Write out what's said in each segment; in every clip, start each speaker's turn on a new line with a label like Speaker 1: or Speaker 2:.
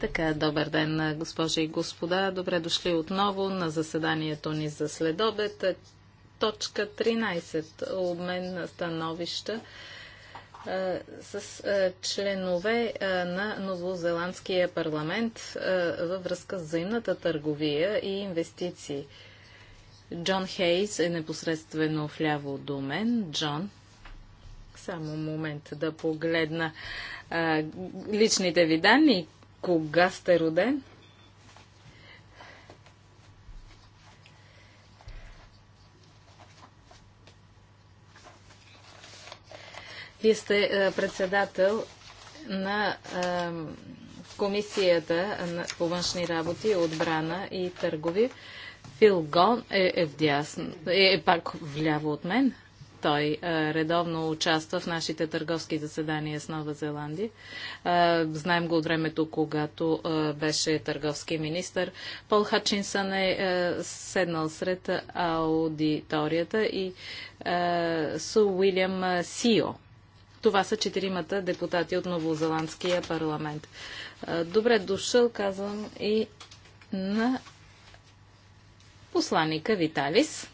Speaker 1: Така, добър ден, госпожи и господа. Добре дошли отново на заседанието ни за следобед. Точка 13. Обмен на становища с членове на Новозеландския парламент във връзка с взаимната търговия и инвестиции. Джон Хейс е непосредствено вляво до мен. Джон, само момент да погледна а, личните ви данни. Кога сте роден? Вие сте а, председател на а, Комисията на, по външни работи, отбрана и търгови. Фил Гон е, е вдясно, е, е пак вляво от мен. Той редовно участва в нашите търговски заседания с Нова Зеландия. Знаем го от времето, когато беше търговски министр. Пол Хатчинсън е седнал сред аудиторията и Су Уилям Сио. Това са четиримата депутати от Новозеландския парламент. Добре дошъл, казвам и на посланика Виталис.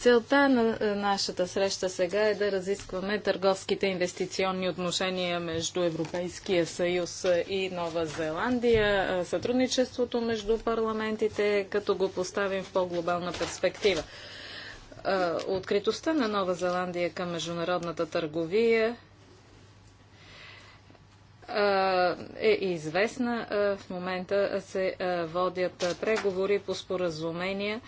Speaker 1: Целта на е, нашата среща сега е да разискваме търговските инвестиционни отношения между Европейския съюз и Нова Зеландия, е, сътрудничеството между парламентите, като го поставим в по-глобална перспектива. Е, откритостта на Нова Зеландия към международната търговия е известна. В момента се водят преговори по споразумения,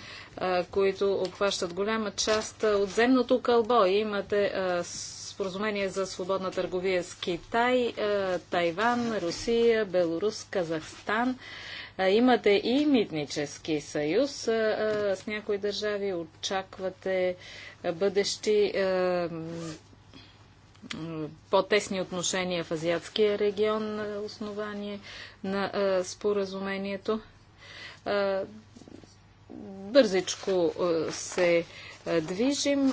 Speaker 1: които обхващат голяма част от земното кълбо. Имате споразумение за свободна търговия с Китай, Тайван, Русия, Белорус, Казахстан. Имате и митнически съюз. С някои държави очаквате бъдещи по-тесни отношения в азиатския регион на основание на споразумението. бързичко се движим.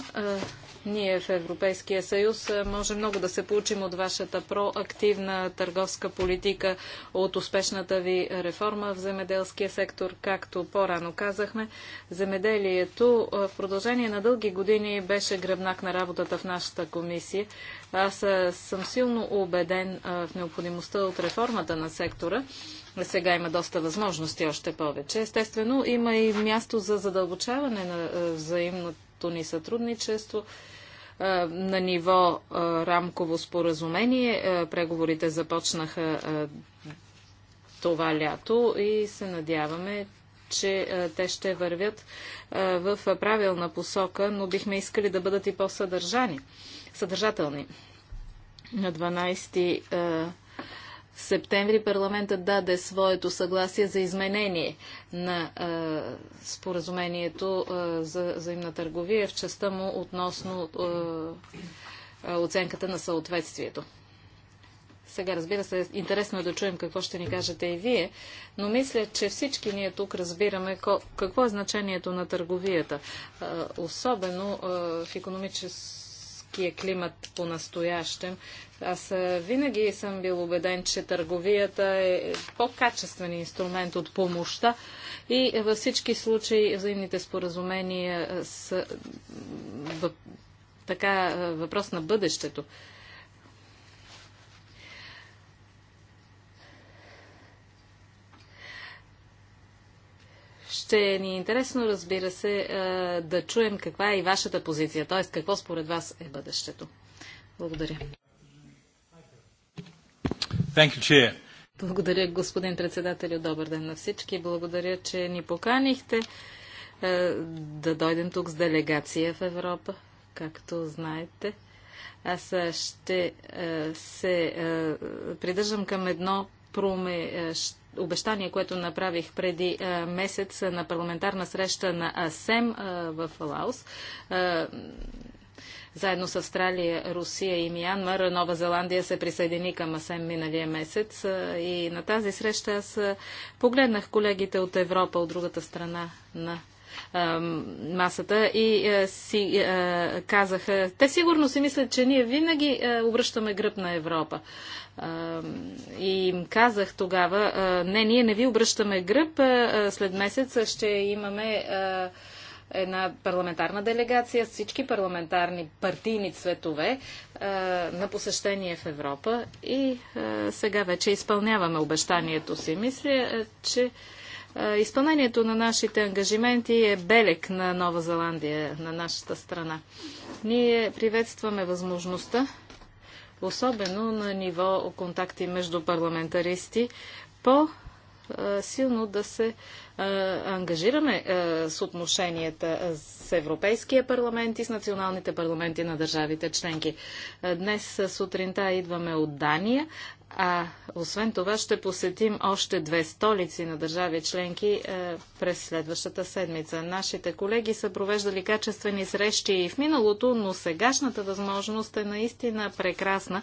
Speaker 1: Ние в Европейския съюз може много да се получим от вашата проактивна търговска политика, от успешната ви реформа в земеделския сектор, както по-рано казахме. Земеделието в продължение на дълги години беше гръбнак на работата в нашата комисия. Аз съм силно убеден в необходимостта от реформата на сектора. Сега има доста възможности още повече. Естествено, има и място за задълбочаване на взаимното тяхното ни сътрудничество на ниво рамково споразумение. Преговорите започнаха това лято и се надяваме, че те ще вървят в правилна посока, но бихме искали да бъдат и по-съдържани, съдържателни. На 12 септември парламентът даде своето съгласие за изменение на а, е, споразумението а, е, за взаимна търговия в частта му относно а, е, оценката на съответствието. Сега, разбира се, интересно е да чуем какво ще ни кажете и вие, но мисля, че всички ние тук разбираме какво е значението на търговията, особено в економическо търговския климат по-настоящем. Аз винаги съм бил убеден, че търговията е по-качествен инструмент от помощта и във всички случаи взаимните споразумения са така въпрос на бъдещето. Ще ни е интересно, разбира се, е, да чуем каква е и вашата позиция, т.е. какво според вас е бъдещето. Благодаря. Thank you, Chair. Благодаря, господин председател. Добър ден на всички. Благодаря, че ни поканихте е, да дойдем тук с делегация в Европа, както знаете. Аз е, ще се придържам към едно промещение обещание, което направих преди е, месец на парламентарна среща на АСЕМ е, в Лаос. Е, заедно с Австралия, Русия и Миянмар, Нова Зеландия се присъедини към АСЕМ миналия месец. И на тази среща аз погледнах колегите от Европа, от другата страна на масата и е, си е, казаха, те сигурно си мислят, че ние винаги е, обръщаме гръб на Европа. И им казах тогава, не, ние не ви обръщаме гръб, след месец ще имаме една парламентарна делегация с всички парламентарни партийни цветове на посещение в Европа и сега вече изпълняваме обещанието си. Мисля, че Изпълнението на нашите ангажименти е белек на Нова Зеландия, на нашата страна. Ние приветстваме възможността, особено на ниво контакти между парламентаристи, по-силно да се ангажираме с отношенията с Европейския парламент и с националните парламенти на държавите членки. Днес сутринта идваме от Дания. А освен това ще посетим още две столици на държави членки е, през следващата седмица. Нашите колеги са провеждали качествени срещи и в миналото, но сегашната възможност е наистина прекрасна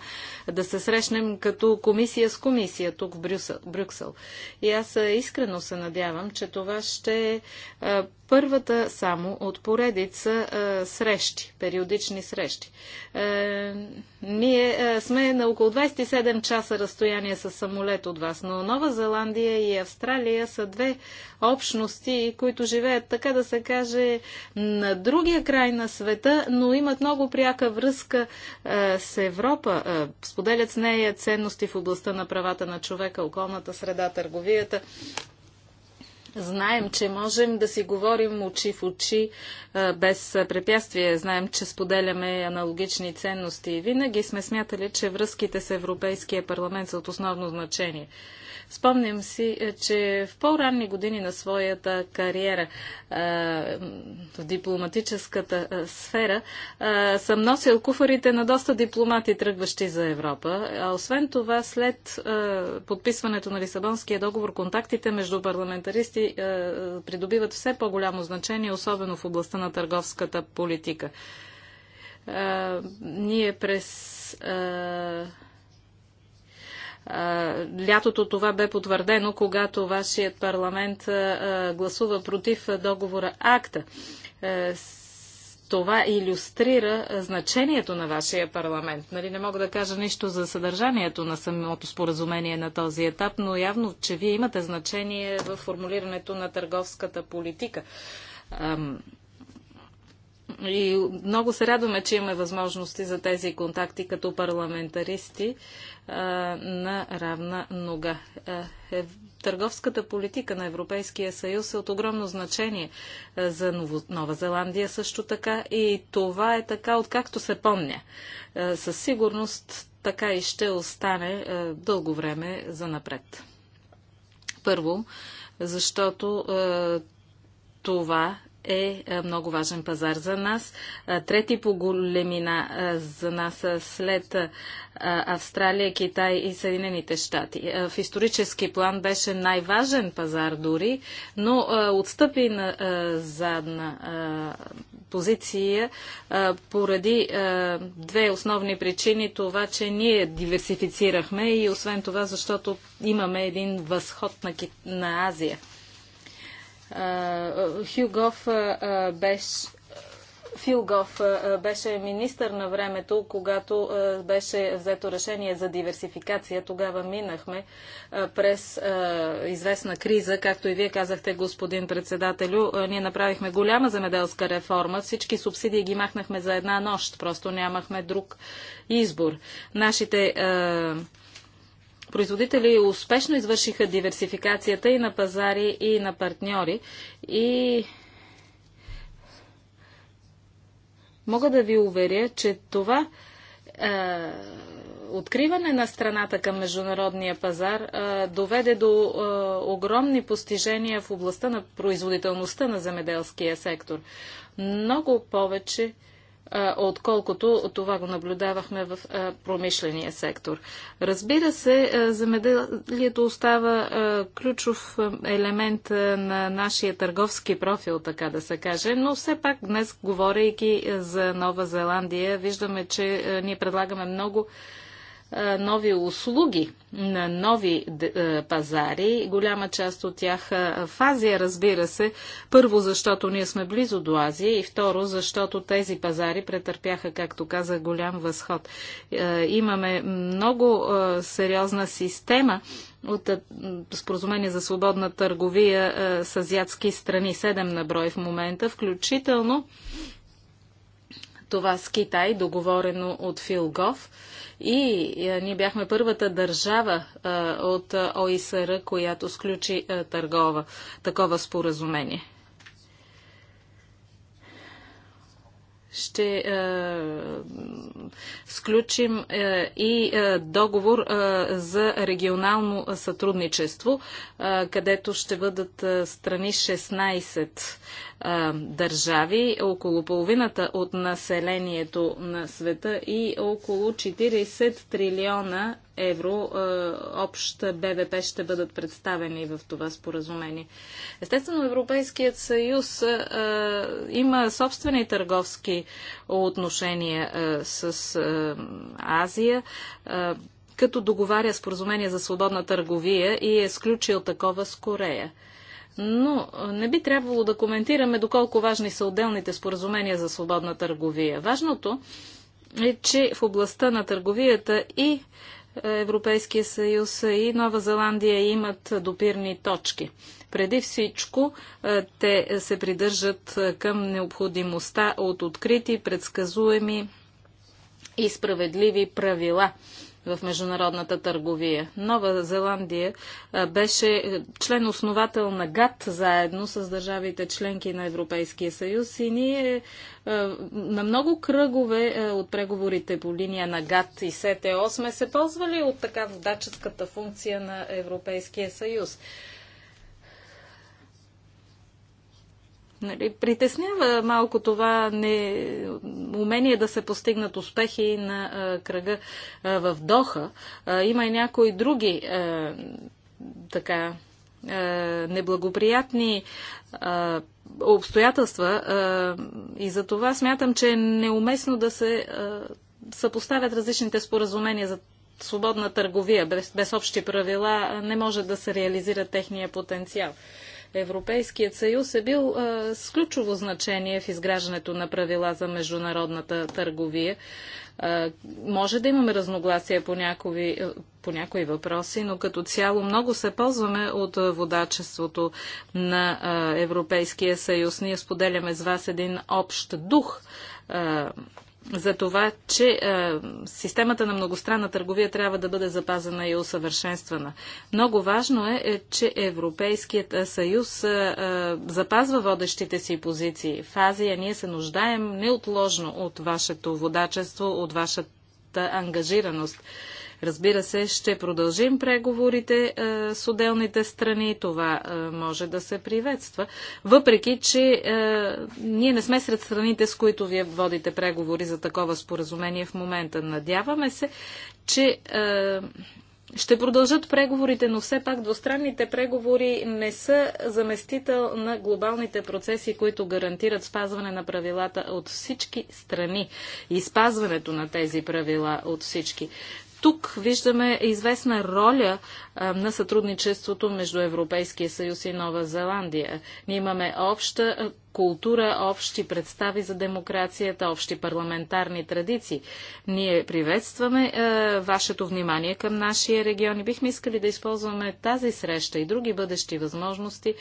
Speaker 1: да се срещнем като комисия с комисия тук в Брюсъл, Брюксел. И аз е, искрено се надявам, че това ще е първата само от поредица а, е, срещи, периодични срещи. А, е, ние а, е, сме на около 27 часа разстояние с самолет от вас, но Нова Зеландия и Австралия са две общности, които живеят, така да се каже, на другия край на света, но имат много пряка връзка а, с Европа. А, споделят с нея ценности в областта на правата на човека, околната среда, търговията Знаем, че можем да си говорим очи в очи без препятствие. Знаем, че споделяме аналогични ценности и винаги сме смятали, че връзките с Европейския парламент са от основно значение. Спомням си, е, че в по-ранни години на своята кариера е, в дипломатическата е, сфера съм носил куфарите на доста дипломати, тръгващи за Европа. А освен това, след подписването на Лисабонския договор, контактите между парламентаристи придобиват все по-голямо значение, особено в областта на търговската политика. Ние през Лятото това бе потвърдено, когато вашият парламент гласува против договора АКТА. Това иллюстрира значението на вашия парламент. Нали, не мога да кажа нищо за съдържанието на самото споразумение на този етап, но явно, че вие имате значение в формулирането на търговската политика и много се радваме, че имаме възможности за тези контакти като парламентаристи а, на равна нога. А, е, търговската политика на Европейския съюз е от огромно значение а, за Ново, Нова Зеландия също така. И това е така, откакто се помня. А, със сигурност така и ще остане а, дълго време за напред. Първо, защото а, това е, е много важен пазар за нас. Трети по големина за нас след Австралия, Китай и Съединените щати. В исторически план беше най-важен пазар дори, но отстъпи на задна позиция поради две основни причини. Това, че ние диверсифицирахме и освен това, защото имаме един възход на Азия. Хюгов беше Филгов беше министър на времето, когато беше взето решение за диверсификация. Тогава минахме през известна криза, както и вие казахте, господин председателю. Ние направихме голяма земеделска реформа. Всички субсидии ги махнахме за една нощ. Просто нямахме друг избор. Нашите производители успешно извършиха диверсификацията и на пазари, и на партньори. И мога да ви уверя, че това е, откриване на страната към международния пазар е, доведе до е, огромни постижения в областта на производителността на земеделския сектор. Много повече отколкото това го наблюдавахме в промишления сектор. Разбира се, земеделието остава ключов елемент на нашия търговски профил, така да се каже, но все пак днес, говорейки за Нова Зеландия, виждаме, че ние предлагаме много нови услуги на нови пазари, голяма част от тях в Азия, разбира се, първо защото ние сме близо до Азия и второ защото тези пазари претърпяха, както каза, голям възход. Имаме много сериозна система от споразумение за свободна търговия с азиатски страни, седем на брой в момента, включително това с Китай, договорено от Филгов. И е, ние бяхме първата държава е, от е, ОИСР, която сключи търгова, такова споразумение. ще е, сключим е, и е, договор е, за регионално сътрудничество, е, където ще бъдат е, страни 16 а, държави, около половината от населението на света и около 40 трилиона евро а, общ БВП ще бъдат представени в това споразумение. Естествено, Европейският съюз а, има собствени търговски отношения с Азия като договаря споразумение за свободна търговия и е сключил такова с Корея но не би трябвало да коментираме доколко важни са отделните споразумения за свободна търговия. Важното е, че в областта на търговията и Европейския съюз и Нова Зеландия имат допирни точки. Преди всичко те се придържат към необходимостта от открити, предсказуеми и справедливи правила в международната търговия. Нова Зеландия беше е, член-основател на ГАТ заедно с държавите членки на Европейския съюз и ние е, на много кръгове е, от преговорите по линия на ГАТ и СТО сме се ползвали от така водаческата функция на Европейския съюз. Нали, притеснява малко това не, умение да се постигнат успехи на а, кръга а, в Доха. А, има и някои други а, така а, неблагоприятни а, обстоятелства а, и за това смятам, че е неуместно да се а, съпоставят различните споразумения за свободна търговия. Без, без общи правила не може да се реализира техния потенциал. Европейският съюз е бил а, с ключово значение в изграждането на правила за международната търговия. А, може да имаме разногласия по, някои, по някои въпроси, но като цяло много се ползваме от водачеството на а, Европейския съюз. Ние споделяме с вас един общ дух за това, че е, системата на многостранна търговия трябва да бъде запазена и усъвършенствана. Много важно е, е че Европейският е, съюз е, е, запазва водещите си позиции. В Азия ние се нуждаем неотложно от вашето водачество, от вашата ангажираност. Разбира се, ще продължим преговорите е, с отделните страни. Това е, може да се приветства. Въпреки, че е, ние не сме сред страните, с които вие водите преговори за такова споразумение в момента. Надяваме се, че ще продължат преговорите, но все пак двустранните преговори не са заместител на глобалните процеси, които гарантират спазване на правилата от всички страни и спазването на тези правила от всички тук виждаме известна роля а, на сътрудничеството между Европейския съюз и Нова Зеландия. Ние имаме обща култура, общи представи за демокрацията, общи парламентарни традиции. Ние приветстваме е, вашето внимание към нашия регион и бихме искали да използваме тази среща и други бъдещи възможности,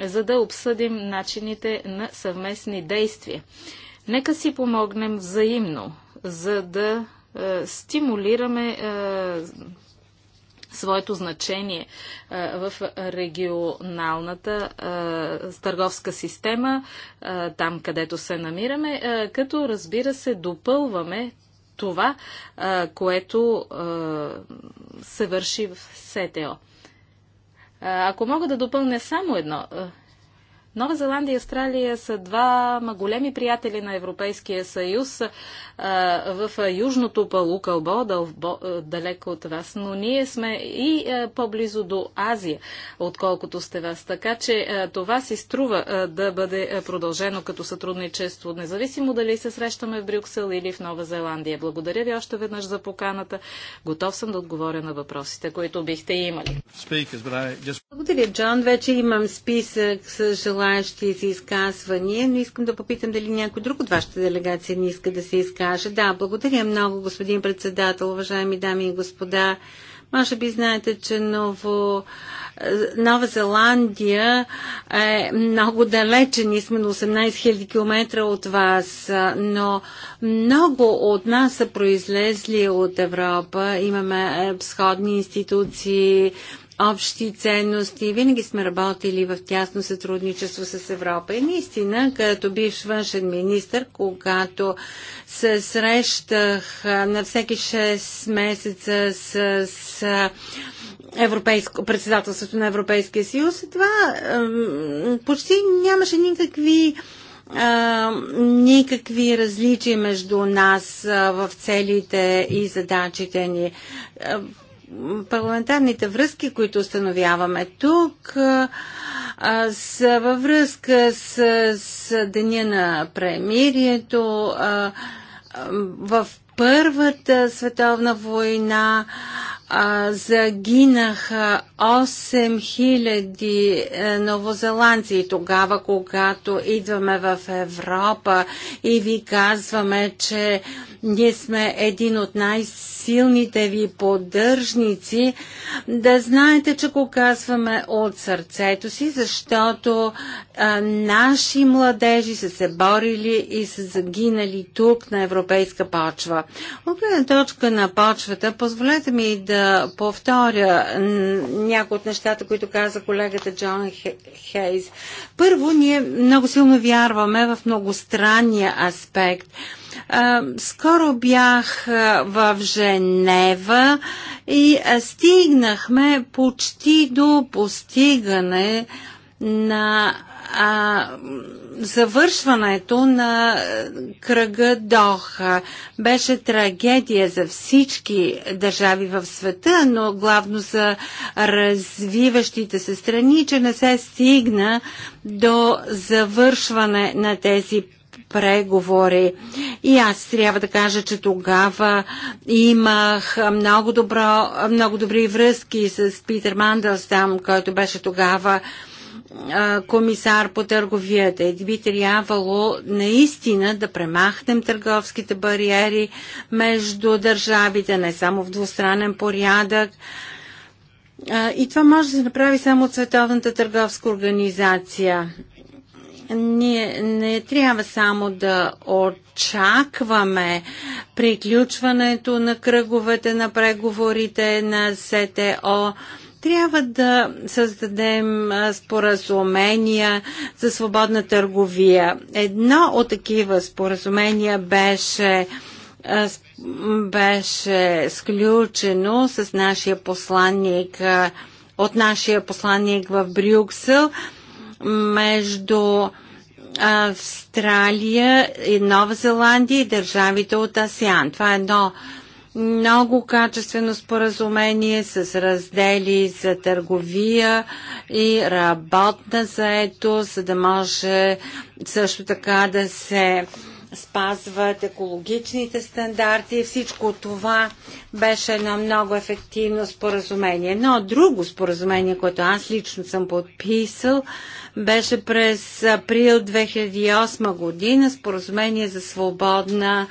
Speaker 1: за да обсъдим начините на съвместни действия. Нека си помогнем взаимно, за да е, стимулираме е, своето значение е, в регионалната търговска система, там където се намираме, като разбира се допълваме това, което се върши в СТО. Ако мога да допълня само едно, Нова Зеландия и Австралия са два големи приятели на Европейския съюз в южното полукълбо, далеко от вас, но ние сме и по-близо до Азия, отколкото сте вас. Така че това си струва да бъде продължено като сътрудничество, независимо дали се срещаме в Брюксел или в Нова Зеландия. Благодаря ви още веднъж за поканата. Готов съм да отговоря на въпросите, които бихте имали.
Speaker 2: Благодаря, Джон. Вече имам списък с желание желаящи за изказвания, но искам да попитам дали някой друг от вашата делегация не иска да се изкаже. Да, благодаря много, господин председател, уважаеми дами и господа. Може би знаете, че ново, е, Нова Зеландия е много далече. Ние сме на 18 000 км от вас, е, но много от нас са произлезли от Европа. Имаме е, сходни институции, общи ценности. Винаги сме работили в тясно сътрудничество с Европа. И наистина, като бивш външен министр, когато се срещах на всеки 6 месеца с, с европейско, председателството на Европейския съюз, това почти нямаше никакви никакви различия между нас в целите и задачите ни парламентарните връзки, които установяваме тук, а, във връзка с, с Деня на премирието. в Първата световна война а, загинаха 8000 е, новозеландци. Тогава, когато идваме в Европа и ви казваме, че ние сме един от най-силните ви поддържници. Да знаете, че го казваме от сърцето си, защото а, наши младежи са се борили и са загинали тук на европейска почва. От гледна точка на почвата, позволете ми да повторя някои от нещата, които каза колегата Джон Хейс. Първо, ние много силно вярваме в многостранния аспект. Скоро бях в Женева и стигнахме почти до постигане на а, завършването на кръга Доха беше трагедия за всички държави в света, но главно за развиващите се страни, че не се стигна до завършване на тези преговори. И аз трябва да кажа, че тогава имах много, добро, много добри връзки с Питер Мандълстам, който беше тогава комисар по търговията и би трябвало наистина да премахнем търговските бариери между държавите, не само в двустранен порядък. И това може да се направи само от Световната търговска организация. Ние не трябва само да очакваме приключването на кръговете на преговорите на СТО, трябва да създадем споразумения за свободна търговия. Едно от такива споразумения беше беше сключено с нашия посланник от нашия посланник в Брюксел между Австралия и Нова Зеландия и държавите от АСЕАН. Това е едно много качествено споразумение с раздели за търговия и работна заето, за да може също така да се а, спазват екологичните стандарти. Всичко това беше едно много ефективно споразумение. Но друго споразумение, което аз лично съм подписал, беше през април 2008 година споразумение за свободна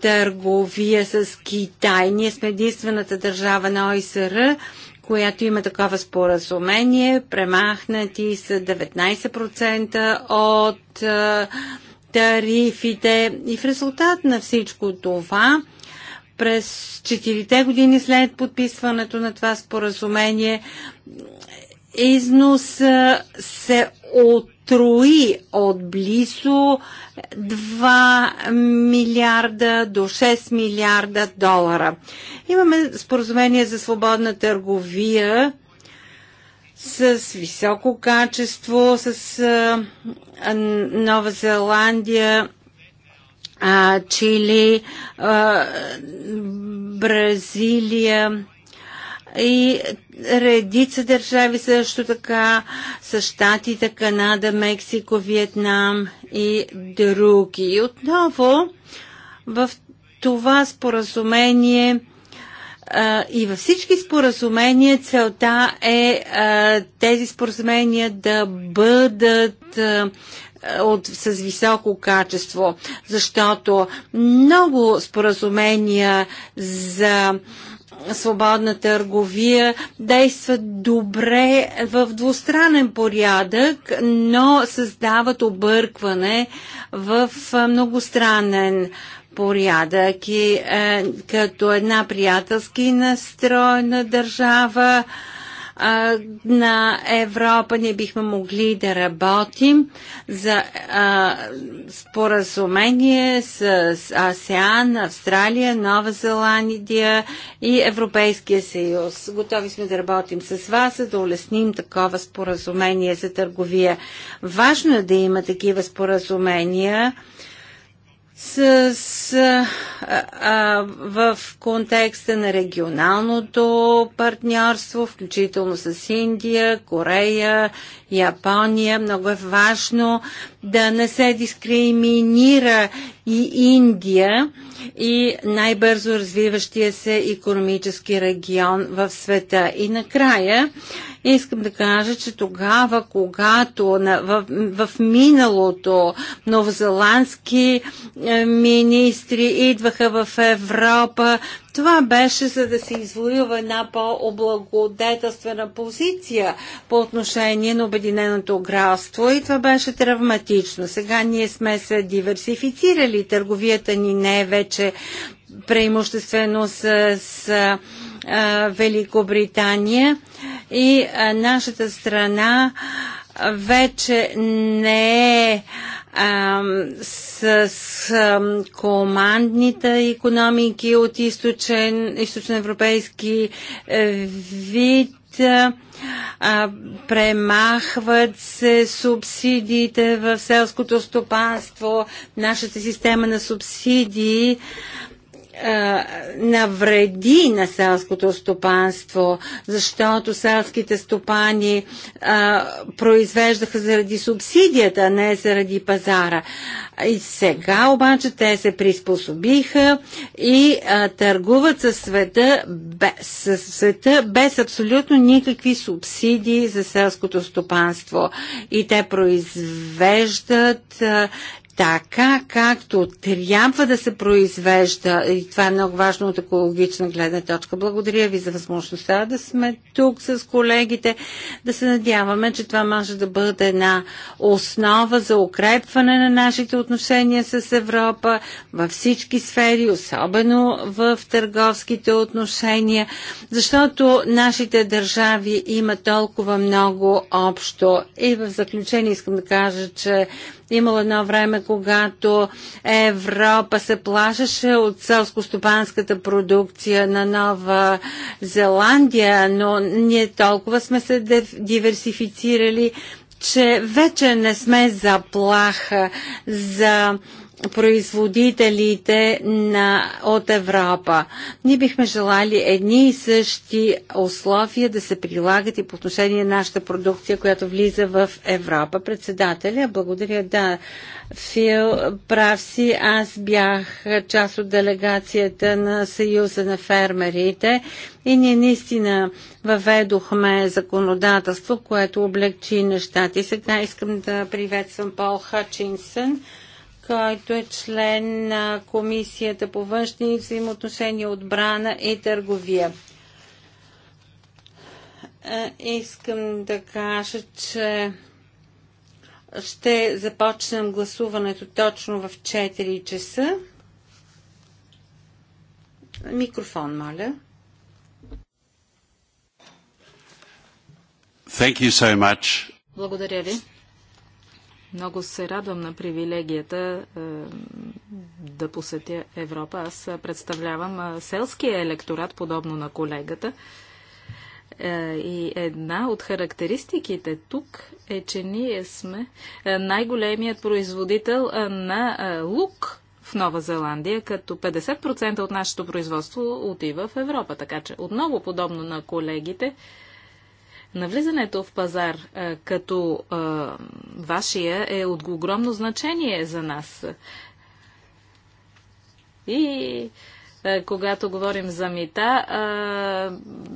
Speaker 2: търговия с Китай. Ние сме единствената държава на ОИСР, която има такова споразумение. Премахнати са 19% от тарифите. И в резултат на всичко това, през 4 години след подписването на това споразумение, износ се отруи от близо 2 милиарда до 6 милиарда долара. Имаме споразумение за свободна търговия с високо качество, с а, Нова Зеландия, а, Чили, а, Бразилия и редица държави също така с Штатите, Канада, Мексико, Виетнам и други. И отново в това споразумение и във всички споразумения целта е тези споразумения да бъдат от, с високо качество, защото много споразумения за свободна търговия действат добре в двустранен порядък, но създават объркване в многостранен порядък порядък и е, като една приятелски настроена държава е, на Европа не бихме могли да работим за е, споразумение с АСЕАН, Австралия, Нова Зеландия и Европейския съюз. Готови сме да работим с вас, за да улесним такова споразумение за търговия. Важно е да има такива споразумения с, а, а, в контекста на регионалното партньорство, включително с Индия, Корея, Япония. Много е важно да не се дискриминира и Индия и най-бързо развиващия се економически регион в света. И накрая искам да кажа, че тогава, когато на, в, в миналото новозеландски е, министри идваха в Европа, това беше за да се извоюва една по-облагодетелствена позиция по отношение на Обединеното градство и това беше травматично. Сега ние сме се диверсифицирали, търговията ни не е вече преимуществено с, с а, Великобритания и а, нашата страна вече не е а, с, с командните економики от източен, източноевропейски е, вид е, а, премахват се субсидиите в селското стопанство, нашата система на субсидии навреди на селското стопанство, защото селските стопани а, произвеждаха заради субсидията, а не заради пазара. И сега обаче те се приспособиха и а, търгуват със света, без, със света без абсолютно никакви субсидии за селското стопанство. И те произвеждат а, така, както трябва да се произвежда. И това е много важно от екологична гледна точка. Благодаря ви за възможността да сме тук с колегите, да се надяваме, че това може да бъде една основа за укрепване на нашите отношения с Европа във всички сфери, особено в търговските отношения, защото нашите държави имат толкова много общо. И в заключение искам да кажа, че Имало едно време, когато Европа се плашеше от селско-стопанската продукция на Нова Зеландия, но ние толкова сме се диверсифицирали, че вече не сме заплаха за производителите на, от Европа. Ние бихме желали едни и същи условия да се прилагат и по отношение на нашата продукция, която влиза в Европа. Председателя, благодаря. Да, Фил, прав си. Аз бях част от делегацията на Съюза на фермерите и ние наистина въведохме законодателство, което облегчи нещата. И сега искам да приветствам Пол Хачинсън който е член на Комисията по външни взаимоотношения, отбрана и търговия. Е, искам да кажа, че ще започнем гласуването точно в 4 часа. Микрофон, моля. Thank you so much.
Speaker 1: Благодаря ви. Много се радвам на привилегията е, да посетя Европа. Аз представлявам е, селския електорат, подобно на колегата. Е, и една от характеристиките тук е, че ние сме най-големият производител на лук в Нова Зеландия, като 50% от нашето производство отива в Европа. Така че, отново подобно на колегите, Навлизането в пазар като вашия е от огромно значение за нас. И когато говорим за мита,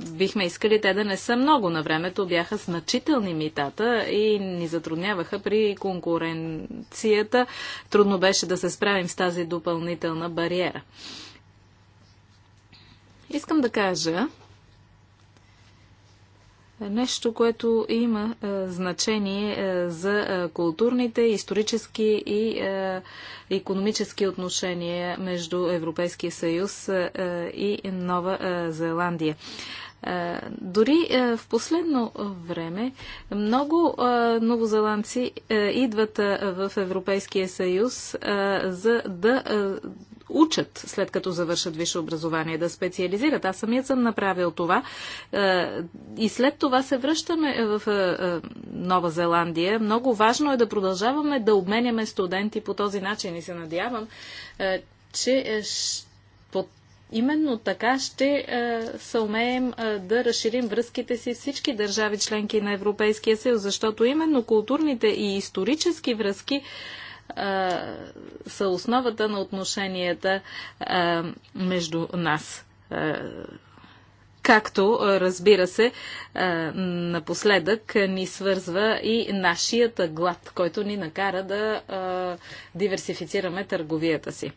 Speaker 1: бихме искали те да не са много. На времето бяха значителни митата и ни затрудняваха при конкуренцията. Трудно беше да се справим с тази допълнителна бариера. Искам да кажа, нещо, което има е, значение е, за е, културните, исторически и економически отношения между Европейския съюз е, и Нова е, Зеландия. Е, дори в последно време много новозеландци идват в Европейския съюз за да учат след като завършат висше образование, да специализират. Аз самият съм направил това. Е, и след това се връщаме в е, е, Нова Зеландия. Много важно е да продължаваме да обменяме студенти по този начин и се надявам, че Именно така ще а, съумеем да разширим връзките си всички държави членки на Европейския съюз, защото именно културните и исторически връзки а, са основата на отношенията а, между нас. А, както, разбира се, напоследък ни свързва и нашият глад, който ни накара да диверсифицираме търговията си.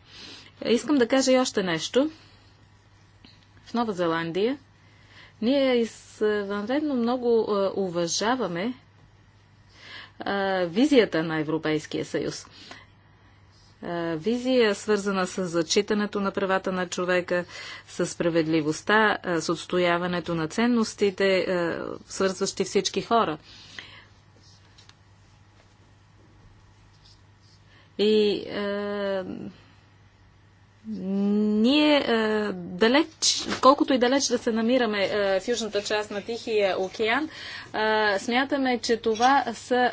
Speaker 1: Искам да кажа и още нещо. В Нова Зеландия ние извънредно много уважаваме визията на Европейския съюз. Визия, свързана с зачитането на правата на човека, с справедливостта, с отстояването на ценностите, свързващи всички хора. И е, ние е, далеч, колкото и далеч да се намираме е, в южната част на Тихия океан, е, смятаме, че това са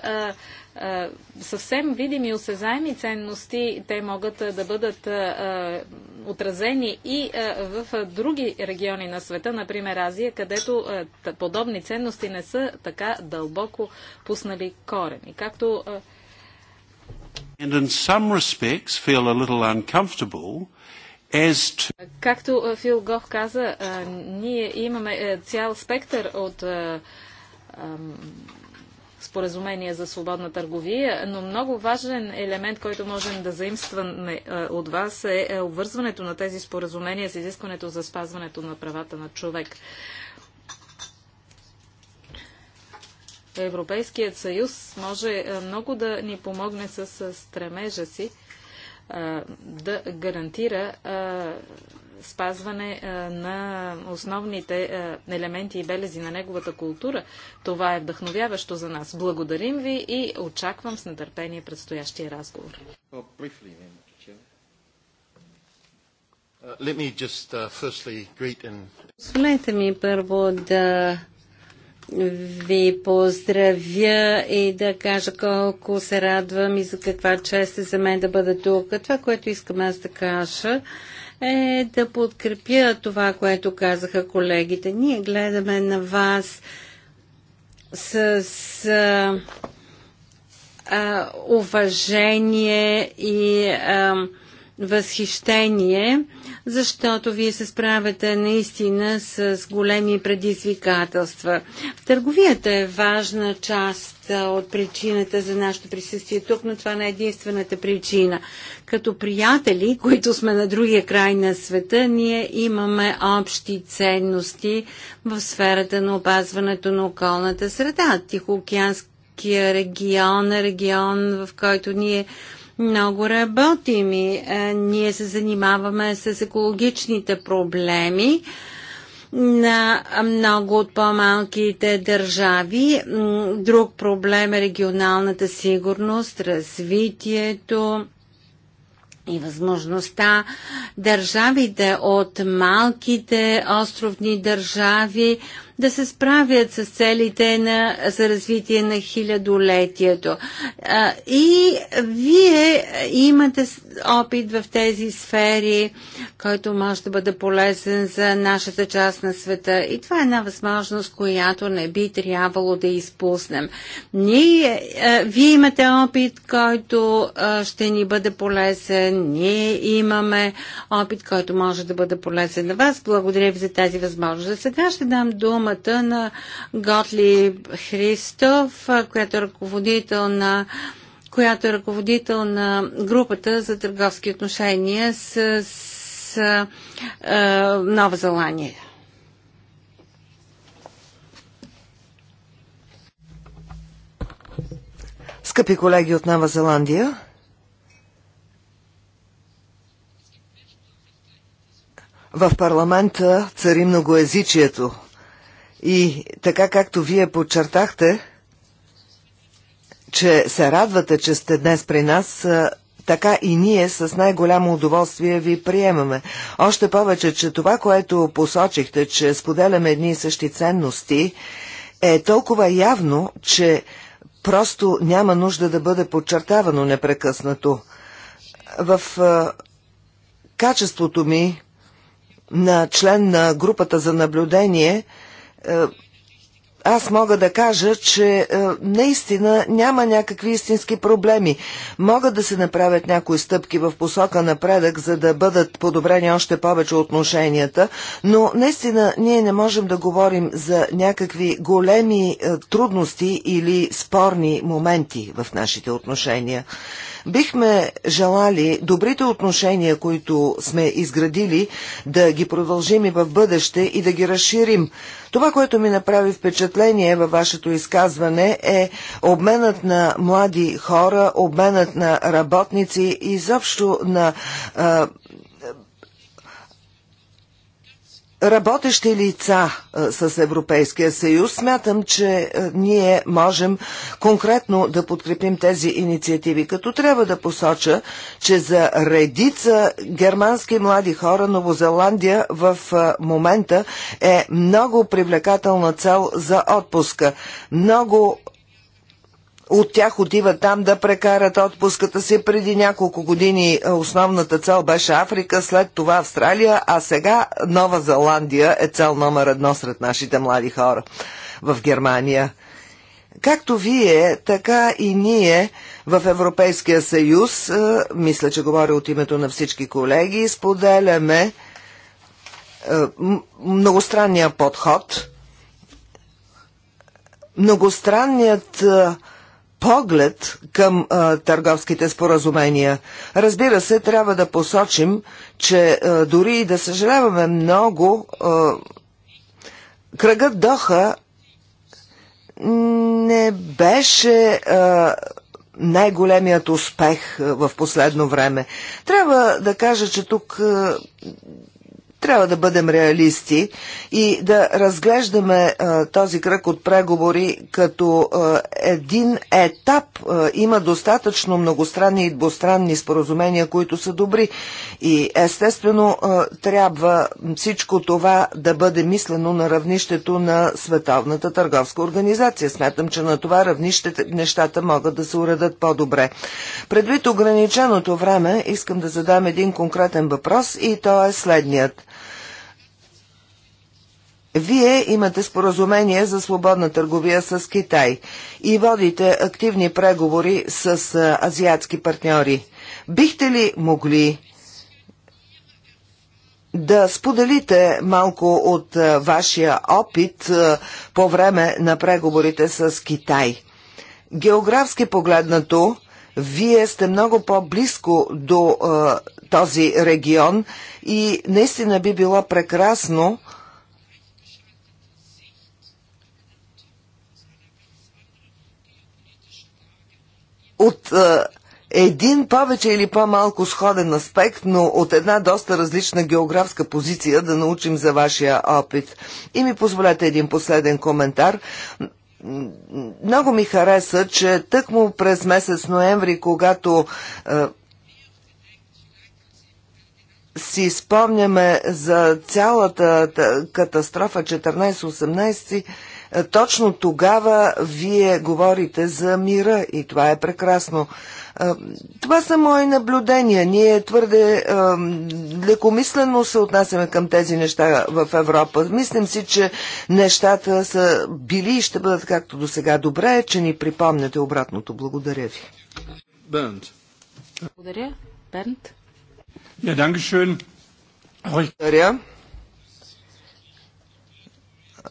Speaker 1: съвсем видими и осезаеми ценности. Те могат да бъдат отразени и в други региони на света, например Азия, където подобни ценности не са така дълбоко пуснали корени. Както
Speaker 2: and in some respects feel a little uncomfortable
Speaker 1: Както Фил Гох каза, ние имаме е, цял спектър от споразумения за свободна търговия, но много важен елемент, който можем да заимстваме от вас е, е обвързването на тези споразумения с изискването за спазването на правата на човек. Европейският съюз може много да ни помогне с стремежа си да гарантира спазване на основните елементи и белези на неговата култура. Това е вдъхновяващо за нас. Благодарим ви и очаквам с нетърпение предстоящия разговор. Uh, uh,
Speaker 2: Позволете ми първо да ви поздравя и да кажа колко се радвам и за каква чест е за мен да бъда тук. Това, което искам аз да кажа, е да подкрепя това, което казаха колегите. Ние гледаме на вас с, а, а, уважение и а, възхищение, защото вие се справяте наистина с големи предизвикателства. Търговията е важна част от причината за нашето присъствие тук, но това не е единствената причина. Като приятели, които сме на другия край на света, ние имаме общи ценности в сферата на опазването на околната среда. Тихоокеанския регион, е регион, в който ние много работим и е, ние се занимаваме с екологичните проблеми на много от по-малките държави. Друг проблем е регионалната сигурност, развитието и възможността държавите от малките островни държави да се справят с целите на, за развитие на хилядолетието. И вие имате опит в тези сфери, който може да бъде полезен за нашата част на света. И това е една възможност, която не би трябвало да изпуснем. Ние, е, е, вие имате опит, който е, ще ни бъде полезен. Ние имаме опит, който може да бъде полезен на вас. Благодаря ви за тази възможност. За сега ще дам дума думата на Готли Христов, която е ръководител на която е ръководител на групата за търговски отношения с, с е, Нова Зеландия.
Speaker 3: Скъпи колеги от Нова Зеландия, в парламента цари многоязичието. И така както вие подчертахте, че се радвате, че сте днес при нас, така и ние с най-голямо удоволствие ви приемаме. Още повече, че това, което посочихте, че споделяме едни и същи ценности, е толкова явно, че просто няма нужда да бъде подчертавано непрекъснато. В качеството ми на член на групата за наблюдение – е, аз мога да кажа, че е, наистина няма някакви истински проблеми. Могат да се направят някои стъпки в посока напредък, за да бъдат подобрени още повече отношенията, но наистина ние не можем да говорим за някакви големи е, трудности или спорни моменти в нашите отношения. Бихме желали добрите отношения, които сме изградили, да ги продължим и в бъдеще и да ги разширим. Това, което ми направи впечатление във вашето изказване е обменът на млади хора, обменът на работници и изобщо на а, работещи лица с Европейския съюз, смятам, че ние можем конкретно да подкрепим тези инициативи. Като трябва да посоча, че за редица германски млади хора Новозеландия в момента е много привлекателна цел за отпуска. Много от тях отиват там да прекарат отпуската си. Преди няколко години е, основната цел беше Африка, след това Австралия, а сега Нова Зеландия е цел номер едно сред нашите млади хора в Германия. Както вие, така и ние в Европейския съюз, е, мисля, че говоря от името на всички колеги, споделяме е, многостранния подход. Многостранният подход поглед към а, търговските споразумения. Разбира се, трябва да посочим, че а, дори и да съжаляваме много, а, кръгът Доха не беше а, най-големият успех в последно време. Трябва да кажа, че тук а, трябва да бъдем реалисти и да разглеждаме а, този кръг от преговори като а, един етап. А, има достатъчно многостранни и двустранни споразумения, които са добри. И естествено а, трябва всичко това да бъде мислено на равнището на Световната търговска организация. Смятам, че на това равнище нещата могат да се уредат по-добре. Предвид ограниченото време, искам да задам един конкретен въпрос и то е следният. Вие имате споразумение за свободна търговия с Китай и водите активни преговори с азиатски партньори. Бихте ли могли да споделите малко от вашия опит по време на преговорите с Китай? Географски погледнато, вие сте много по-близко до този регион и наистина би било прекрасно, от е, един повече или по-малко сходен аспект, но от една доста различна географска позиция да научим за вашия опит. И ми позволете един последен коментар. Много ми хареса, че тъкмо през месец ноември, когато е, си спомняме за цялата катастрофа 14-18, е, точно тогава вие говорите за мира и това е прекрасно. Е, това са мои наблюдения. Ние твърде е, лекомислено се отнасяме към тези неща в Европа. Мислим си, че нещата са били и ще бъдат както до сега. Добре е, че ни припомняте обратното. Благодаря ви.
Speaker 2: Бернт.
Speaker 1: Благодаря. Бернт.
Speaker 3: Yeah, Благодаря.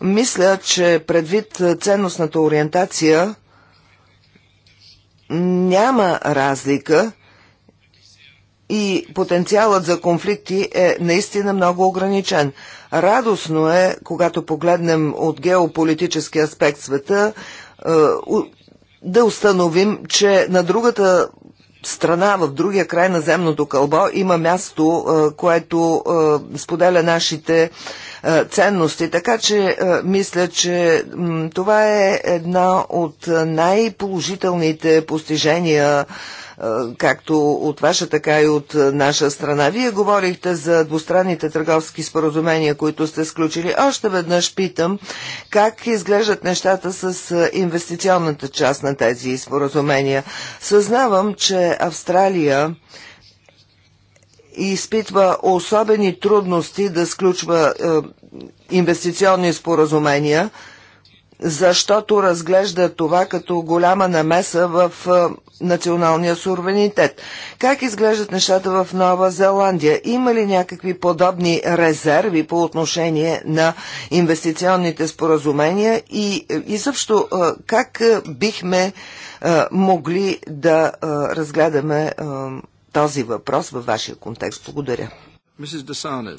Speaker 3: Мисля, че предвид ценностната ориентация няма разлика и потенциалът за конфликти е наистина много ограничен. Радостно е, когато погледнем от геополитически аспект света, е, да установим, че на другата страна, в другия край на земното кълбо, има място, е, което е, споделя нашите е, ценности. Така че мисля, че това е една от най-положителните постижения както от ваша, така и от наша страна. Вие говорихте за двустранните търговски споразумения, които сте сключили. Още веднъж питам, как изглеждат нещата с инвестиционната част на тези споразумения. Съзнавам, че Австралия изпитва особени трудности да сключва инвестиционни споразумения – защото разглежда това като голяма намеса в националния суверенитет. Как изглеждат нещата в Нова Зеландия? Има ли някакви подобни резерви по отношение на инвестиционните споразумения и изобщо как бихме могли да разгледаме този въпрос във вашия контекст? Благодаря.
Speaker 2: Благодаря,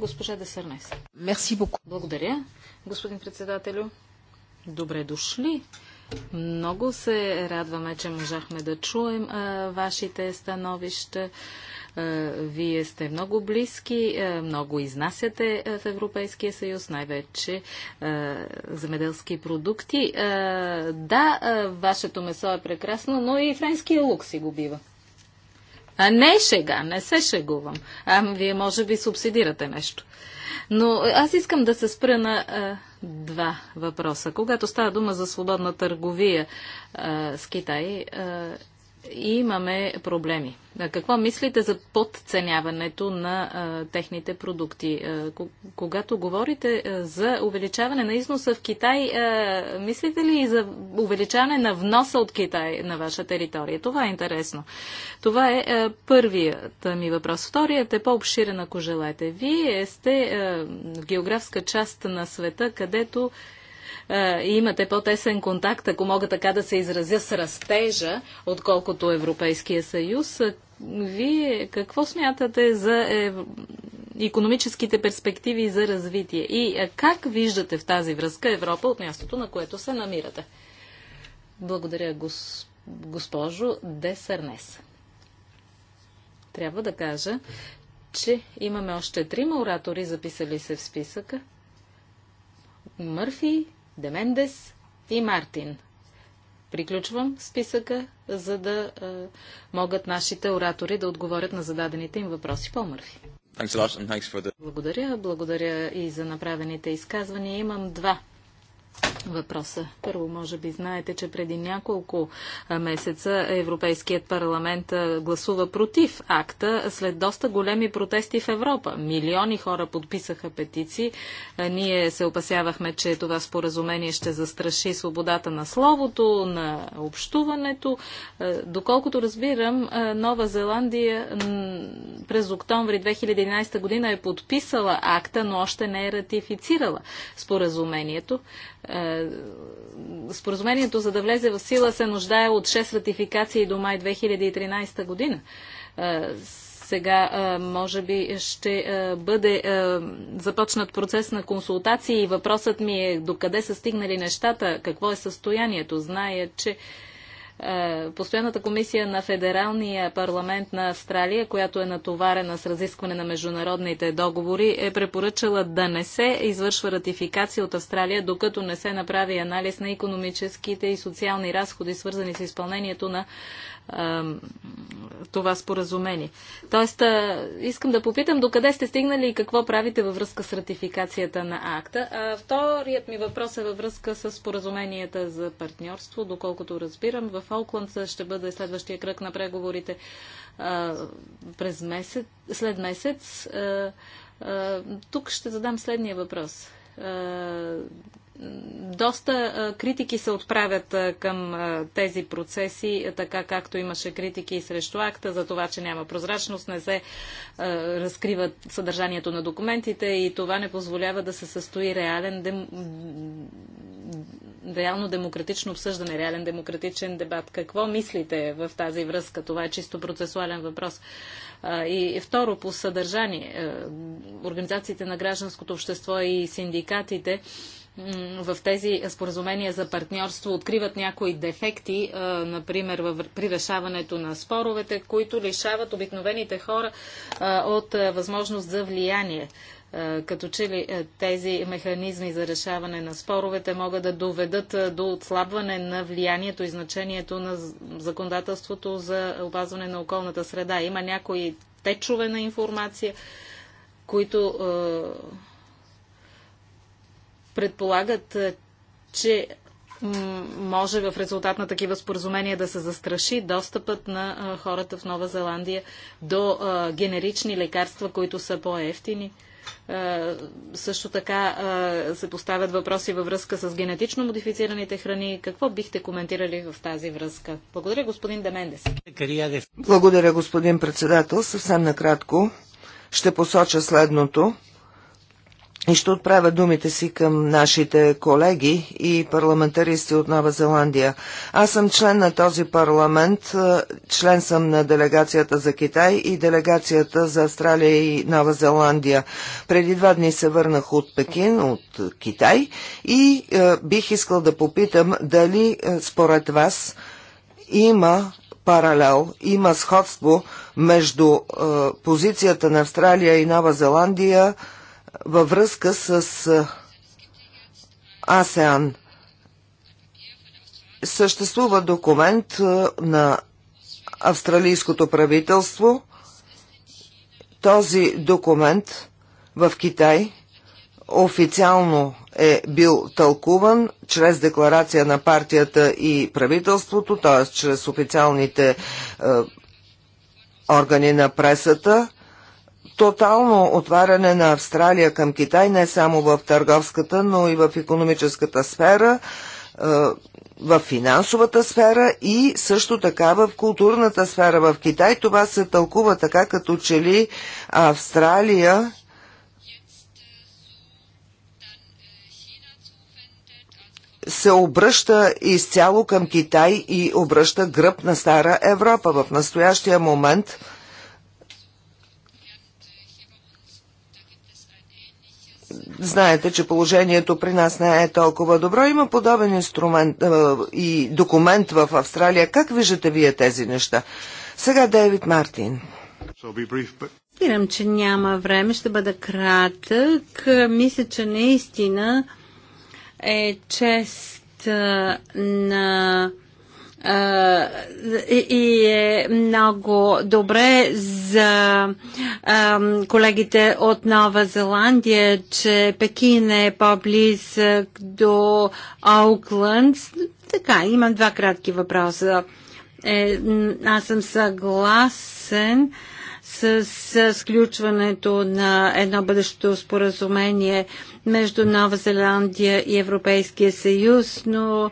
Speaker 1: госпожа Десърнес. Благодаря господин председателю. Добре дошли. Много се радваме, че можахме да чуем а, вашите становища. вие сте много близки, много изнасяте в Европейския съюз, най-вече земеделски продукти. да, вашето месо е прекрасно, но и френския лук си го бива. А не шега, не се шегувам. А, вие може би субсидирате нещо. Но аз искам да се спра на а, два въпроса. Когато става дума за свободна търговия а, с Китай, а, имаме проблеми. Какво мислите за подценяването на а, техните продукти? А, когато говорите а, за увеличаване на износа в Китай, а, мислите ли и за увеличаване на вноса от Китай на ваша територия? Това е интересно. Това е а, първият ми въпрос. Вторият е по-обширен, ако желаете. Вие сте а, в географска част на света, където и е, имате по-тесен контакт, ако мога така да се изразя, с растежа, отколкото Европейския съюз. Е, вие какво смятате за економическите перспективи за развитие и е, как виждате в тази връзка Европа от мястото, на което се намирате? Благодаря, гос... госпожо Десърнес. Трябва да кажа, че имаме още трима оратори, записали се в списъка. Мърфи, Демендес и Мартин. Приключвам списъка, за да е, могат нашите оратори да отговорят на зададените им въпроси. по Мърфи. Благодаря, благодаря и за направените изказвания. Имам два въпроса. Първо, може би знаете, че преди няколко месеца Европейският парламент гласува против акта след доста големи протести в Европа. Милиони хора подписаха петиции. Ние се опасявахме, че това споразумение ще застраши свободата на словото, на общуването. Доколкото разбирам, Нова Зеландия през октомври 2011 година е подписала акта, но още не е ратифицирала споразумението. Е, споразумението, за да влезе в сила, се нуждае от 6 ратификации до май 2013 година. Е, сега, е, може би, ще бъде започнат процес на консултации и въпросът ми е докъде са стигнали нещата, какво е състоянието. Зная, че е, постоянната комисия на Федералния парламент на Австралия, която е натоварена с разискване на международните договори, е препоръчала да не се извършва ратификация от Австралия, докато не се направи анализ на економическите и социални разходи, свързани с изпълнението на е, това споразумение. Тоест, искам да попитам докъде сте стигнали и какво правите във връзка с ратификацията на акта. А, вторият ми въпрос е във връзка с споразуменията за партньорство. Доколкото разбирам, в Окланд ще бъде следващия кръг на преговорите през месец, след месец. тук ще задам следния въпрос доста критики се отправят към тези процеси, така както имаше критики и срещу акта за това, че няма прозрачност, не се разкрива съдържанието на документите и това не позволява да се състои реален дем... реално демократично обсъждане, реален демократичен дебат. Какво мислите в тази връзка? Това е чисто процесуален въпрос. И второ, по съдържание. Организациите на гражданското общество и синдикатите в тези споразумения за партньорство откриват някои дефекти, например при решаването на споровете, които лишават обикновените хора от възможност за влияние като че ли тези механизми за решаване на споровете могат да доведат до отслабване на влиянието и значението на законодателството за опазване на околната среда. Има някои течове на информация, които предполагат, е, че може в резултат на такива споразумения да се застраши достъпът на е, хората в Нова Зеландия до е, генерични лекарства, които са по-ефтини. Също така се поставят въпроси във връзка с генетично модифицираните храни. Какво бихте коментирали в тази връзка? Благодаря, господин Демендес.
Speaker 3: Благодаря, господин председател. Съвсем накратко ще посоча следното. И ще отправя думите си към нашите колеги и парламентаристи от Нова Зеландия. Аз съм член на този парламент, е, член съм на делегацията за Китай и делегацията за Австралия и Нова Зеландия. Преди два дни се върнах от Пекин, от Китай и е, бих искал да попитам дали е, според вас има паралел, има сходство между е, позицията на Австралия и Нова Зеландия – във връзка с АСЕАН. Съществува документ на австралийското правителство. Този документ в Китай официално е бил тълкуван чрез декларация на партията и правителството, т.е. чрез официалните е, органи на пресата тотално отваряне на Австралия към Китай, не само в търговската, но и в економическата сфера, в финансовата сфера и също така в културната сфера в Китай. Това се тълкува така, като че ли Австралия се обръща изцяло към Китай и обръща гръб на Стара Европа. В настоящия момент – знаете, че положението при нас не е толкова добро. Има подобен инструмент а, и документ в Австралия. Как виждате вие тези неща? Сега Дейвид Мартин.
Speaker 2: Разбирам, че няма време, ще бъда кратък. Мисля, че наистина е чест на и е много добре за колегите от Нова Зеландия, че Пекин е по-близък до Аукланд. Така, имам два кратки въпроса. Е, аз съм съгласен с, сключването на едно бъдещо споразумение между Нова Зеландия и Европейския съюз, но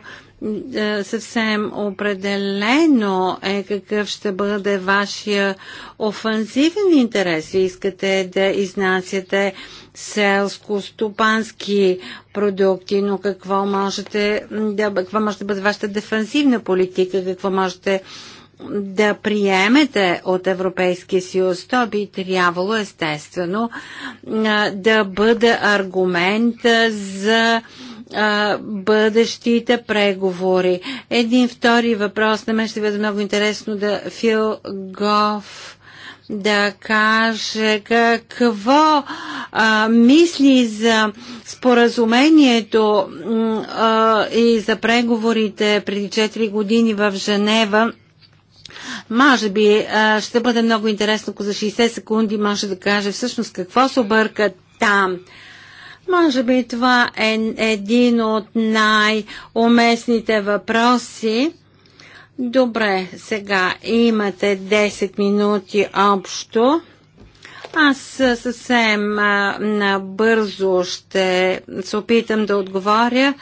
Speaker 2: е, съвсем определено е какъв ще бъде вашия офанзивен интерес. Вие искате да изнасяте селско-стопански продукти, но какво можете да, каква може да бъде вашата дефанзивна политика, какво можете да приемете от Европейския съюз, то би трябвало естествено е, да бъде аргумент за а, бъдещите преговори. Един втори въпрос. На мен ще бъде много интересно да Фил Гоф да каже какво а, мисли за споразумението а, и за преговорите преди 4 години в Женева. Може би а, ще бъде много интересно, ако за 60 секунди може да каже всъщност какво се обърка там. Може би това е един от най-уместните въпроси. Добре, сега имате 10 минути общо. Аз съвсем набързо ще се опитам да отговоря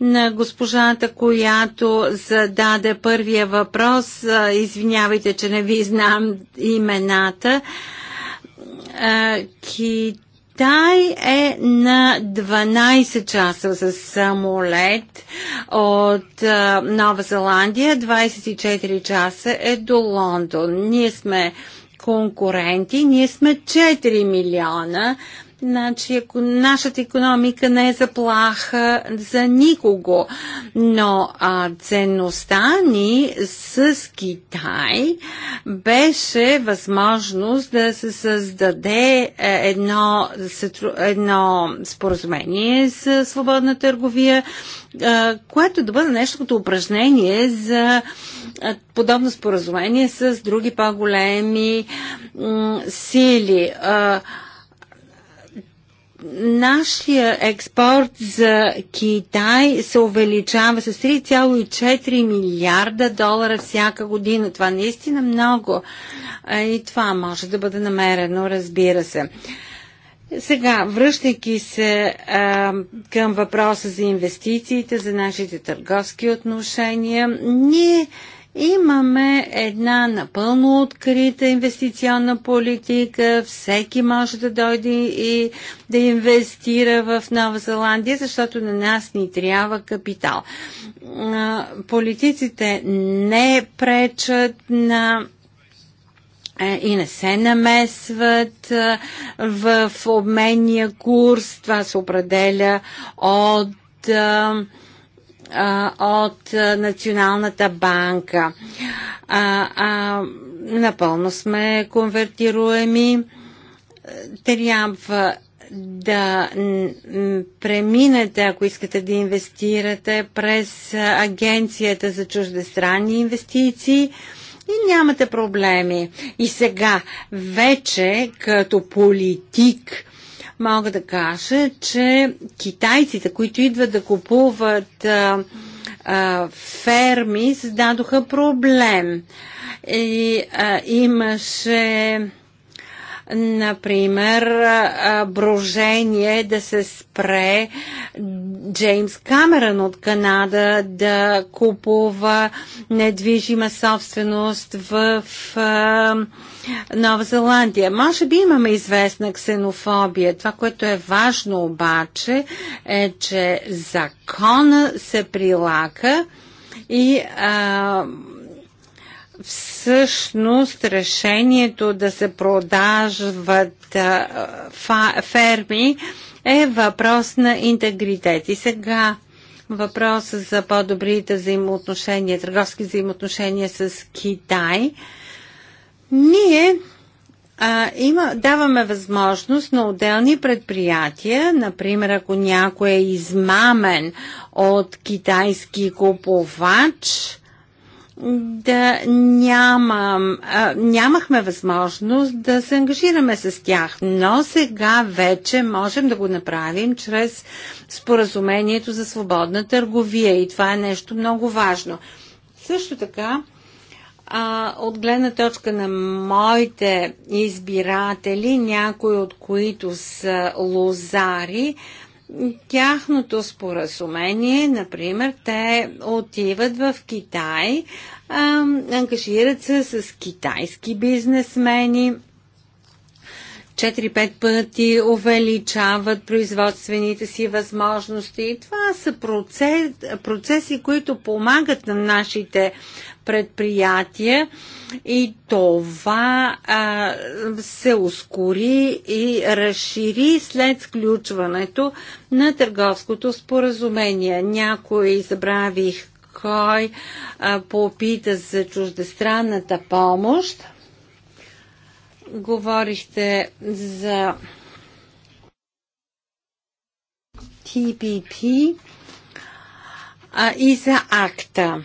Speaker 2: на госпожата, която зададе първия въпрос. Извинявайте, че не ви знам имената. Китай е на 12 часа с самолет от Нова Зеландия, 24 часа е до Лондон. Ние сме конкуренти, ние сме 4 милиона, Значи, ако нашата економика не е заплаха за никого, но а, ценността ни с Китай беше възможност да се създаде е, едно, едно споразумение за свободна търговия, е, което да бъде нещо като упражнение за е, подобно споразумение с други по-големи сили. Нашия експорт за Китай се увеличава с 3,4 милиарда долара всяка година. Това наистина много. И това може да бъде намерено, разбира се. Сега, връщайки се а, към въпроса за инвестициите, за нашите търговски отношения, ние Имаме една напълно открита инвестиционна политика. Всеки може да дойде и да инвестира в Нова Зеландия, защото на нас ни трябва капитал. Политиците не пречат на е, и не се намесват е, в обменния курс. Това се определя от е, а, от Националната банка. А, а, напълно сме конвертируеми. Трябва да преминете, ако искате да инвестирате, през Агенцията за чуждестранни инвестиции и нямате проблеми. И сега, вече като политик, мога да кажа, че китайците, които идват да купуват а, а, ферми, създадоха проблем. И а, имаше например, брожение да се спре Джеймс Камерън от Канада да купува недвижима собственост в Нова Зеландия. Може би имаме известна ксенофобия. Това, което е важно обаче, е, че закона се прилага и а, всъщност решението да се продажват ферми е въпрос на интегритет. И сега въпрос за по-добрите взаимоотношения, търговски взаимоотношения с Китай. Ние а, има, даваме възможност на отделни предприятия, например ако някой е измамен от китайски купувач, да нямам, а, нямахме възможност да се ангажираме с тях, но сега вече можем да го направим чрез споразумението за свободна търговия и това е нещо много важно. Също така, а, от гледна точка на моите избиратели, някои от които са лозари, а, тяхното споразумение, например, те отиват в Китай, ангажират се с китайски бизнесмени, 4-5 пъти увеличават производствените си възможности. И това са процеси, които помагат на нашите Предприятия и това а, се ускори и разшири след сключването на търговското споразумение. Някой забравих кой а, попита за чуждестранната помощ. Говорихте за TPP а, и за акта.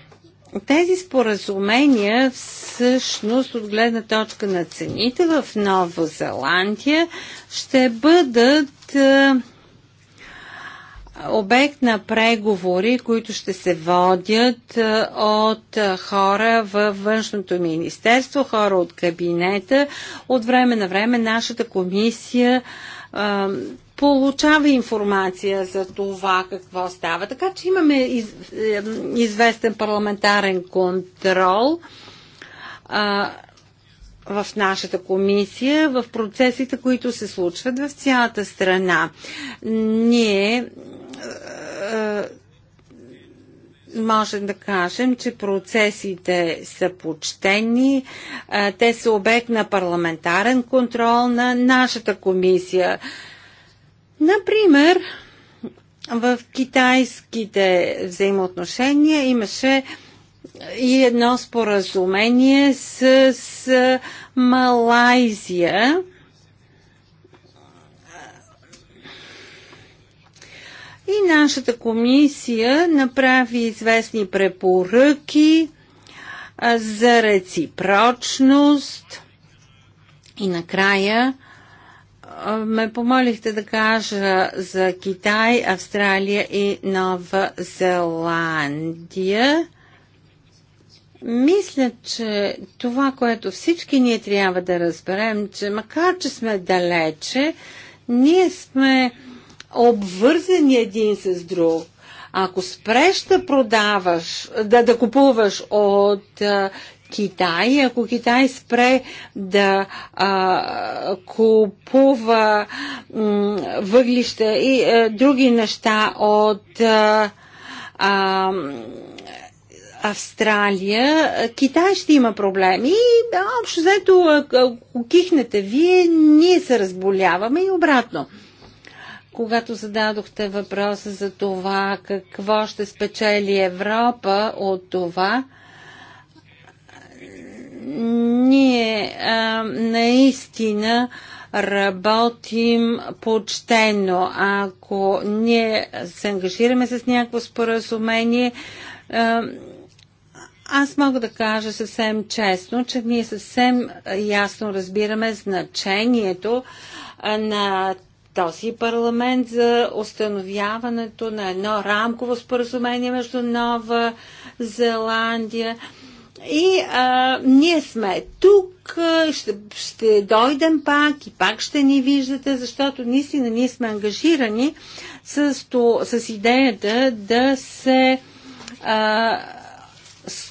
Speaker 2: Тези споразумения всъщност от гледна точка на цените в Нова Зеландия ще бъдат е, обект на преговори, които ще се водят е, от е, хора във външното министерство, хора от кабинета. От време на време нашата комисия получава информация за това какво става. Така че имаме из, известен парламентарен контрол а, в нашата комисия, в процесите, които се случват в цялата страна. Ние а, можем да кажем, че процесите са почтени, те са обект на парламентарен контрол на нашата комисия. Например, в китайските взаимоотношения имаше и едно споразумение с Малайзия И нашата комисия направи известни препоръки за реципрочност. И накрая ме помолихте да кажа за Китай, Австралия и Нова Зеландия. Мисля, че това, което всички ние трябва да разберем, че макар, че сме далече, ние сме обвързани един с друг. Ако спреш да продаваш, да, да купуваш от а, Китай, ако Китай спре да а, купува м, въглища и а, други неща от а, а, Австралия, Китай ще има проблеми. И общо взето, ако кихнете вие, ние се разболяваме и обратно когато зададохте въпроса за това какво ще спечели Европа от това, ние а, наистина работим почтено. Ако ние се ангажираме с някакво споразумение, а, аз мога да кажа съвсем честно, че ние съвсем ясно разбираме значението на този парламент за установяването на едно рамково споразумение между Нова Зеландия. И а, ние сме тук, ще, ще дойдем пак и пак ще ни виждате, защото наистина ние сме ангажирани с, то, с идеята да се а,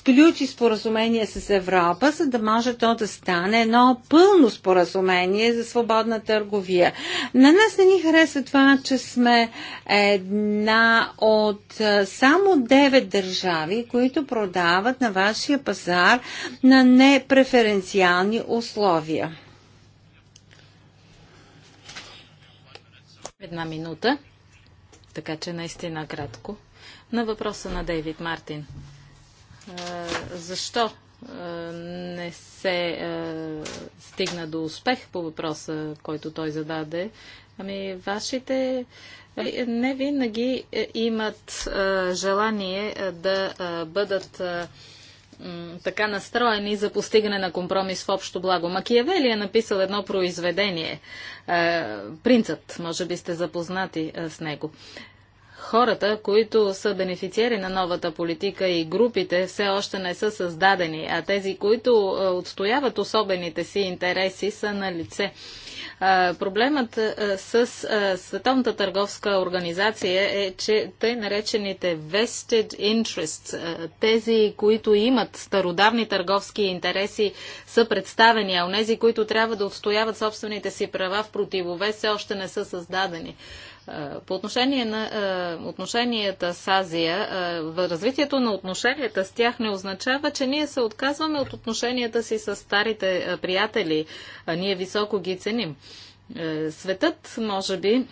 Speaker 2: сключи споразумение с Европа, за да може то да стане едно пълно споразумение за свободна търговия. На нас не ни харесва това, че сме една от само 9 държави, които продават на вашия пазар на непреференциални условия.
Speaker 1: Една минута, така че наистина кратко. На въпроса на Дейвид Мартин защо не се стигна до успех по въпроса, който той зададе. Ами, вашите не винаги е, имат желание да бъдат така настроени за постигане на компромис в общо благо. Макиявели е написал едно произведение. Принцът, може би сте запознати с него хората, които са бенефициери на новата политика и групите все още не са създадени, а тези, които е, отстояват особените си интереси, са на лице. Е, проблемът е, с Световната търговска организация е, че тъй наречените vested interests, тези, които имат стародавни търговски интереси, са представени, а онези, които трябва да отстояват собствените си права в противове, все още не са създадени. По отношение на отношенията с Азия, развитието на отношенията с тях не означава, че ние се отказваме от отношенията си с старите приятели. Ние високо ги ценим. Е, светът, може би,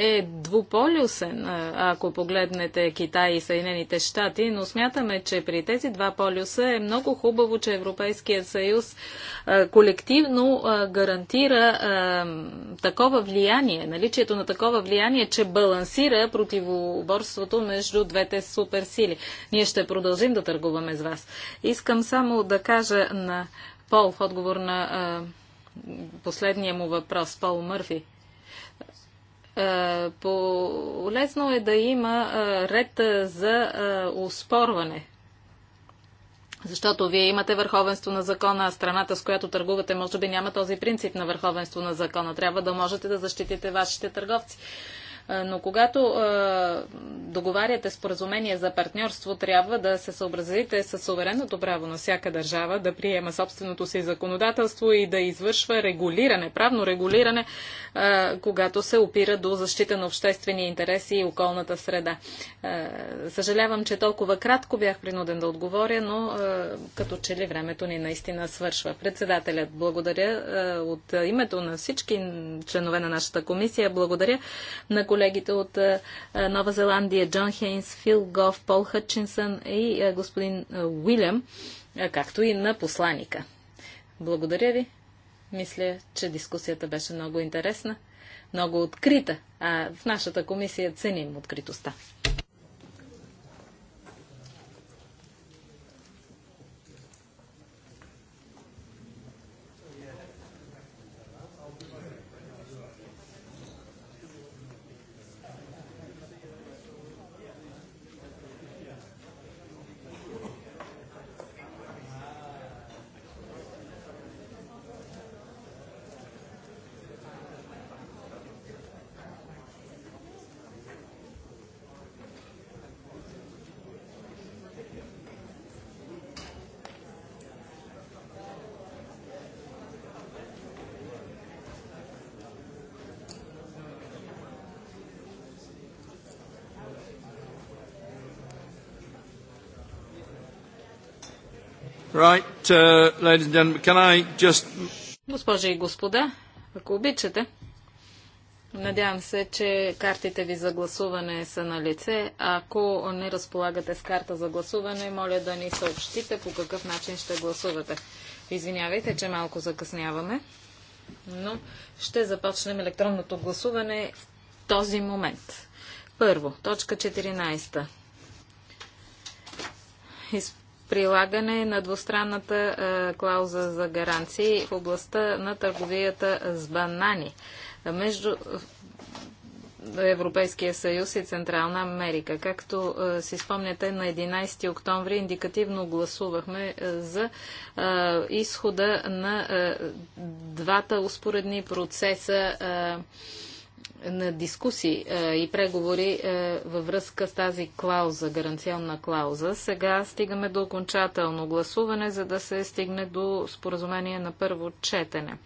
Speaker 1: е двуполюсен, ако погледнете Китай и Съединените щати, но смятаме, че при тези два полюса е много хубаво, че Европейският съюз колективно гарантира такова влияние, наличието на такова влияние, че балансира противоборството между двете суперсили. Ние ще продължим да търгуваме с вас. Искам само да кажа на Пол в отговор на последния му въпрос, Пол Мърфи. Е, полезно е да има е, ред е, за успорване. Защото вие имате върховенство на закона, а страната, с която търгувате, може би няма този принцип на върховенство на закона. Трябва да можете да защитите вашите търговци но когато договаряте споразумение за партньорство, трябва да се съобразите с суверенното право на всяка държава да приема собственото си законодателство и да извършва регулиране, правно регулиране, когато се опира до защита на обществени интереси и околната среда. Съжалявам, че толкова кратко бях принуден да отговоря, но като че ли времето ни наистина свършва. Председателят, благодаря от името на всички членове на нашата комисия, благодаря на колегите, колегите от е, е, Нова Зеландия Джон Хейнс, Фил Гоф, Пол Хътчинсън и е, господин Уилям, както и на посланика. Благодаря ви. Мисля, че дискусията беше много интересна, много открита, а в нашата комисия ценим откритостта.
Speaker 2: Uh,
Speaker 1: Госпожи и господа, ако обичате, надявам се, че картите ви за гласуване са на лице. Ако не разполагате с карта за гласуване, моля да ни съобщите по какъв начин ще гласувате. Извинявайте, че малко закъсняваме, но ще започнем електронното гласуване в този момент. Първо, точка 14 прилагане на двустранната е, клауза за гаранции в областта на търговията с банани между Европейския съюз и Централна Америка. Както е, си спомняте, на 11 октомври индикативно гласувахме е, за изхода на двата успоредни процеса на дискусии а, е, и преговори а, е, във връзка с тази клауза, гаранционна клауза. Сега стигаме до окончателно гласуване, за да се стигне до споразумение на първо четене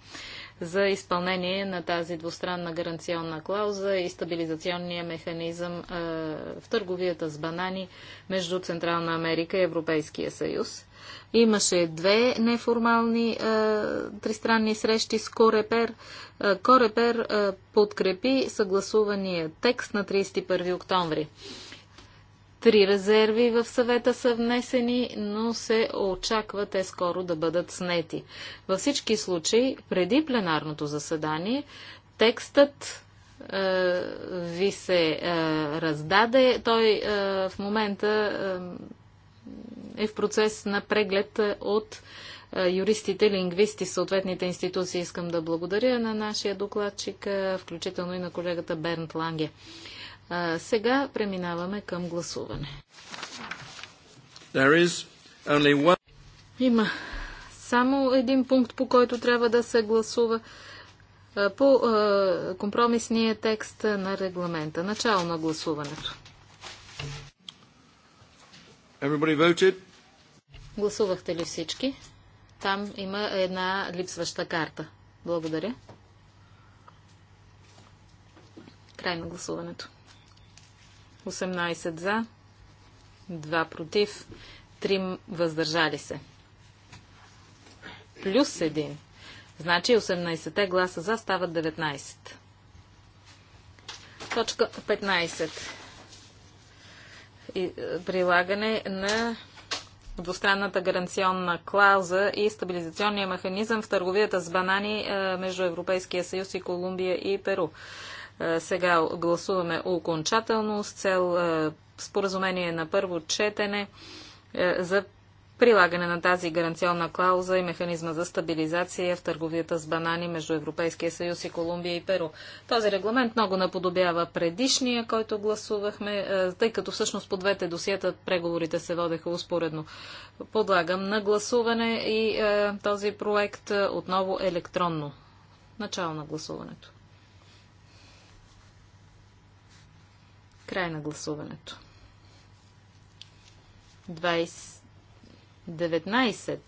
Speaker 1: за изпълнение на тази двустранна гаранционна клауза и стабилизационния механизъм в търговията с банани между Централна Америка и Европейския съюз. Имаше две неформални е, тристранни срещи с Корепер. Е, Корепер подкрепи съгласувания текст на 31 октомври. Три резерви в съвета са внесени, но се очаква те скоро да бъдат снети. Във всички случаи, преди пленарното заседание, текстът е, ви се е, раздаде. Той е, в момента е, е в процес на преглед от е, юристите, лингвисти, съответните институции. Искам да благодаря на нашия докладчик, е, включително и на колегата Бернт Ланге. А, сега преминаваме към гласуване.
Speaker 3: There is only one...
Speaker 1: Има само един пункт, по който трябва да се гласува по компромисния текст на регламента. Начало на гласуването. Гласувахте ли всички? Там има една липсваща карта. Благодаря. Край на гласуването. 18 за, 2 против, 3 въздържали се. Плюс 1. Значи 18-те гласа за стават 19. Точка 15. И, е, прилагане на двустранната гаранционна клауза и стабилизационния механизъм в търговията с банани е, между Европейския съюз и Колумбия и Перу. Е, сега гласуваме окончателно с цел е, споразумение на първо четене е, за прилагане на тази гаранционна клауза и механизма за стабилизация в търговията с банани между Европейския съюз и Колумбия и Перу. Този регламент много наподобява предишния, който гласувахме, тъй като всъщност по двете досиета преговорите се водеха успоредно. Подлагам на гласуване и този проект отново електронно. Начало на гласуването. Край на гласуването. 20, 19,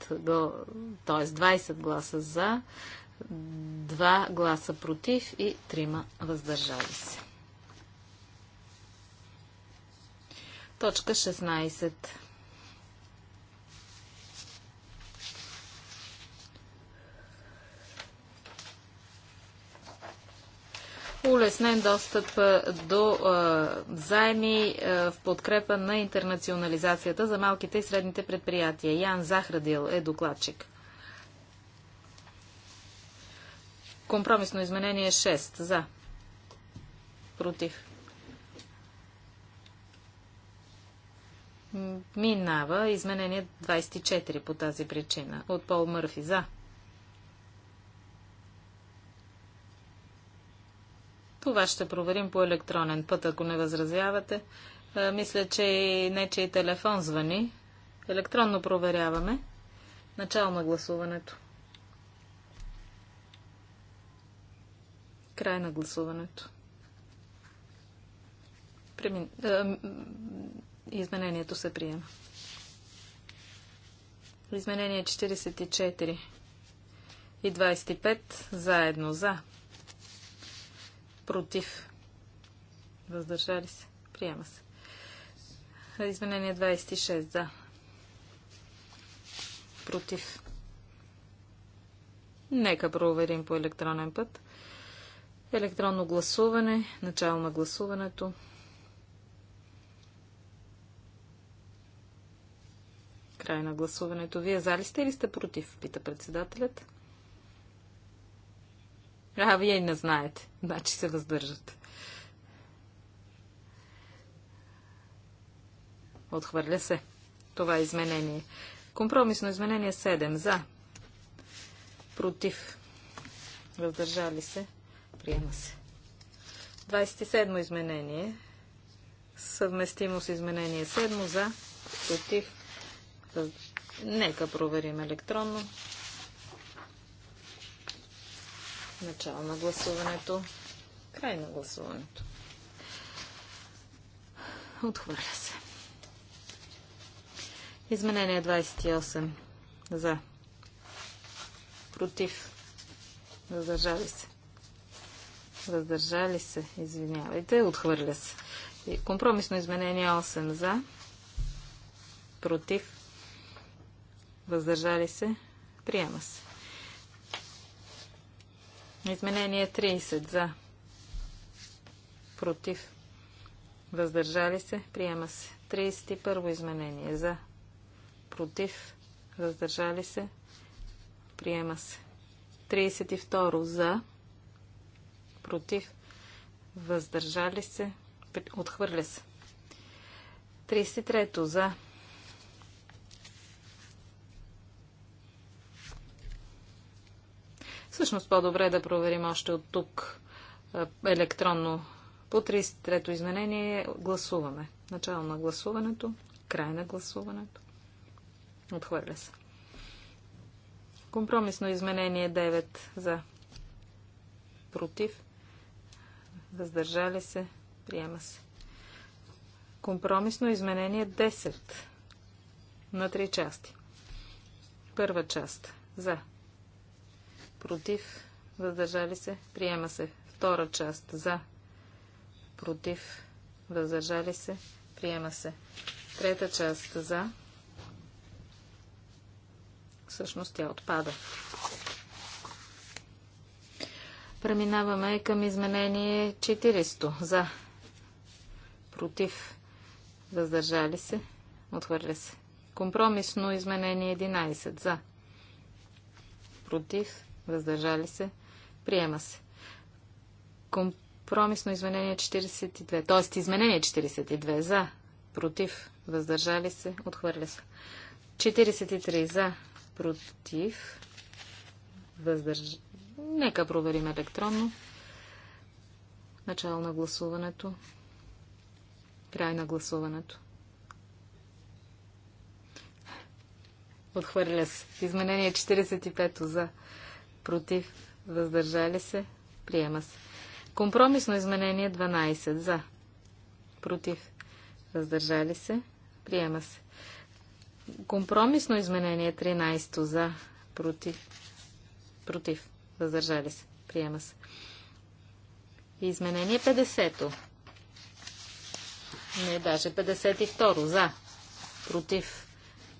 Speaker 1: т.е. 20 гласа за, 2 гласа против и 3 въздържали се. Точка 16. улеснен достъп до заеми в подкрепа на интернационализацията за малките и средните предприятия. Ян Захрадил е докладчик. Компромисно изменение 6. За. Против. Минава изменение 24 по тази причина. От Пол Мърфи. За. Това ще проверим по електронен път, ако не възразявате. Мисля, че и не, че и телефон звъни. Електронно проверяваме. Начало на гласуването. Край на гласуването. Изменението се приема. Изменение 44 и 25 заедно за против, въздържали се, приема се. Изменение 26 за. Да. Против. Нека проверим по електронен път. Електронно гласуване. Начало на гласуването. Край на гласуването. Вие за ли сте или сте против? Пита председателят. А, вие и не знаете. Значи се въздържат. Отхвърля се. Това е изменение. Компромисно изменение 7. За. Против. Въздържали се. Приема се. 27 изменение. Съвместимо с изменение 7. За. Против. Въз... Нека проверим електронно. Начало на гласуването. Край на гласуването. Отхвърля се. Изменение 28. За. Против. Въздържали се. Въздържали се. Извинявайте. Отхвърля се. Компромисно изменение 8. За. Против. Въздържали се. Приема се. Изменение 30 за. Против. Въздържали се. Приема се. 31 изменение за. Против. Въздържали се. Приема се. 32 за. Против. Въздържали се. Отхвърля се. 33 за Всъщност по-добре е да проверим още от тук е, електронно. По 33-то изменение гласуваме. Начало на гласуването, край на гласуването. Отхвърля се. Компромисно изменение 9 за против. Въздържали се. Приема се. Компромисно изменение 10 на три части. Първа част за против, въздържали се, приема се. Втора част за, против, въздържали се, приема се. Трета част за, всъщност тя отпада. Преминаваме към изменение 400 за, против, въздържали се, отхвърля се. Компромисно изменение 11 за, против, въздържали се, приема се. Компромисно изменение 42, т.е. изменение 42 за, против, въздържали се, отхвърля се. 43 за, против, Въздърж... Нека проверим електронно. Начало на гласуването. Край на гласуването. Отхвърля се. Изменение 45 за против, въздържали се, приема се. Компромисно изменение 12 за, против, въздържали се, приема се. Компромисно изменение 13 за, против, против, въздържали се, приема се. Изменение 50-то. Не, даже 52 то За. Против.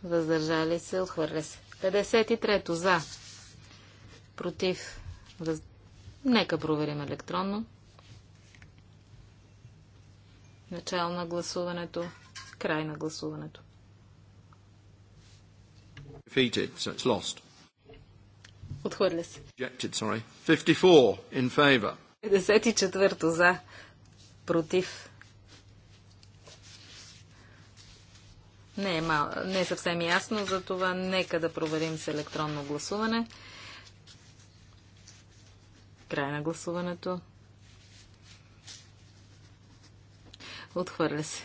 Speaker 1: Въздържали се. Отхвърля се. 53-то. За против. Въз... Нека проверим електронно. Начало на гласуването, край на гласуването. Отхвърля се. 54-то за, против. Не е, мал... не е съвсем ясно, затова нека да проверим с електронно гласуване. Край на гласуването. Отхвърля се.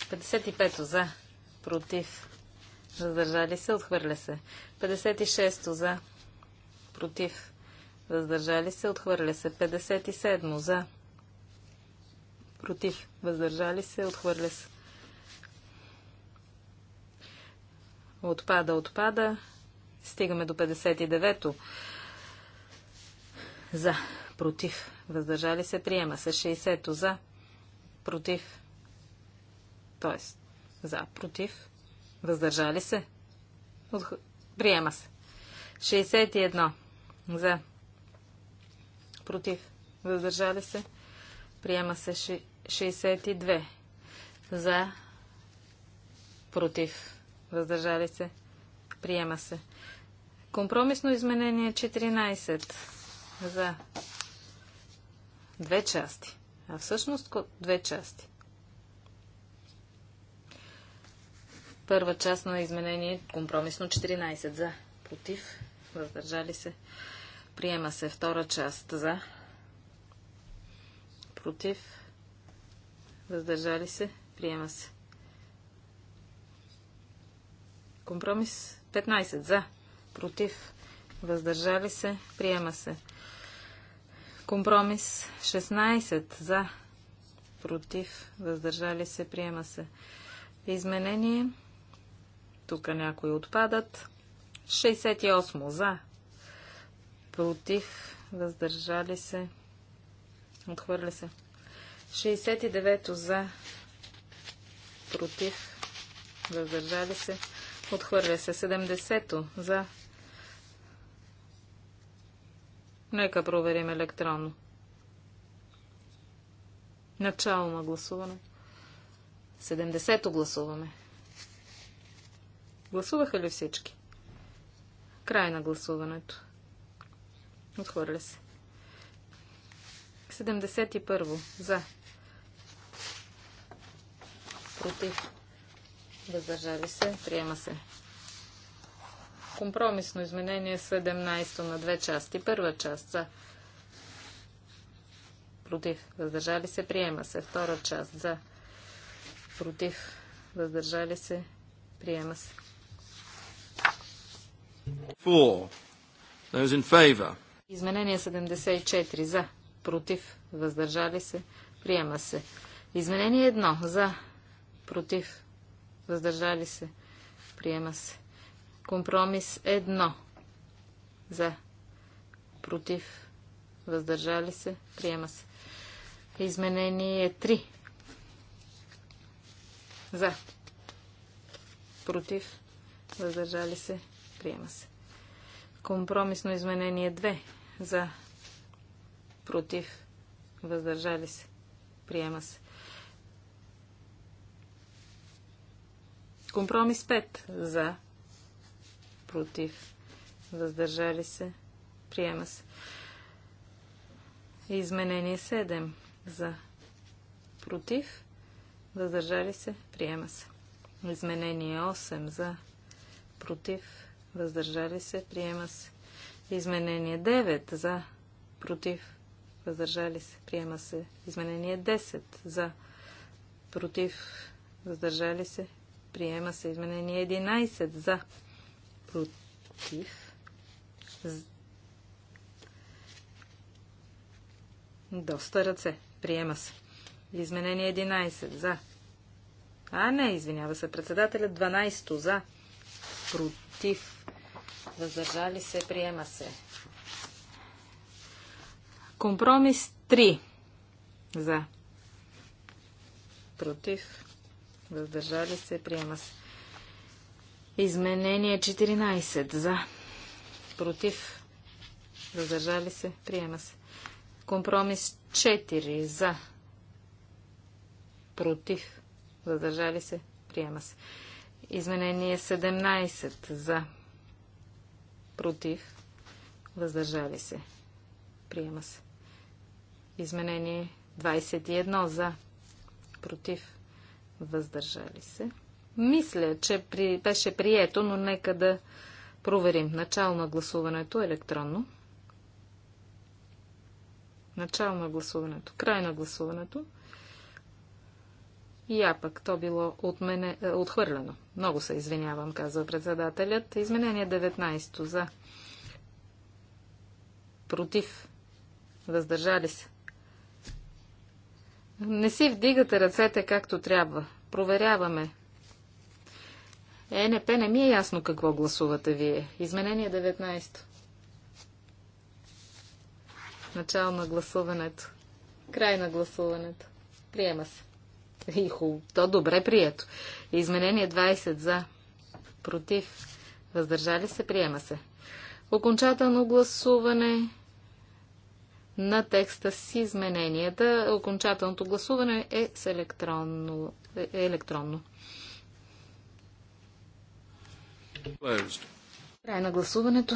Speaker 1: 55 за. Против. Въздържали се. Отхвърля се. 56 за. Против. Въздържали се. Отхвърля се. 57 за. Против. Въздържали се. Отхвърля се. Отпада, отпада. Стигаме до 59-то за, против, въздържали се, приема се. 60-то за, против, т.е. за, против, въздържали се, приема се. 61 за, против, въздържали се, приема се. 62 за, против, въздържали се, приема се. Компромисно изменение 14 за две части. А всъщност две части. Първа част на изменение компромисно 14 за, против, въздържали се. Приема се втора част за, против, въздържали се. Приема се. Компромис 15 за, против, въздържали се, приема се. Компромис 16 за, против, въздържали се, приема се. Изменение. Тук някои отпадат. 68 за, против, въздържали се, отхвърля се. 69 за, против, въздържали се, отхвърля се. 70 за, Нека проверим електронно. Начало на гласуване. 70-то гласуваме. Гласуваха ли всички? Край на гласуването. Отхвърля се. 71. За. Против. Въздържали се. Приема се. Компромисно изменение 17 на две части. Първа част за. Против. Въздържали се. Приема се. Втора част за. Против. Въздържали се. Приема се.
Speaker 2: 4. Those in favor.
Speaker 1: Изменение 74 за. Против. Въздържали се. Приема се. Изменение 1 за. Против. Въздържали се. Приема се. Компромис 1 за, против, въздържали се, приема се. Изменение 3 за, против, въздържали се, приема се. Компромисно изменение 2 за, против, въздържали се, приема се. Компромис 5 за, против, въздържали се, приема се. Изменение 7 за против, въздържали се, приема се. Изменение 8 за против, въздържали се, приема се. Изменение 9 за против, въздържали се, приема се. Изменение 10 за против, въздържали се, приема се. Изменение 11 за против. Доста ръце. Приема се. Изменение 11. За. А, не, извинява се. Председателят 12. За. Против. Въздържали се. Приема се. Компромис 3. За. Против. Въздържали се. Приема се. Изменение 14. За. Против. задържали се. Приема се. Компромис 4. За. Против. Задържали се. Приема се. Изменение 17. За. Против. Въздържали се. Приема се. Изменение 21. За. Против. Въздържали се. Мисля, че при... беше прието, но нека да проверим. Начало на гласуването е електронно. Начало на гласуването. Край на гласуването. Я пък то било от мене, е, отхвърлено. Много се извинявам, казва председателят. Изменение 19 за. Против. Въздържали се. Не си вдигате ръцете както трябва. Проверяваме ЕНП не ми е ясно какво гласувате вие. Изменение 19. Начало на гласуването. Край на гласуването. Приема се. И хубаво. То добре прието. Изменение 20 за. Против. Въздържали се. Приема се. Окончателно гласуване на текста с измененията. Окончателното гласуване е с електронно. Е, е електронно. Край на гласуването.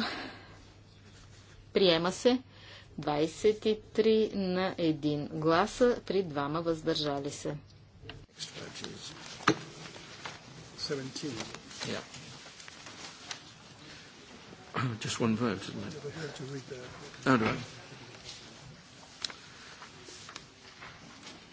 Speaker 1: Приема се 23 на 1 гласа при двама въздържали се. Just one
Speaker 2: vote, isn't it? Oh, right.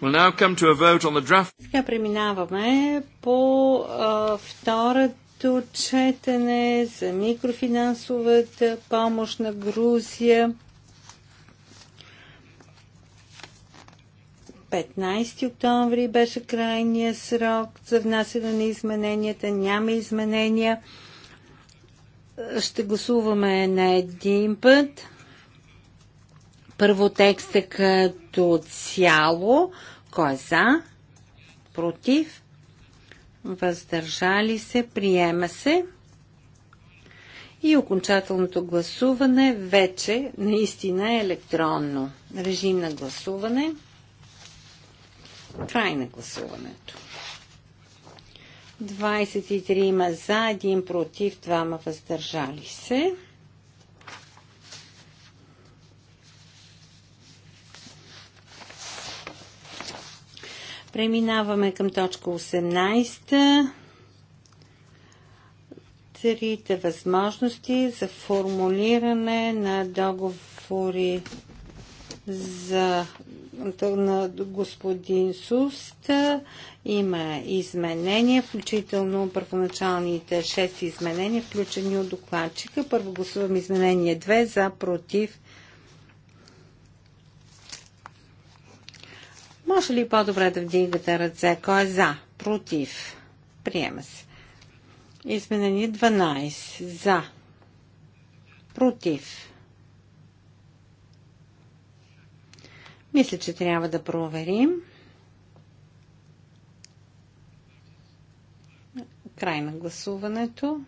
Speaker 2: We'll now come to a vote on the draft. Сега преминаваме по втората Трето четене за микрофинансовата помощ на Грузия. 15 октомври беше крайния срок за внасяне на измененията. Няма изменения. Ще гласуваме на един път. Първо текста като цяло. Кой е за? Против? въздържали се, приема се. И окончателното гласуване вече наистина е електронно. Режим на гласуване. Край на гласуването. 23 за, 1 против, 2 въздържали се. Преминаваме към точка 18. Трите възможности за формулиране на договори за на господин Суст има изменения, включително първоначалните 6 изменения, включени от докладчика. Първо гласувам изменение 2 за против Може ли по-добре да вдигате ръце? Кой е за? Против? Приема се. Изменени 12. За. Против. Мисля, че трябва да проверим. Край на гласуването.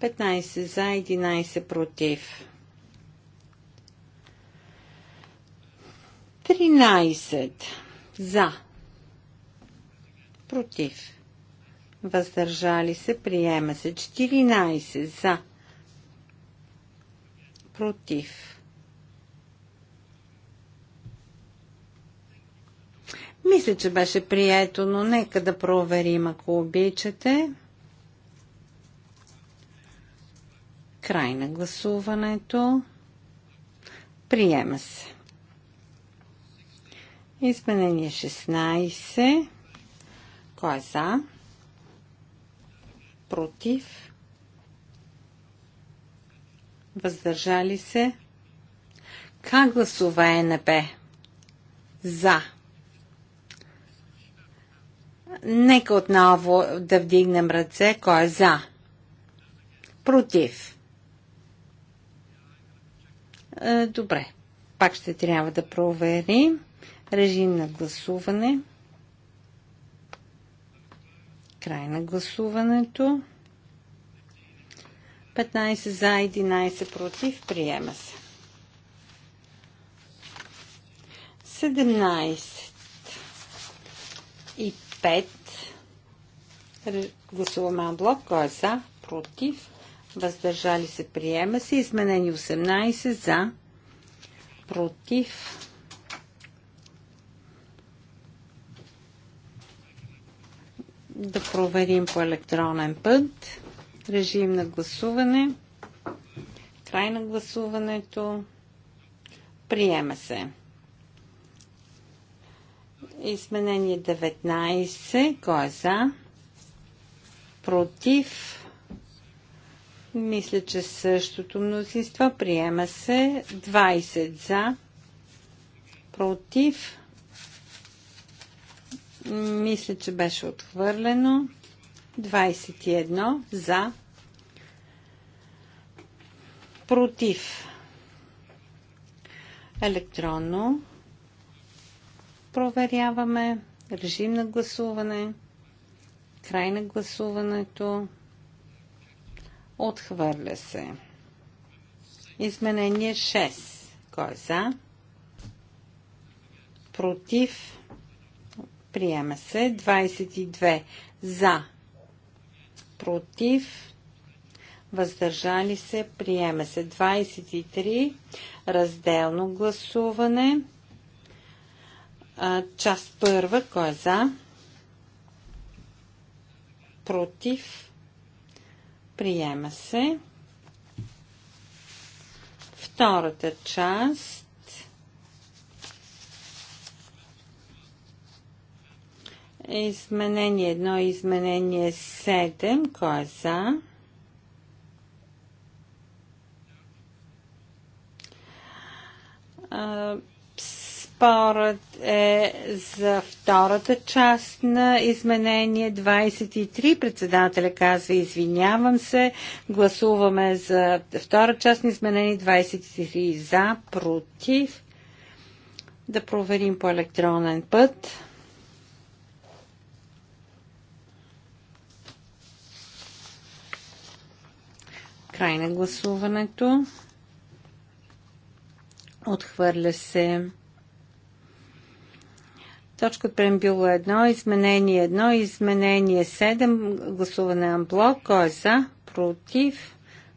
Speaker 2: 15 за, 11 против. 13 за. Против. Въздържали се. Приема се. 14 за. Против. Мисля, че беше прието, но нека да проверим, ако обичате. Край на гласуването. Приема се. Изменение 16. Кой е за? Против? Въздържали се? Как гласува ЕНП? За. Нека отново да вдигнем ръце. Кой е за? Против. Е, добре. Пак ще трябва да проверим. Режим на гласуване. Край на гласуването. 15 за, 11 против. Приема се. 17 и 5. Гласуваме анблок. Кой е за? Против. Въздържали се. Приема се. Изменени 18 за. Против да проверим по електронен път. Режим на гласуване. Край на гласуването. Приема се. Изменение 19. Кой е за? Против. Мисля, че същото мнозинство. Приема се. 20 за. Против. Мисля, че беше отхвърлено. 21 за. Против. Електронно. Проверяваме. Режим на гласуване. Край на гласуването. Отхвърля се. Изменение 6. Кой е за? Против. Приема се. 22 за. Против. Въздържали се. Приема се. 23. Разделно гласуване. Част първа. Кой е за? Против. Приема се. Втората част Изменение 1 изменение 7. Кой е за? Спорът е за втората част на изменение 23. Председателя казва, извинявам се, гласуваме за втора част на изменение 23 за, против. Да проверим по електронен път. Край на гласуването. Отхвърля се. Точка от преамбюла 1, изменение 1, изменение 7, гласуване на блок, кой е за, против,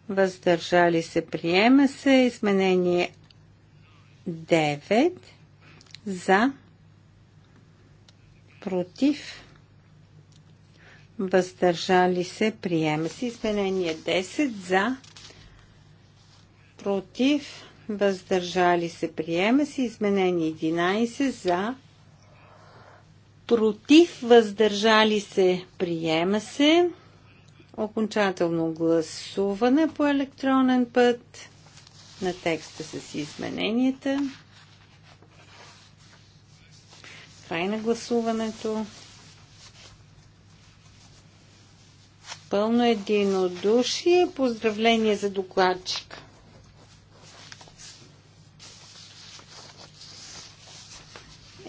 Speaker 2: въздържали се, приема се, изменение 9, за, против, въздържали се, приема се. Изменение 10 за, против, въздържали се, приема се. Изменение 11 за, против, въздържали се, приема се. Окончателно гласуване по електронен път на текста с измененията. Край на гласуването. пълно единодушие. Поздравление за докладчика.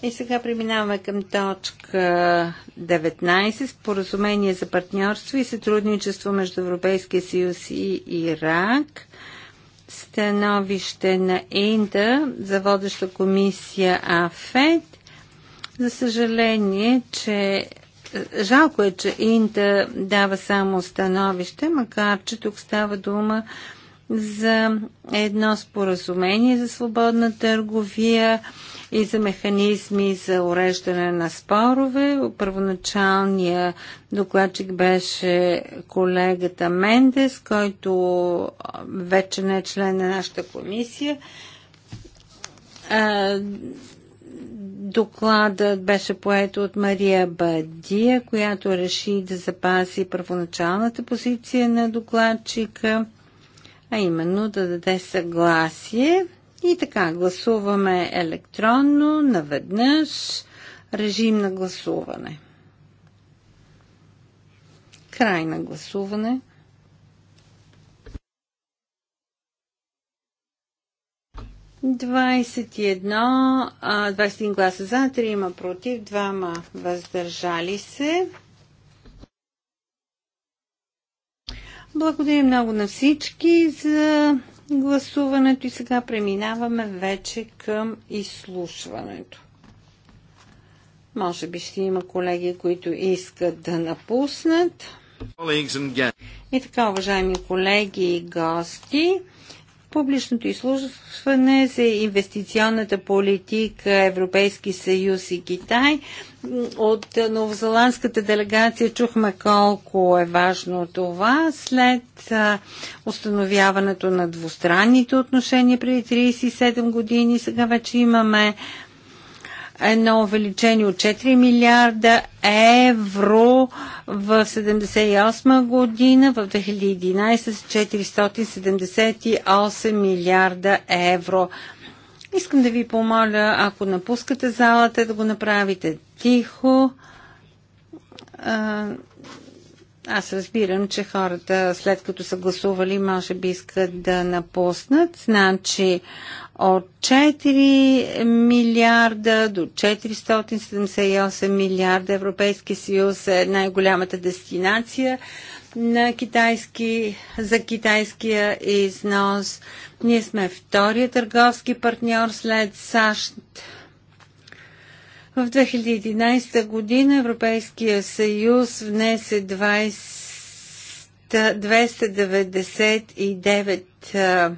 Speaker 2: И сега преминаваме към точка 19. Споразумение за партньорство и сътрудничество между Европейския съюз и Ирак. Становище на Инда за водеща комисия АФЕД. За съжаление, че Жалко е, че Инта дава само становище, макар че тук става дума за едно споразумение за свободна търговия и за механизми за уреждане на спорове. Първоначалният докладчик беше колегата Мендес, който вече не е член на нашата комисия. Докладът беше поет от Мария Бадия, която реши да запази първоначалната позиция на докладчика, а именно да даде съгласие. И така, гласуваме електронно, наведнъж, режим на гласуване. Край на гласуване. 21, 21 гласа за, 3 има против, 2 въздържали се. Благодаря много на всички за гласуването и сега преминаваме вече към изслушването. Може би ще има колеги, които искат да напуснат. И така, уважаеми колеги и гости, Публичното изслужване за инвестиционната политика Европейски съюз и Китай. От новозеландската делегация чухме колко е важно това. След установяването на двустранните отношения преди 37 години, сега вече имаме едно увеличение от 4 милиарда евро в 78 година, в 2011 с 478 милиарда евро. Искам да ви помоля, ако напускате залата, да го направите тихо. Аз разбирам, че хората, след като са гласували, може би искат да напуснат. Значи, от 4 милиарда до 478 милиарда. Европейски съюз е най-голямата дестинация на китайски, за китайския износ. Ние сме втория търговски партньор след САЩ. В 2011 година Европейския съюз внесе 20, 299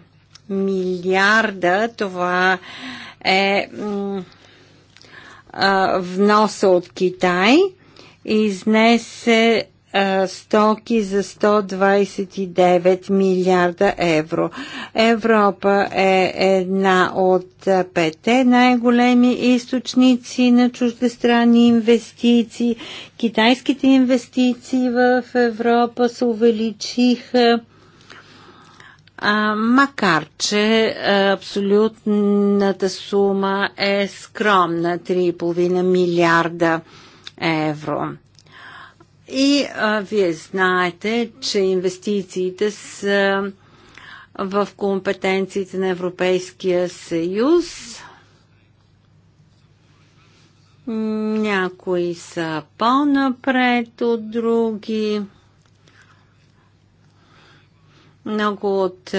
Speaker 2: милиарда. Това е вноса от Китай. Изнесе стоки за 129 милиарда евро. Европа е една от пете най-големи източници на чуждестранни инвестиции. Китайските инвестиции в Европа се увеличиха а, макар че абсолютната сума е скромна 3,5 милиарда евро. И а, вие знаете, че инвестициите са в компетенциите на Европейския съюз. Някои са по-напред от други. Много от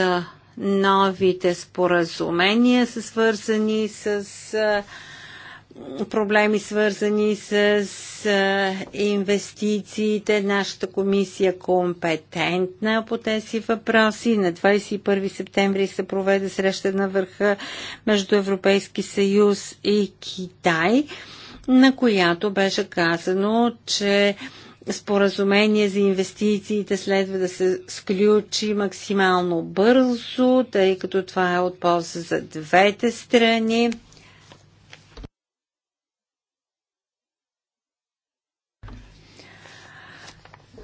Speaker 2: новите споразумения са свързани с проблеми, свързани с инвестициите. Нашата комисия е компетентна по тези въпроси. На 21 септември се проведе среща на върха между Европейски съюз и Китай, на която беше казано, че споразумение за инвестициите следва да се сключи максимално бързо, тъй като това е от полза за двете страни.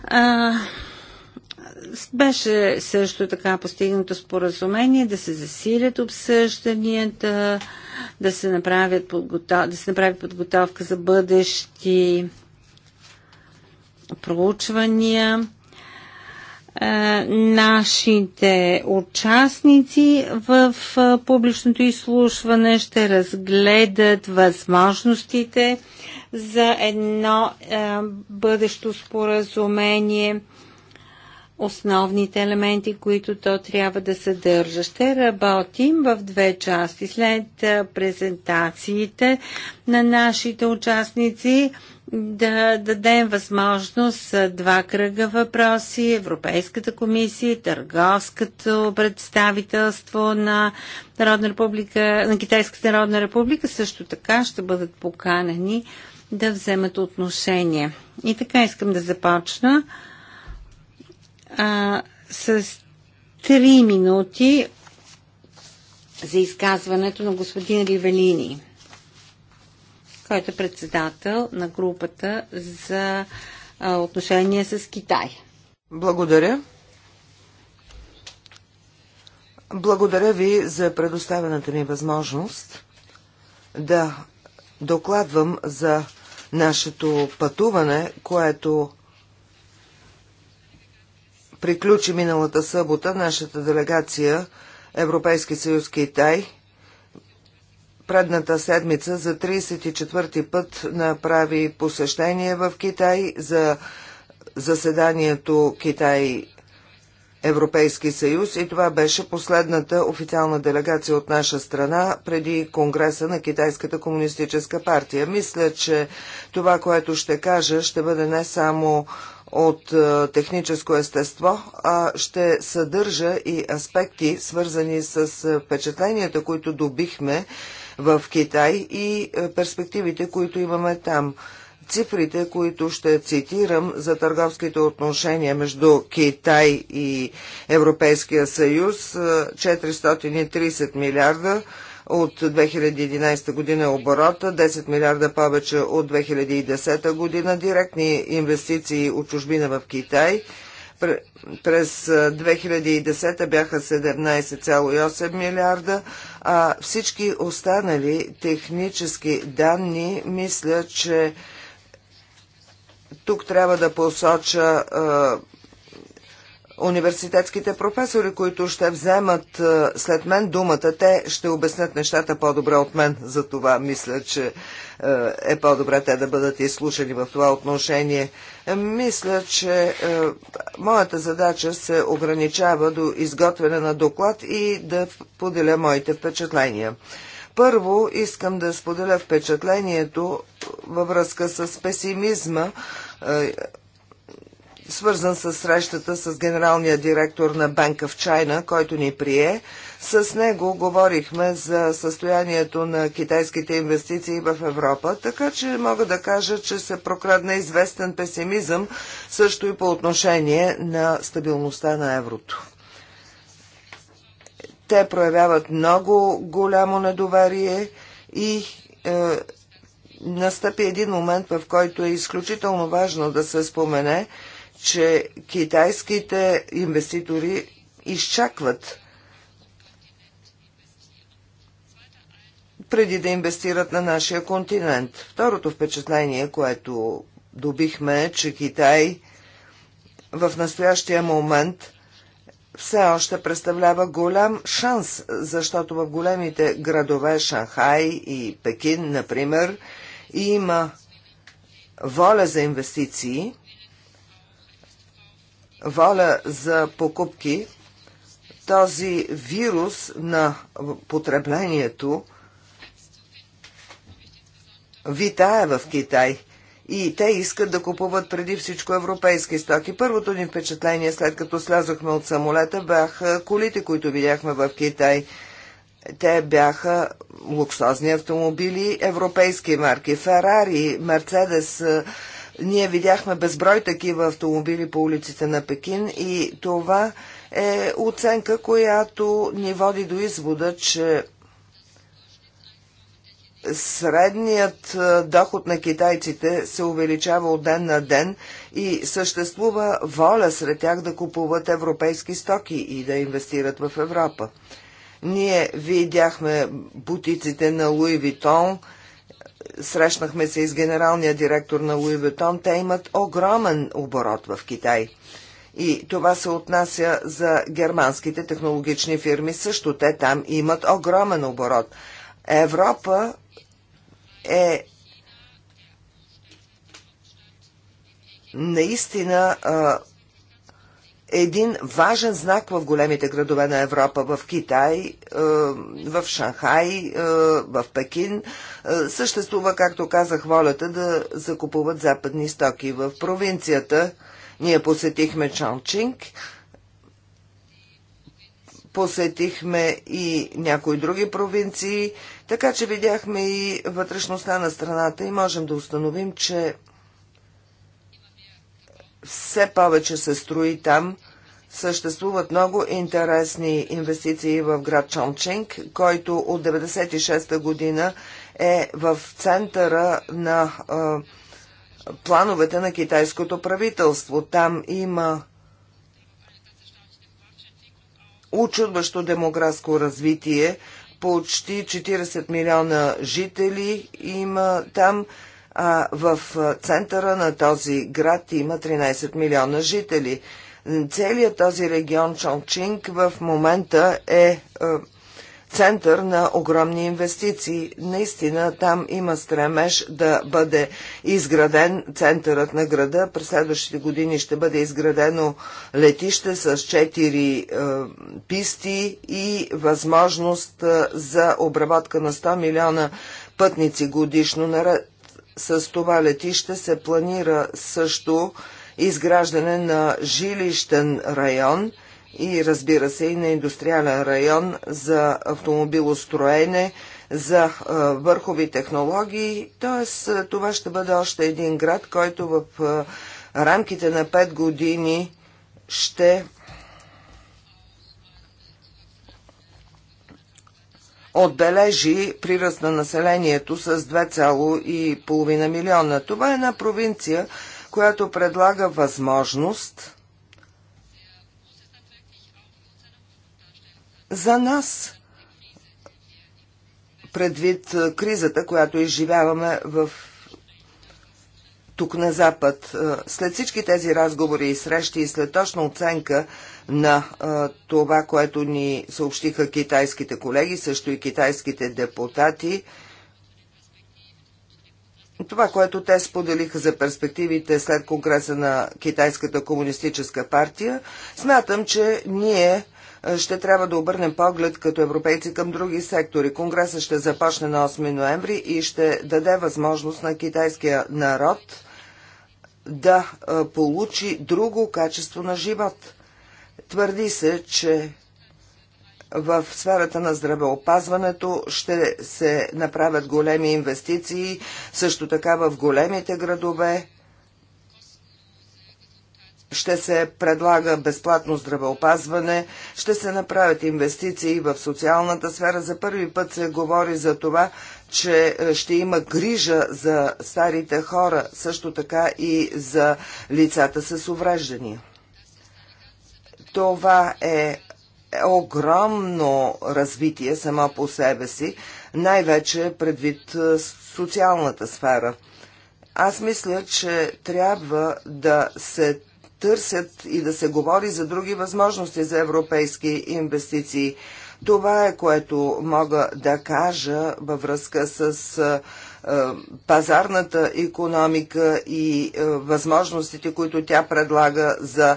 Speaker 2: А, беше също така постигнато споразумение да се засилят обсъжданията, да се, направят подготов... да се направи подготовка за бъдещи проучвания. Е, нашите участници в е, публичното изслушване ще разгледат възможностите за едно е, бъдещо споразумение основните елементи, които то трябва да съдържа. Ще работим в две части. След презентациите на нашите участници да дадем възможност за два кръга въпроси. Европейската комисия, Търговското представителство на, Народна република, на Китайската народна република също така ще бъдат поканени да вземат отношение. И така искам да започна а, с три минути за изказването на господин Ривелини който е председател на групата за отношения с Китай.
Speaker 3: Благодаря. Благодаря ви за предоставената ми възможност да докладвам за нашето пътуване, което приключи миналата събота нашата делегация Европейски съюз Китай предната седмица за 34-ти път направи посещение в Китай за заседанието Китай Европейски съюз и това беше последната официална делегация от наша страна преди Конгреса на Китайската комунистическа партия. Мисля, че това, което ще кажа, ще бъде не само от е, техническо естество, а ще съдържа и аспекти, свързани с е, впечатленията, които добихме в Китай и е, перспективите, които имаме там. Цифрите, които ще цитирам за търговските отношения между Китай и Европейския съюз, 430 е, милиарда от 2011 година е оборота, 10 милиарда повече от 2010 година, директни инвестиции от чужбина в Китай – през 2010 бяха 17,8 милиарда, а всички останали технически данни мисля, че тук трябва да посоча университетските професори, които ще вземат след мен думата, те ще обяснят нещата по-добре от мен. За това мисля, че е, е по-добре те да бъдат изслушани в това отношение. Мисля, че е, моята задача се ограничава до изготвяне на доклад и да поделя моите впечатления. Първо искам да споделя впечатлението във връзка с песимизма, е, свързан с срещата с генералния директор на Банка в Чайна, който ни прие – с него говорихме за състоянието на китайските инвестиции в Европа, така че мога да кажа, че се прокрадна известен песимизъм също и по отношение на стабилността на еврото. Те проявяват много голямо недоверие и е, настъпи един момент, в който е изключително важно да се спомене, че китайските инвеститори изчакват преди да инвестират на нашия континент. Второто впечатление, което добихме е, че Китай в настоящия момент все още представлява голям шанс, защото в големите градове Шанхай и Пекин, например, има воля за инвестиции, воля за покупки, този вирус на потреблението – витае в Китай. И те искат да купуват преди всичко европейски стоки. Първото ни впечатление, след като слязохме от самолета, бяха колите, които видяхме в Китай. Те бяха луксозни автомобили, европейски марки, Ферари, Мерцедес. Ние видяхме безброй такива автомобили по улиците на Пекин и това е оценка, която ни води до извода, че средният е, доход на китайците се увеличава от ден на ден и съществува воля сред тях да купуват европейски стоки и да инвестират в Европа. Ние видяхме бутиците на Луи Витон, срещнахме се и с генералния директор на Луи Витон, те имат огромен оборот в Китай. И това се отнася за германските технологични фирми също. Те там имат огромен оборот. Европа е наистина един важен знак в големите градове на Европа, в Китай, в Шанхай, в Пекин. Съществува, както казах, волята да закупуват западни стоки. В провинцията ние посетихме Чанчинг – посетихме и някои други провинции, така че видяхме и вътрешността на страната и можем да установим, че все повече се строи там. Съществуват много интересни инвестиции в град Чончинг, който от 1996 година е в центъра на а, плановете на китайското правителство. Там има учудващо демографско развитие. Почти 40 милиона жители има там, а в центъра на този град има 13 милиона жители. Целият този регион Чончинг в момента е, е център на огромни инвестиции. Наистина там има стремеж да бъде изграден центърът на града. През следващите години ще бъде изградено летище с 4 е, писти и възможност е, за обработка на 100 милиона пътници годишно. Наред с това летище се планира също изграждане на жилищен район – и разбира се и на индустриален район за автомобилостроене, за върхови технологии. Тоест това ще бъде още един град, който в рамките на 5 години ще отбележи приръст на населението с 2,5 милиона. Това е една провинция, която предлага възможност За нас, предвид кризата, която изживяваме в тук на Запад, след всички тези разговори и срещи и след точна оценка на това, което ни съобщиха китайските колеги, също и китайските депутати, това, което те споделиха за перспективите след Конгреса на Китайската комунистическа партия, смятам, че ние ще трябва да обърнем поглед като европейци към други сектори. Конгресът ще започне на 8 ноември и ще даде възможност на китайския народ да получи друго качество на живот. Твърди се, че в сферата на здравеопазването ще се направят големи инвестиции, също така в големите градове ще се предлага безплатно здравеопазване, ще се направят инвестиции в социалната сфера. За първи път се говори за това, че е, ще има грижа за старите хора, също така и за лицата с увреждания. Това е огромно развитие само по себе си, най-вече предвид е, социалната сфера. Аз мисля, че трябва да се търсят и да се говори за други възможности за европейски инвестиции. Това е което мога да кажа във връзка с е, пазарната економика и е, възможностите, които тя предлага за е,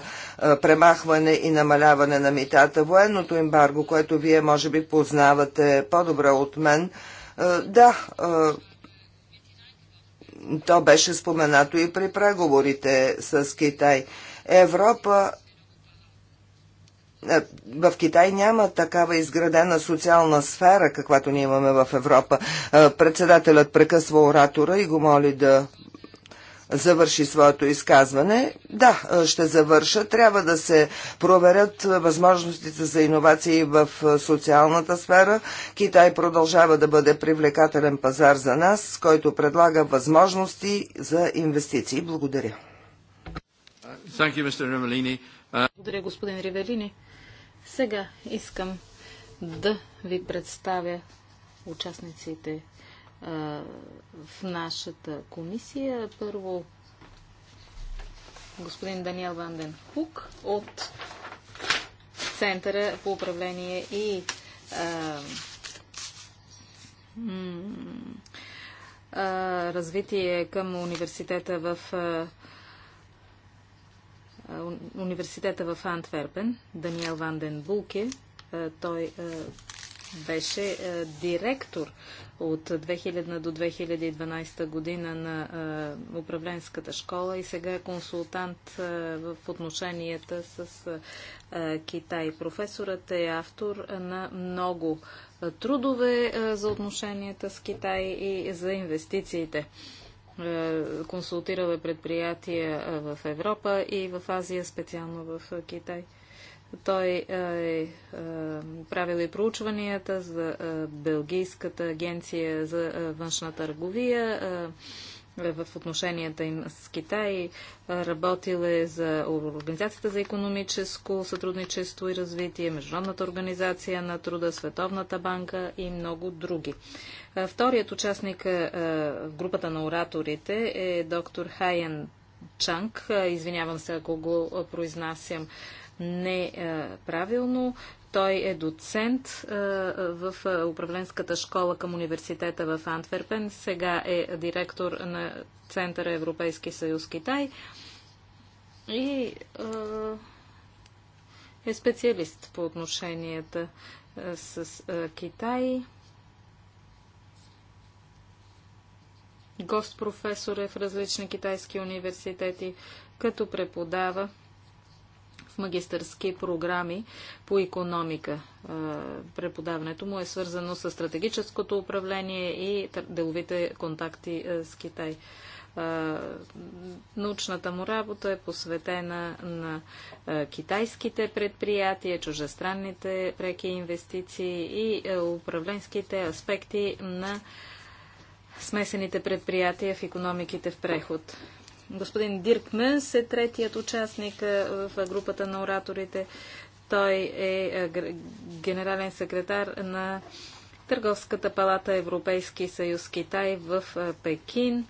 Speaker 3: премахване и намаляване на митата. Военното ембарго, което вие може би познавате по-добре от мен, да, то беше споменато и при преговорите с Китай. Европа е, в Китай няма такава изградена социална сфера, каквато ние имаме в Европа. Е, председателят прекъсва оратора и го моли да завърши своето изказване. Да, е, ще завърша. Трябва да се проверят възможностите за иновации в социалната сфера. Китай продължава да бъде привлекателен пазар за нас, който предлага възможности за инвестиции. Благодаря. You, uh,
Speaker 1: Благодаря, господин Ривелини. Сега искам да ви представя участниците в нашата комисия. Първо господин Даниел Ванден Хук от Центъра по управление и а, развитие към университета в университета в Антверпен, Даниел Ванден Булке. Той беше директор от 2000 до 2012 година на управленската школа и сега е консултант в отношенията с Китай. Професорът е автор на много трудове за отношенията с Китай и за инвестициите. Е, консултирала предприятия е, в Европа и в Азия, специално в е, Китай. Той е правил и проучванията за Белгийската агенция за външна търговия, е, в отношенията им с Китай. Работил е за Организацията за економическо сътрудничество и развитие, Международната организация на труда, Световната банка и много други. Вторият участник в групата на ораторите е доктор Хайен Чанг. Извинявам се, ако го произнасям неправилно. Той е доцент в управленската школа към университета в Антверпен. Сега е директор на Центъра Европейски съюз Китай. И е специалист по отношенията с Китай. Гост професор е в различни китайски университети, като преподава магистърски програми по економика. Преподаването му е свързано с стратегическото управление и деловите контакти с Китай. Научната му работа е посветена на китайските предприятия, чужестранните преки инвестиции и управленските аспекти на смесените предприятия в економиките в преход. Господин Дирк Мънс е третият участник е, в групата на ораторите. Той е, е генерален секретар на Търговската палата Европейски съюз Китай в е, Пекин.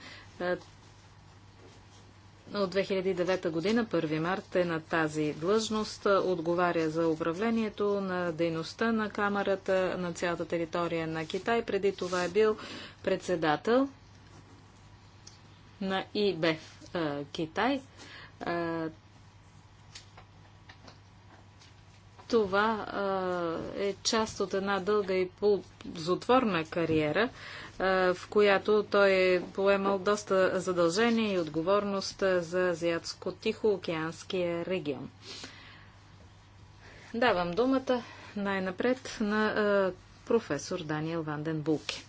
Speaker 1: От 2009 година, 1 март е на тази длъжност, отговаря за управлението на дейността на камерата на цялата територия на Китай. Преди това е бил председател на ИБ. Китай, това е част от една дълга и ползотворна кариера, в която той е поемал доста задължения и отговорност за Азиатско-Тихоокеанския регион. Давам думата най-напред на професор Даниел Ванден Булки.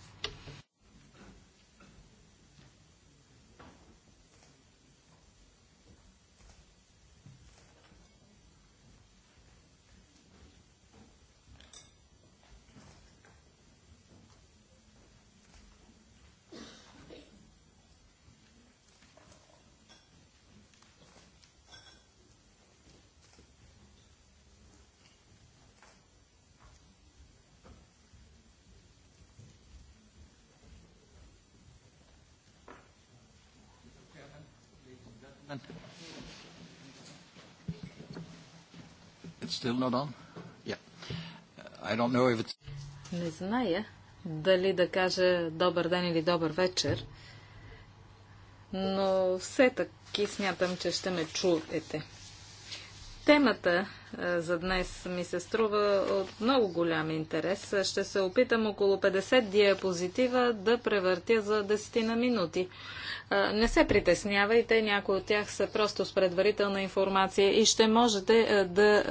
Speaker 1: It's still not on? Yeah. I don't know if it's... Не зная дали да кажа добър ден или добър вечер, но все таки смятам, че ще ме чуете. Темата е, за днес ми се струва от много голям интерес. Ще се опитам около 50 диапозитива да превъртя за 10 на минути. Е, не се притеснявайте, някои от тях са просто с предварителна информация и ще можете е, да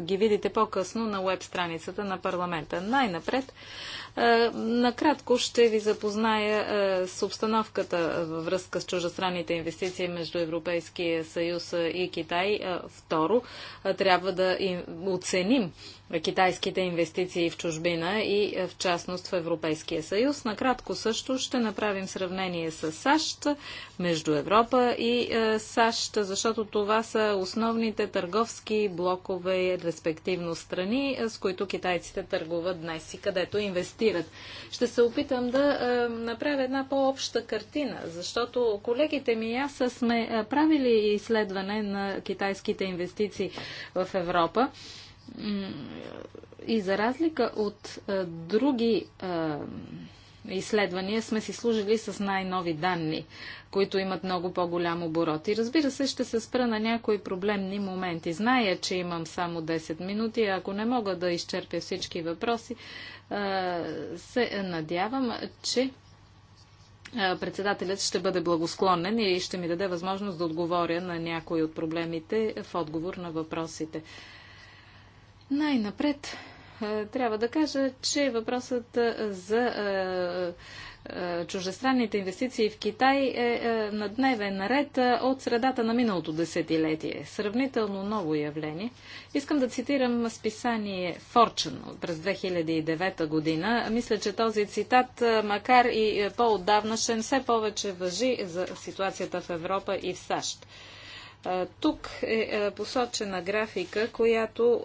Speaker 1: ги видите по-късно на веб страницата на парламента. Най-напред, накратко ще ви запозная с обстановката във връзка с чужестранните инвестиции между Европейския съюз и Китай. Второ, трябва да им оценим китайските инвестиции в чужбина и е, в частност в Европейския съюз. Накратко също ще направим сравнение с САЩ, между Европа и е, САЩ, защото това са основните търговски блокове, респективно страни, е, с които китайците търгуват днес и където инвестират. Ще се опитам да направя една по-обща картина, защото колегите ми и аз сме правили изследване на китайските инвестиции в Европа. И за разлика от а, други а, изследвания сме си служили с най-нови данни, които имат много по-голям оборот. И разбира се, ще се спра на някои проблемни моменти. Зная, че имам само 10 минути, ако не мога да изчерпя всички въпроси, се надявам, че председателят ще бъде благосклонен и ще ми даде възможност да отговоря на някои от проблемите в отговор на въпросите. Най-напред трябва да кажа, че въпросът за чужестранните инвестиции в Китай е на дневен ред от средата на миналото десетилетие. Сравнително ново явление. Искам да цитирам списание Форчен през 2009 година. Мисля, че този цитат, макар и по-отдавнашен, все повече въжи за ситуацията в Европа и в САЩ. Тук е, е посочена графика, която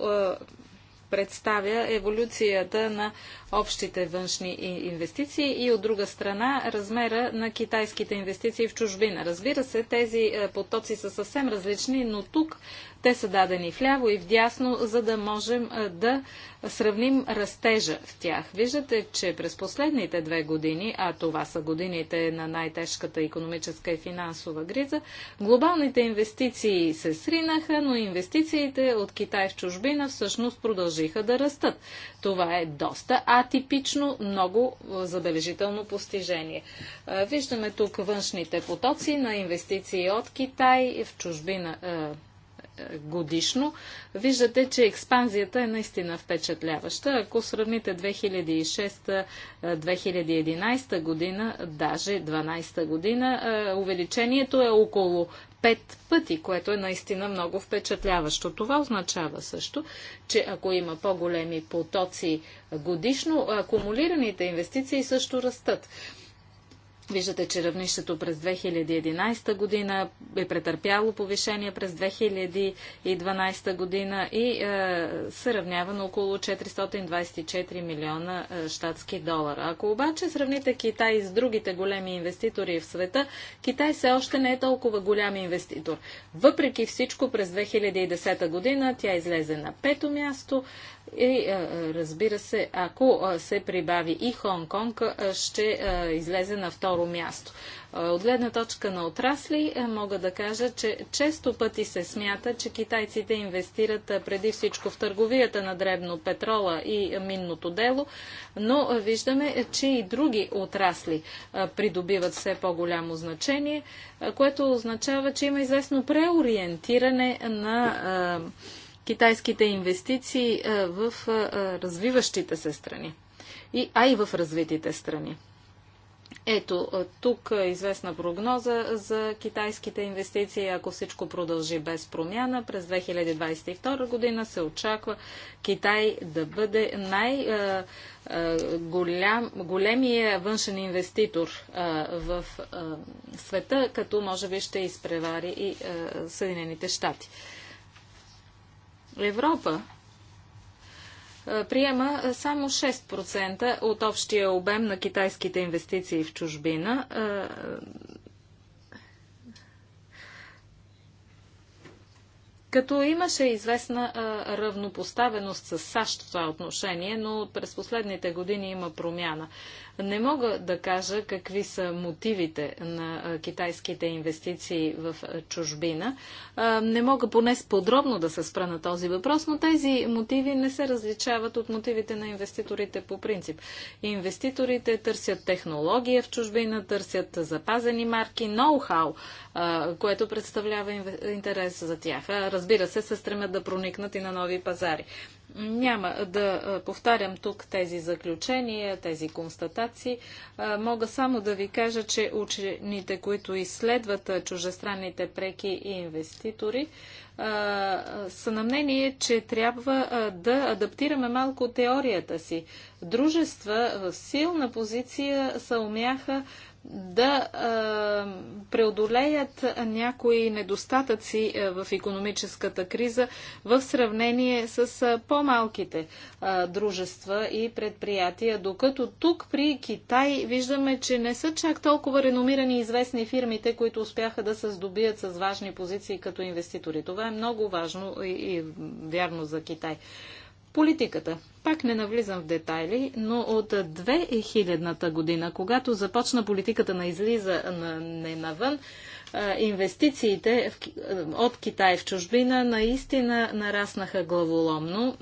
Speaker 1: представя еволюцията на общите външни инвестиции и от друга страна размера на китайските инвестиции в чужбина. Разбира се, тези потоци са съвсем различни, но тук те са дадени в ляво и вдясно, за да можем да сравним растежа в тях. Виждате, че през последните две години, а това са годините на най-тежката економическа и финансова гриза, глобалните инвестиции се сринаха, но инвестициите от Китай в чужбина всъщност продължиха да растат. Това е доста атипично, много забележително постижение. Виждаме тук външните потоци на инвестиции от Китай в чужбина годишно, виждате, че експанзията е наистина впечатляваща. Ако сравните 2006-2011 година, даже 2012 година, увеличението е около пет пъти, което е наистина много впечатляващо. Това означава също, че ако има по-големи потоци годишно, акумулираните инвестиции също растат. Виждате, че равнището през 2011 година е претърпяло повишение през 2012 година и е, се равнява на около 424 милиона е, штатски долара. Ако обаче сравните Китай с другите големи инвеститори в света, Китай все още не е толкова голям инвеститор. Въпреки всичко, през 2010 година тя излезе на пето място и е, е, разбира се, ако е, се прибави и Хонг-Конг, ще излезе на второ място. От гледна точка на отрасли мога да кажа, че често пъти се смята, че китайците инвестират преди всичко в търговията на дребно петрола и минното дело, но виждаме, че и други отрасли придобиват все по-голямо значение, което означава, че има известно преориентиране на китайските инвестиции е, в е, развиващите се страни, а и в развитите страни. Ето, е, тук е известна прогноза за китайските инвестиции. Ако всичко продължи без промяна, през 2022 година се очаква Китай да бъде най-големия външен инвеститор в света, като може би ще изпревари и Съединените щати. Европа приема само 6% от общия обем на китайските инвестиции в чужбина. Като имаше известна равнопоставеност с САЩ в това отношение, но през последните години има промяна. Не мога да кажа какви са мотивите на китайските инвестиции в чужбина. Не мога поне подробно да се спра на този въпрос, но тези мотиви не се различават от мотивите на инвеститорите по принцип. Инвеститорите търсят технология в чужбина, търсят запазени марки, ноу-хау, което представлява интерес за тях. Разбира се, се стремят да проникнат и на нови пазари. Няма да повтарям тук тези заключения, тези констатации. Мога само да ви кажа, че учените, които изследват чужестранните преки и инвеститори, са на мнение, че трябва да адаптираме малко теорията си. Дружества в силна позиция са умяха да преодолеят някои недостатъци в економическата криза в сравнение с по-малките дружества и предприятия. Докато тук при Китай виждаме, че не са чак толкова реномирани и известни фирмите, които успяха да се здобият с важни позиции като инвеститори. Това е много важно и, и вярно за Китай. Политиката. Пак не навлизам в детайли, но от 2000-та година, когато започна политиката на излиза на, не навън, инвестициите в, от Китай в чужбина наистина нараснаха главоломно.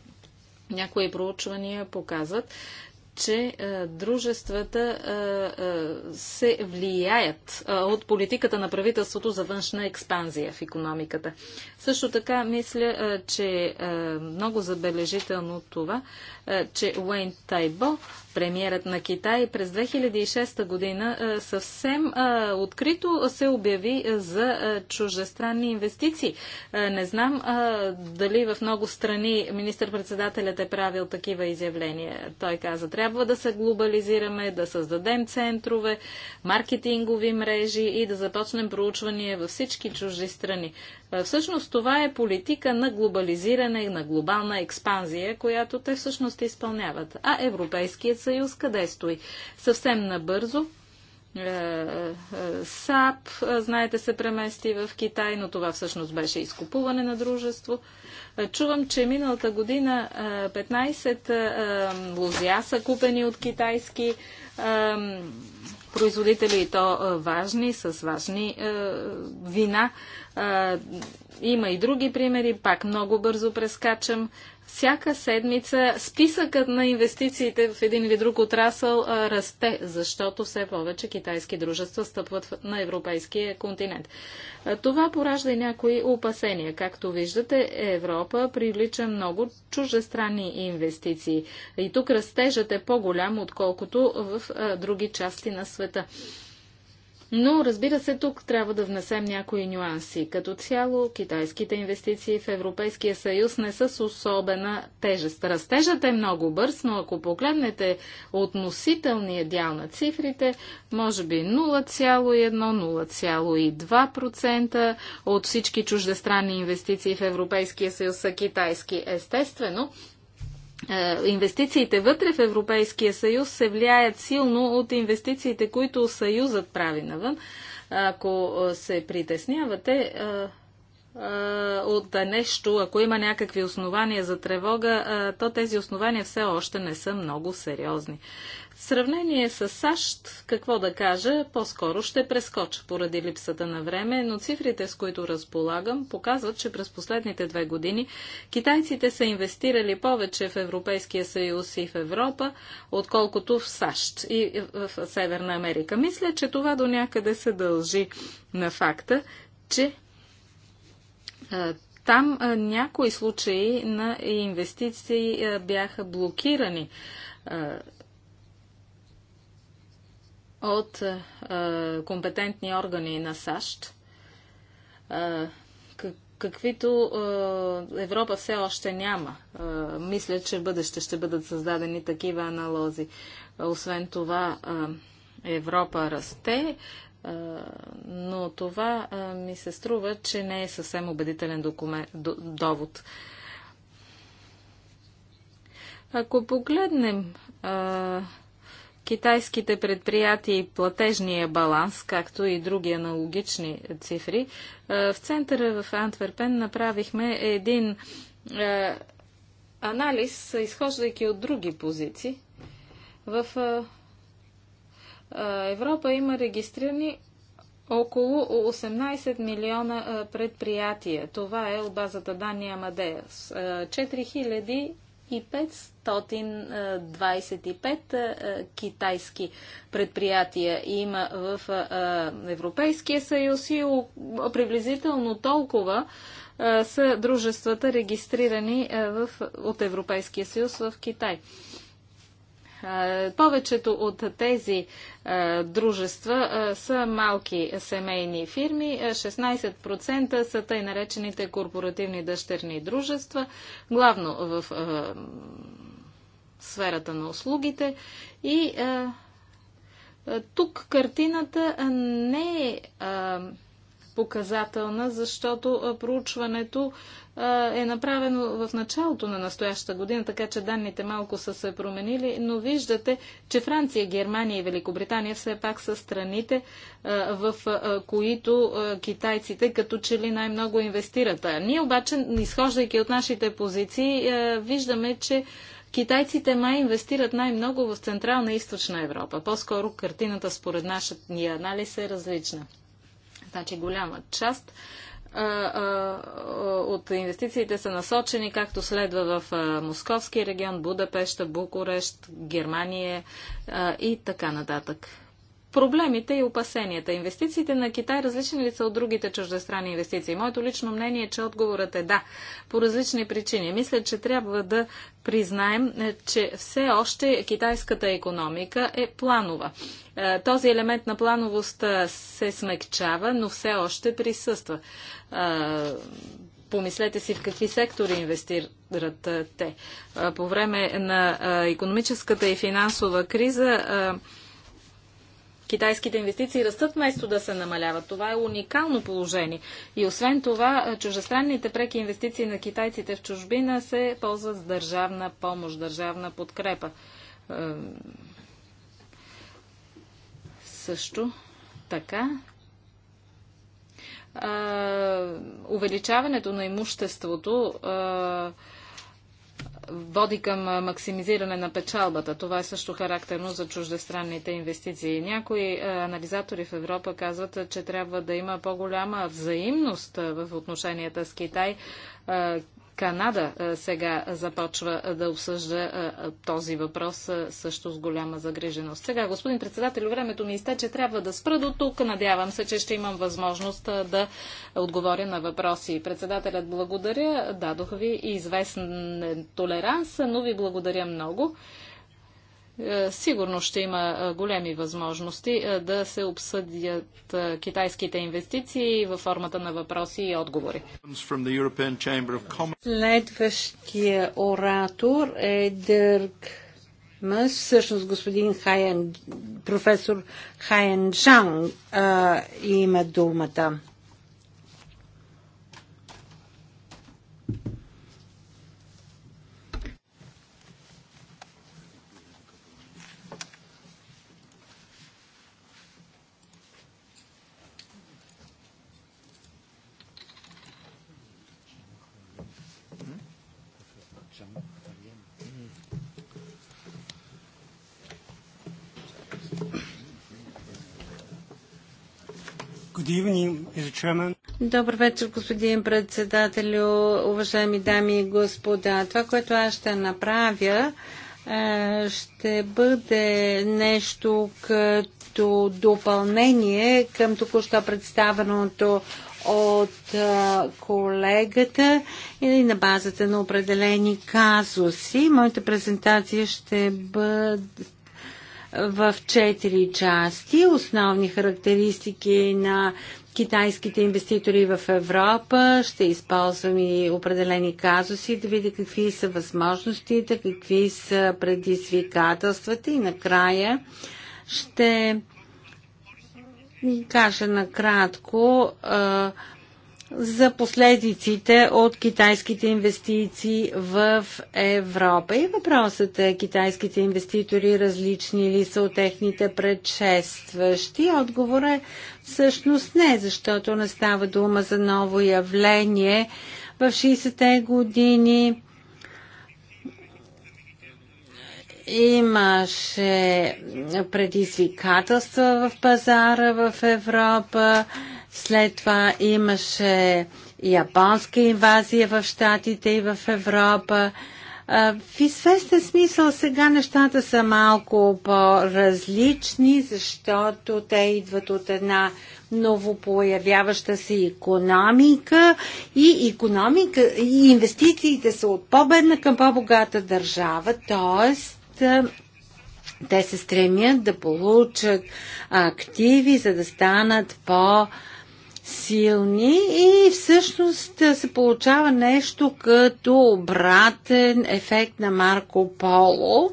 Speaker 1: Някои проучвания показват, че а, дружествата а, а, се влияят от политиката на правителството за външна експанзия в економиката. Също така мисля, че е много забележително това, че Уейн Тайбо премиерът на Китай през 2006 година съвсем открито се обяви за чужестранни инвестиции. Не знам дали в много страни министър-председателят е правил такива изявления. Той каза, трябва да се глобализираме, да създадем центрове, маркетингови мрежи и да започнем проучвания във всички чужди страни. Е, всъщност това е политика на глобализиране, на глобална експанзия, която те всъщност изпълняват. А Европейският съюз къде стои? Съвсем набързо е, е, САП, знаете, се премести в Китай, но това всъщност беше изкупуване на дружество. Чувам, че миналата година 15 лузя са купени от китайски производители и то важни, с важни вина. А, има и други примери, пак много бързо прескачам. Всяка седмица списъкът на инвестициите в един или друг отрасъл а, расте, защото все повече китайски дружества стъпват на европейския континент. А, това поражда и някои опасения. Както виждате, Европа привлича много чужестранни инвестиции. И тук растежът е по-голям, отколкото в а, други части на света. Но, разбира се, тук трябва да внесем някои нюанси. Като цяло, китайските инвестиции в Европейския съюз не са с особена тежест. Растежът е много бърз, но ако погледнете относителния дял на цифрите, може би 0,1-0,2% от всички чуждестранни инвестиции в Европейския съюз са китайски. Естествено, е, инвестициите вътре в Европейския съюз се влияят силно от инвестициите, които съюзът прави навън. Ако е, се притеснявате е, от нещо, ако има някакви основания за тревога, то тези основания все още не са много сериозни. В сравнение с САЩ, какво да кажа, по-скоро ще прескоча поради липсата на време, но цифрите, с които разполагам, показват, че през последните две години китайците са инвестирали повече в Европейския съюз и в Европа, отколкото в САЩ и в Северна Америка. Мисля, че това до някъде се дължи на факта, че там някои случаи на инвестиции бяха блокирани от е, компетентни органи на САЩ, е, каквито е, Европа все още няма. мисля, че в бъдеще ще бъдат създадени такива аналози. Освен това, Европа расте, но това ми се струва, че не е съвсем убедителен документ, до, довод. Ако погледнем китайските предприятия и платежния баланс, както и други аналогични цифри, е, в центъра в Антверпен направихме един е, анализ, изхождайки от други позиции. В е, Европа има регистрирани около 18 милиона предприятия. Това е от базата данни Амадеас. 4000 и 525 китайски предприятия има в Европейския съюз и приблизително толкова са дружествата регистрирани в, от Европейския съюз в Китай. Повечето от тези дружества са малки семейни фирми, 16% са тъй наречените корпоративни дъщерни дружества, главно в сферата на услугите и тук картината не е показателна, защото проучването е направено в началото на настоящата година, така че данните малко са се променили, но виждате, че Франция, Германия и Великобритания все пак са страните, в които китайците като че ли най-много инвестират. А ние обаче, изхождайки от нашите позиции, виждаме, че Китайците май инвестират най-много в Централна и Източна Европа. По-скоро картината според нашия анализ е различна. Значи голяма част от инвестициите са насочени както следва в Московски регион, Будапешта, Букурещ, Германия и така нататък проблемите и опасенията. Инвестициите на Китай различни ли са от другите чуждестранни инвестиции? Моето лично мнение е, че отговорът е да, по различни причини. Мисля, че трябва да признаем, е, че все още китайската економика е планова. Е, този елемент на плановост е, се смекчава, но все още присъства. Помислете си в какви сектори инвестират те. По време на економическата и финансова криза китайските инвестиции растат вместо да се намаляват. Това е уникално положение. И освен това, чужестранните преки инвестиции на китайците в чужбина се ползват с държавна помощ, държавна подкрепа. Също така увеличаването на имуществото а, води към максимизиране на печалбата. Това е също характерно за чуждестранните инвестиции. Някои анализатори в Европа казват, че трябва да има по-голяма взаимност в отношенията с Китай. Канада сега започва да обсъжда този въпрос също с голяма загриженост. Сега, господин председател, времето ми изтече, трябва да спра до тук. Надявам се, че ще имам възможност да отговоря на въпроси. Председателят, благодаря. Дадох ви известен толеранс, но ви благодаря много. Е, сигурно ще има е, големи възможности е, да се обсъдят китайските инвестиции във формата на въпроси и отговори.
Speaker 2: Следващия оратор е Дърг Мъс, всъщност господин Хайен, професор Хайен Джанг има думата. Evening, Добър вечер, господин председателю, уважаеми дами и господа. Това, което аз ще направя, е, ще бъде нещо като допълнение към току-що представеното от е, колегата или на базата на определени казуси. Моята презентация ще бъде в четири части. Основни характеристики на китайските инвеститори в Европа. Ще използвам и определени казуси да видя какви са възможностите, какви са предизвикателствата и накрая ще кажа накратко за последиците от китайските инвестиции в Европа. И въпросът е, китайските инвеститори различни ли са от техните предшестващи? Отговор е всъщност не, защото не става дума за ново явление. В 60-те години имаше предизвикателства в пазара в Европа след това имаше японска инвазия в Штатите и в Европа. В известен смисъл сега нещата са малко по-различни, защото те идват от една новопоявяваща се економика и, економика, и инвестициите са от по-бедна към по-богата държава, т.е. те се стремят да получат активи, за да станат по- силни и всъщност се получава нещо като обратен ефект на Марко Поло.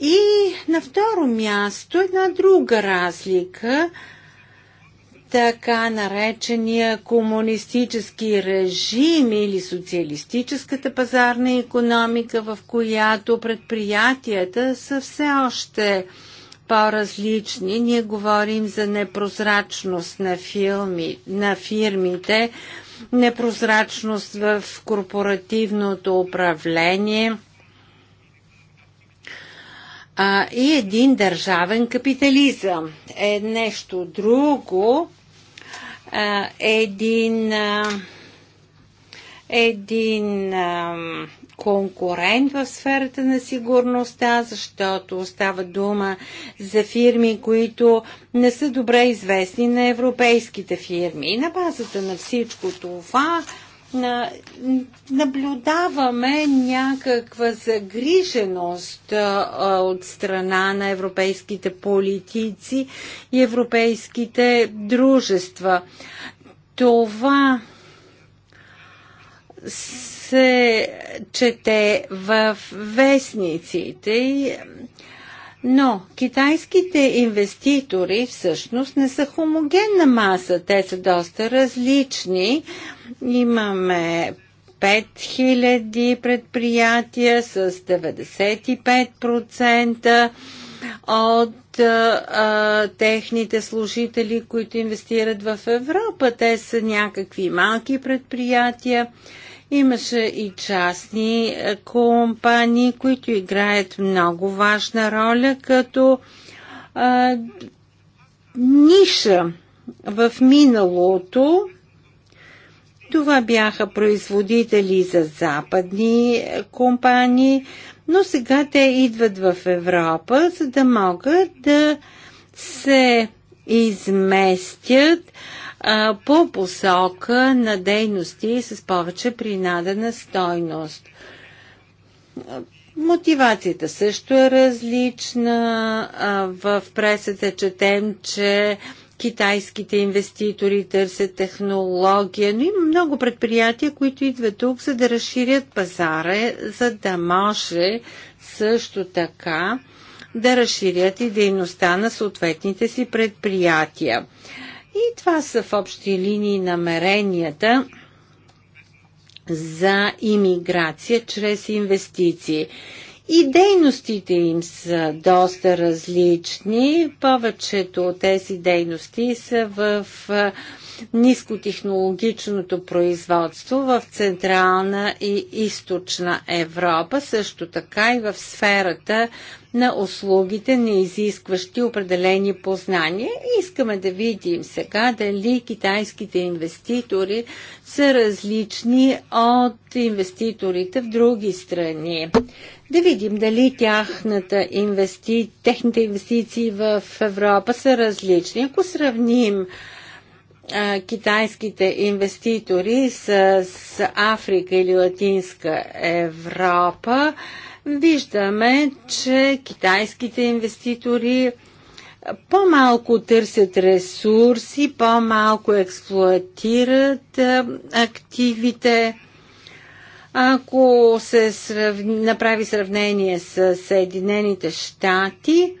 Speaker 2: И на второ място една друга разлика така наречения комунистически режим или социалистическата пазарна економика, в която предприятията са все още по-различни. Ние говорим за непрозрачност на, филми, на фирмите, непрозрачност в корпоративното управление а, и един държавен капитализъм. Е нещо друго, а, един, а, един а, конкурент в сферата на сигурността, защото става дума за фирми, които не са добре известни на европейските фирми. И на базата на всичко това наблюдаваме някаква загриженост от страна на европейските политици и европейските дружества. Това се чете в вестниците. Но китайските инвеститори всъщност не са хомогенна маса. Те са доста различни. Имаме 5000 предприятия с 95% от а, техните служители, които инвестират в Европа. Те са някакви малки предприятия Имаше и частни е, компании, които играят много важна роля като а, е, ниша в миналото. Това бяха производители за западни е, компании, но сега те идват в Европа, за да могат да се изместят по посока на дейности с повече принадена стойност. Мотивацията също е различна. в пресата четем, че китайските инвеститори търсят технология, но има много предприятия, които идват тук, за да разширят пазара, за да може също така да разширят и дейността на съответните си предприятия. И това са в общи линии намеренията за иммиграция чрез инвестиции. И дейностите им са доста различни. Повечето от тези дейности са в нискотехнологичното производство в Централна и Източна Европа, също така и в сферата на услугите, не изискващи определени познания. Искаме да видим сега дали китайските инвеститори са различни от инвеститорите в други страни. Да видим дали тяхната инвести... техните инвестиции в Европа са различни. Ако сравним китайските инвеститори с, с Африка или Латинска Европа, виждаме, че китайските инвеститори по-малко търсят ресурси, по-малко експлуатират активите. Ако се направи сравнение с Съединените щати,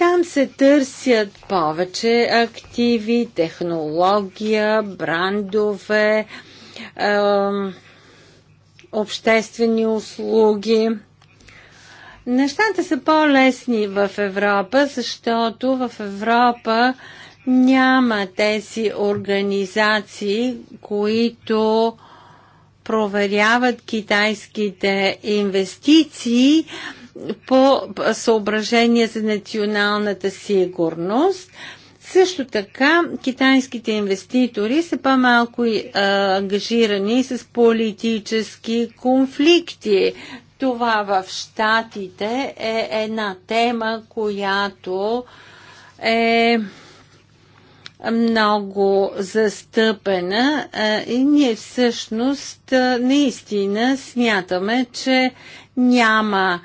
Speaker 2: там се търсят повече активи, технология, брандове, е, обществени услуги. Нещата са по-лесни в Европа, защото в Европа няма тези организации, които проверяват китайските инвестиции по съображение за националната сигурност. Също така, китайските инвеститори са по-малко ангажирани с политически конфликти. Това в Штатите е една тема, която е много застъпена и ние всъщност наистина смятаме, че няма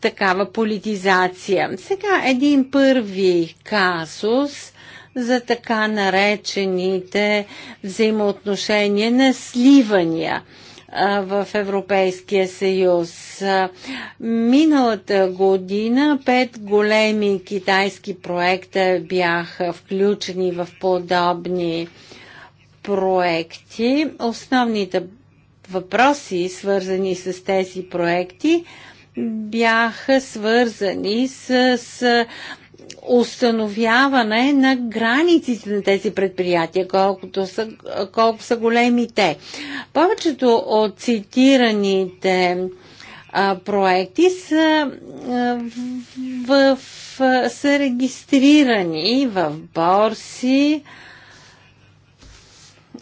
Speaker 2: такава политизация. Сега един първи казус за така наречените взаимоотношения на сливания в Европейския съюз. Миналата година пет големи китайски проекта бяха включени в подобни проекти. Основните въпроси, свързани с тези проекти, бяха свързани с, с установяване на границите на тези предприятия, колкото са, колко са големи те. Повечето от цитираните а, проекти са, а, в, в, са регистрирани в борси.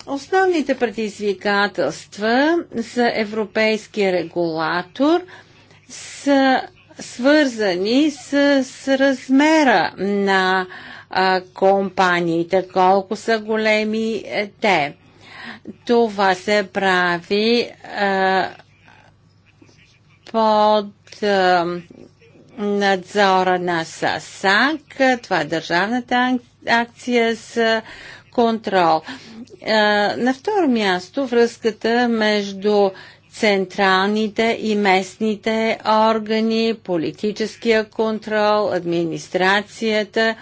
Speaker 2: Основните предизвикателства за европейския регулатор – са свързани с, с размера на а, компаниите, колко са големи е, те. Това се прави а, под а, надзора на САСАК, това е държавната акция с контрол. А, на второ място връзката между централните и местните органи, политическия контрол, администрацията.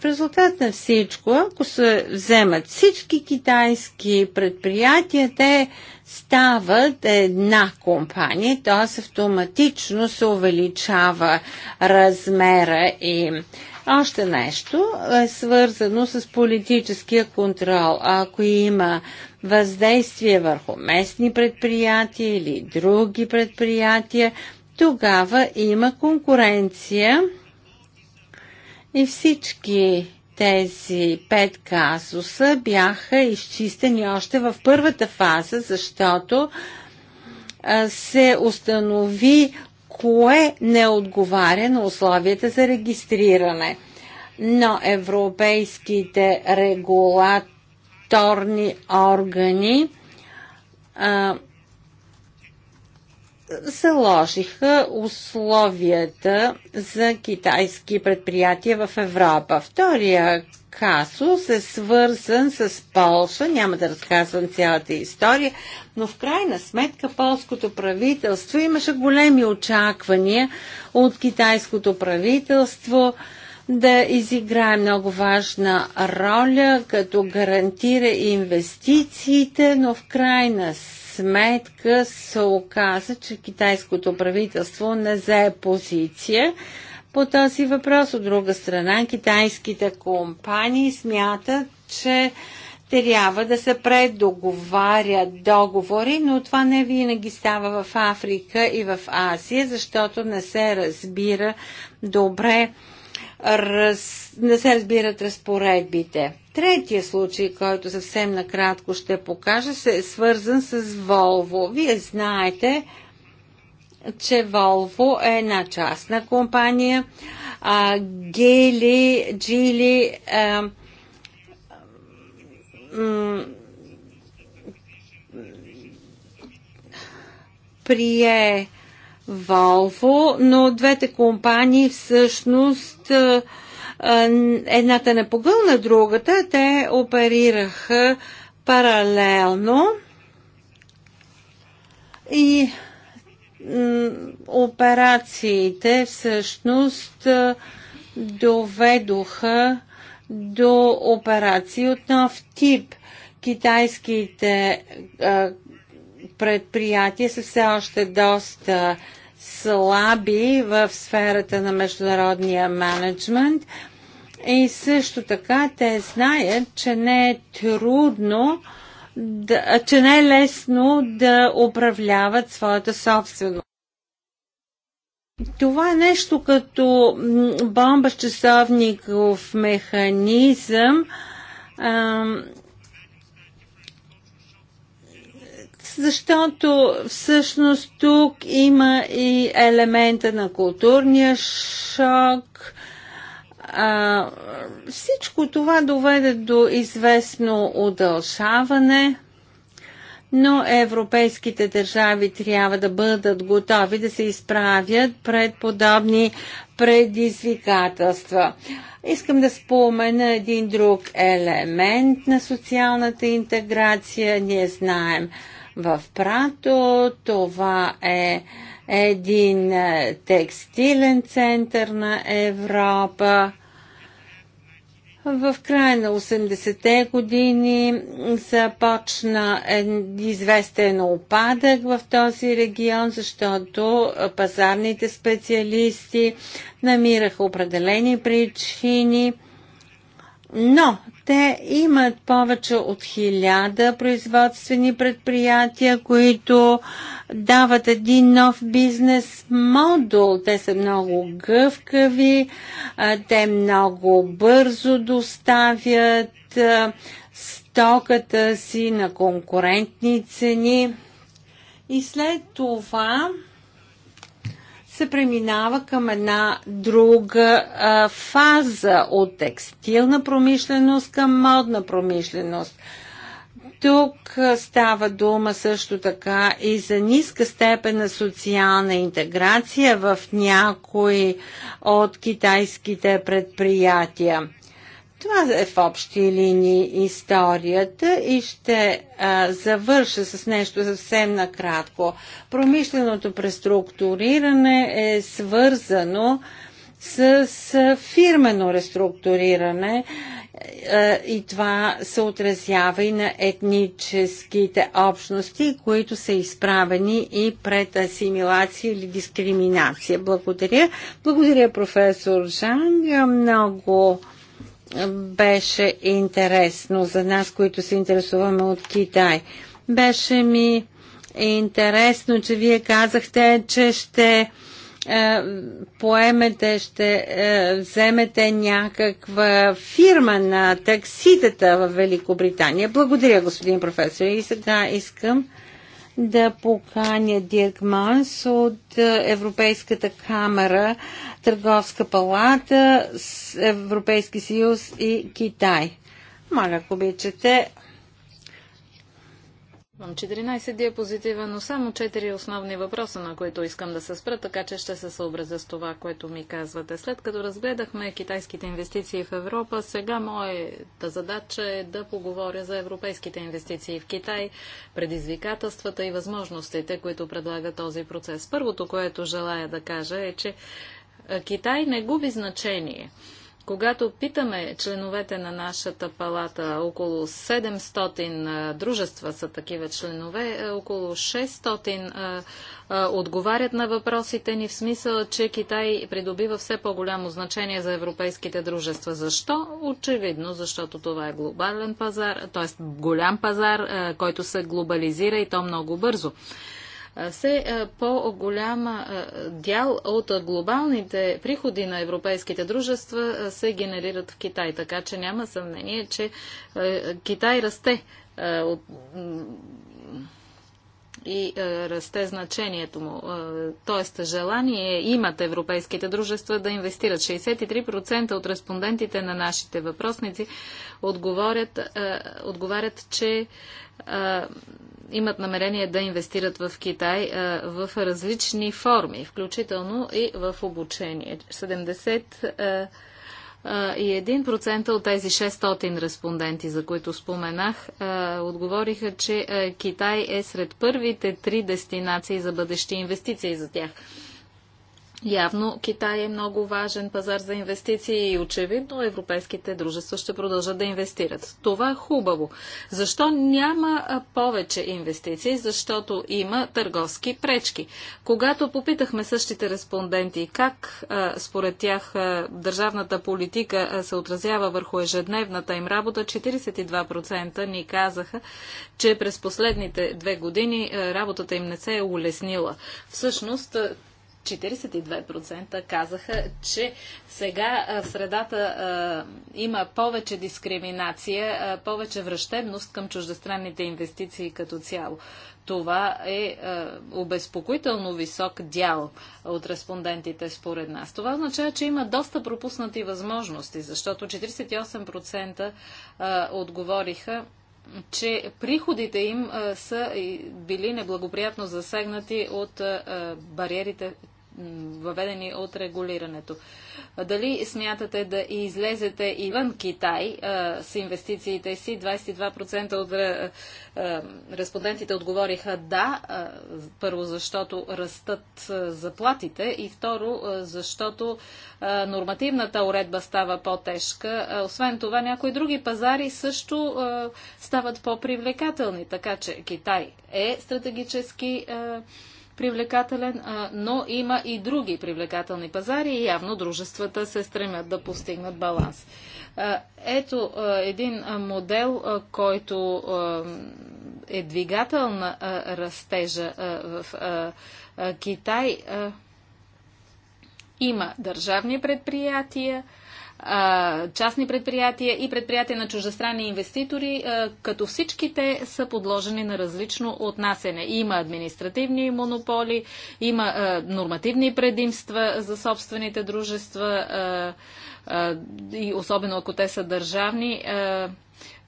Speaker 2: В резултат на всичко, ако се вземат всички китайски предприятия, те стават една компания, т.е. автоматично се увеличава размера и Още нещо е свързано с политическия контрол. Ако има въздействие върху местни предприятия или други предприятия, тогава има конкуренция и всички тези пет казуса бяха изчистени още в първата фаза, защото се установи кое не отговаря на условията за регистриране. Но европейските регулатори регулаторни органи а, заложиха условията за китайски предприятия в Европа. Втория Касус е свързан с Полша. Няма да разказвам цялата история, но в крайна сметка полското правителство имаше големи очаквания от китайското правителство. А, да изиграе много важна роля, като гарантира инвестициите, но в крайна сметка се оказа, че китайското правителство не зае позиция по този въпрос. От друга страна, китайските компании смятат, че трябва да се предоговарят договори, но това не винаги става в Африка и в Азия, защото не се разбира добре раз, не се разбират разпоредбите. Третия случай, който съвсем накратко ще покажа, се е свързан с Волво. Вие знаете, че Волво е една частна компания. А, Гели, Джили, а, прие Volvo, но двете компании всъщност е, е, едната е не погълна другата, те оперираха паралелно и операциите всъщност доведоха до операции от нов тип. Китайските предприятия са все още доста слаби в сферата на международния менеджмент. И също така те знаят, че не е трудно, да, че не е лесно да управляват своята собственост. Това е нещо като бомба с часовников механизъм, защото всъщност тук има и елемента на културния шок. А, всичко това доведе до известно удължаване, но европейските държави трябва да бъдат готови да се изправят пред подобни предизвикателства. Искам да спомена един друг елемент на социалната интеграция. Ние знаем, в Прато. Това е един е, текстилен център на Европа. В края на 80-те години започна известен опадък в този регион, защото пазарните специалисти намираха определени причини. Но те имат повече от хиляда производствени предприятия, които дават един нов бизнес модул. Те са много гъвкави, те много бързо доставят стоката си на конкурентни цени. И след това се преминава към една друга а, фаза от текстилна промишленост към модна промишленост. Тук става дума също така и за ниска степен на социална интеграция в някои от китайските предприятия. Това е в общи линии историята и ще а, завърша с нещо съвсем накратко. Промишленото преструктуриране е свързано с, с фирмено реструктуриране а, и това се отразява и на етническите общности, които са изправени и пред асимилация или дискриминация. Благодаря. Благодаря, професор Жанг. Много беше интересно за нас, които се интересуваме от Китай. Беше ми интересно, че вие казахте, че ще е, поемете, ще е, вземете някаква фирма на такситата в Великобритания. Благодаря, господин професор. И сега искам да поканя Дирк Манс от Европейската камера Търговска палата, Европейски съюз и Китай. Моля, ако обичате.
Speaker 1: Имам 14 диапозитива, но само 4 основни въпроса, на които искам да се спра, така че ще се съобразя с това, което ми казвате. След като разгледахме китайските инвестиции в Европа, сега моята задача е да поговоря за европейските инвестиции в Китай, предизвикателствата и възможностите, които предлага този процес. Първото, което желая да кажа е, че Китай не губи значение. Когато питаме членовете на нашата палата, около 700 дружества са такива членове, е, около 600 отговарят на въпросите ни в смисъл, че Китай придобива все по-голямо значение за европейските дружества. Защо? Очевидно, защото това е глобален пазар, т.е. голям пазар, който се глобализира и то много бързо все по-голям дял от глобалните приходи на европейските дружества се генерират в Китай. Така че няма съмнение, че Китай расте от и е, расте значението му. Е, тоест, желание имат европейските дружества да инвестират. 63% от респондентите на нашите въпросници отговорят, е, отговарят, че е, имат намерение да инвестират в Китай в различни форми, включително и в обучение. 70 и 1% от тези 600 респонденти, за които споменах, отговориха, че Китай е сред първите три дестинации за бъдещи инвестиции за тях. Явно Китай е много важен пазар за инвестиции и очевидно европейските дружества ще продължат да инвестират. Това е хубаво. Защо няма повече инвестиции? Защото има търговски пречки. Когато попитахме същите респонденти как според тях държавната политика се отразява върху ежедневната им работа, 42% ни казаха, че през последните две години работата им не се е улеснила. Всъщност 42% казаха, че сега в средата има повече дискриминация, повече връщебност към чуждестранните инвестиции като цяло. Това е обезпокоително висок дял от респондентите според нас. Това означава, че има доста пропуснати възможности, защото 48% отговориха че приходите им са били неблагоприятно засегнати от бариерите въведени от регулирането. Дали смятате да излезете вън Китай с инвестициите си? 22% от респондентите отговориха да. Първо, защото растат заплатите и второ, защото нормативната уредба става по-тежка. Освен това, някои други пазари също стават по-привлекателни. Така че Китай е стратегически привлекателен, но има и други привлекателни пазари и явно дружествата се стремят да постигнат баланс. Ето един модел, който е двигател на растежа в Китай. Има държавни предприятия, частни предприятия и предприятия на чуждестранни инвеститори, като всичките са подложени на различно отнасене. Има административни монополи, има нормативни предимства за собствените дружества, и особено ако те са държавни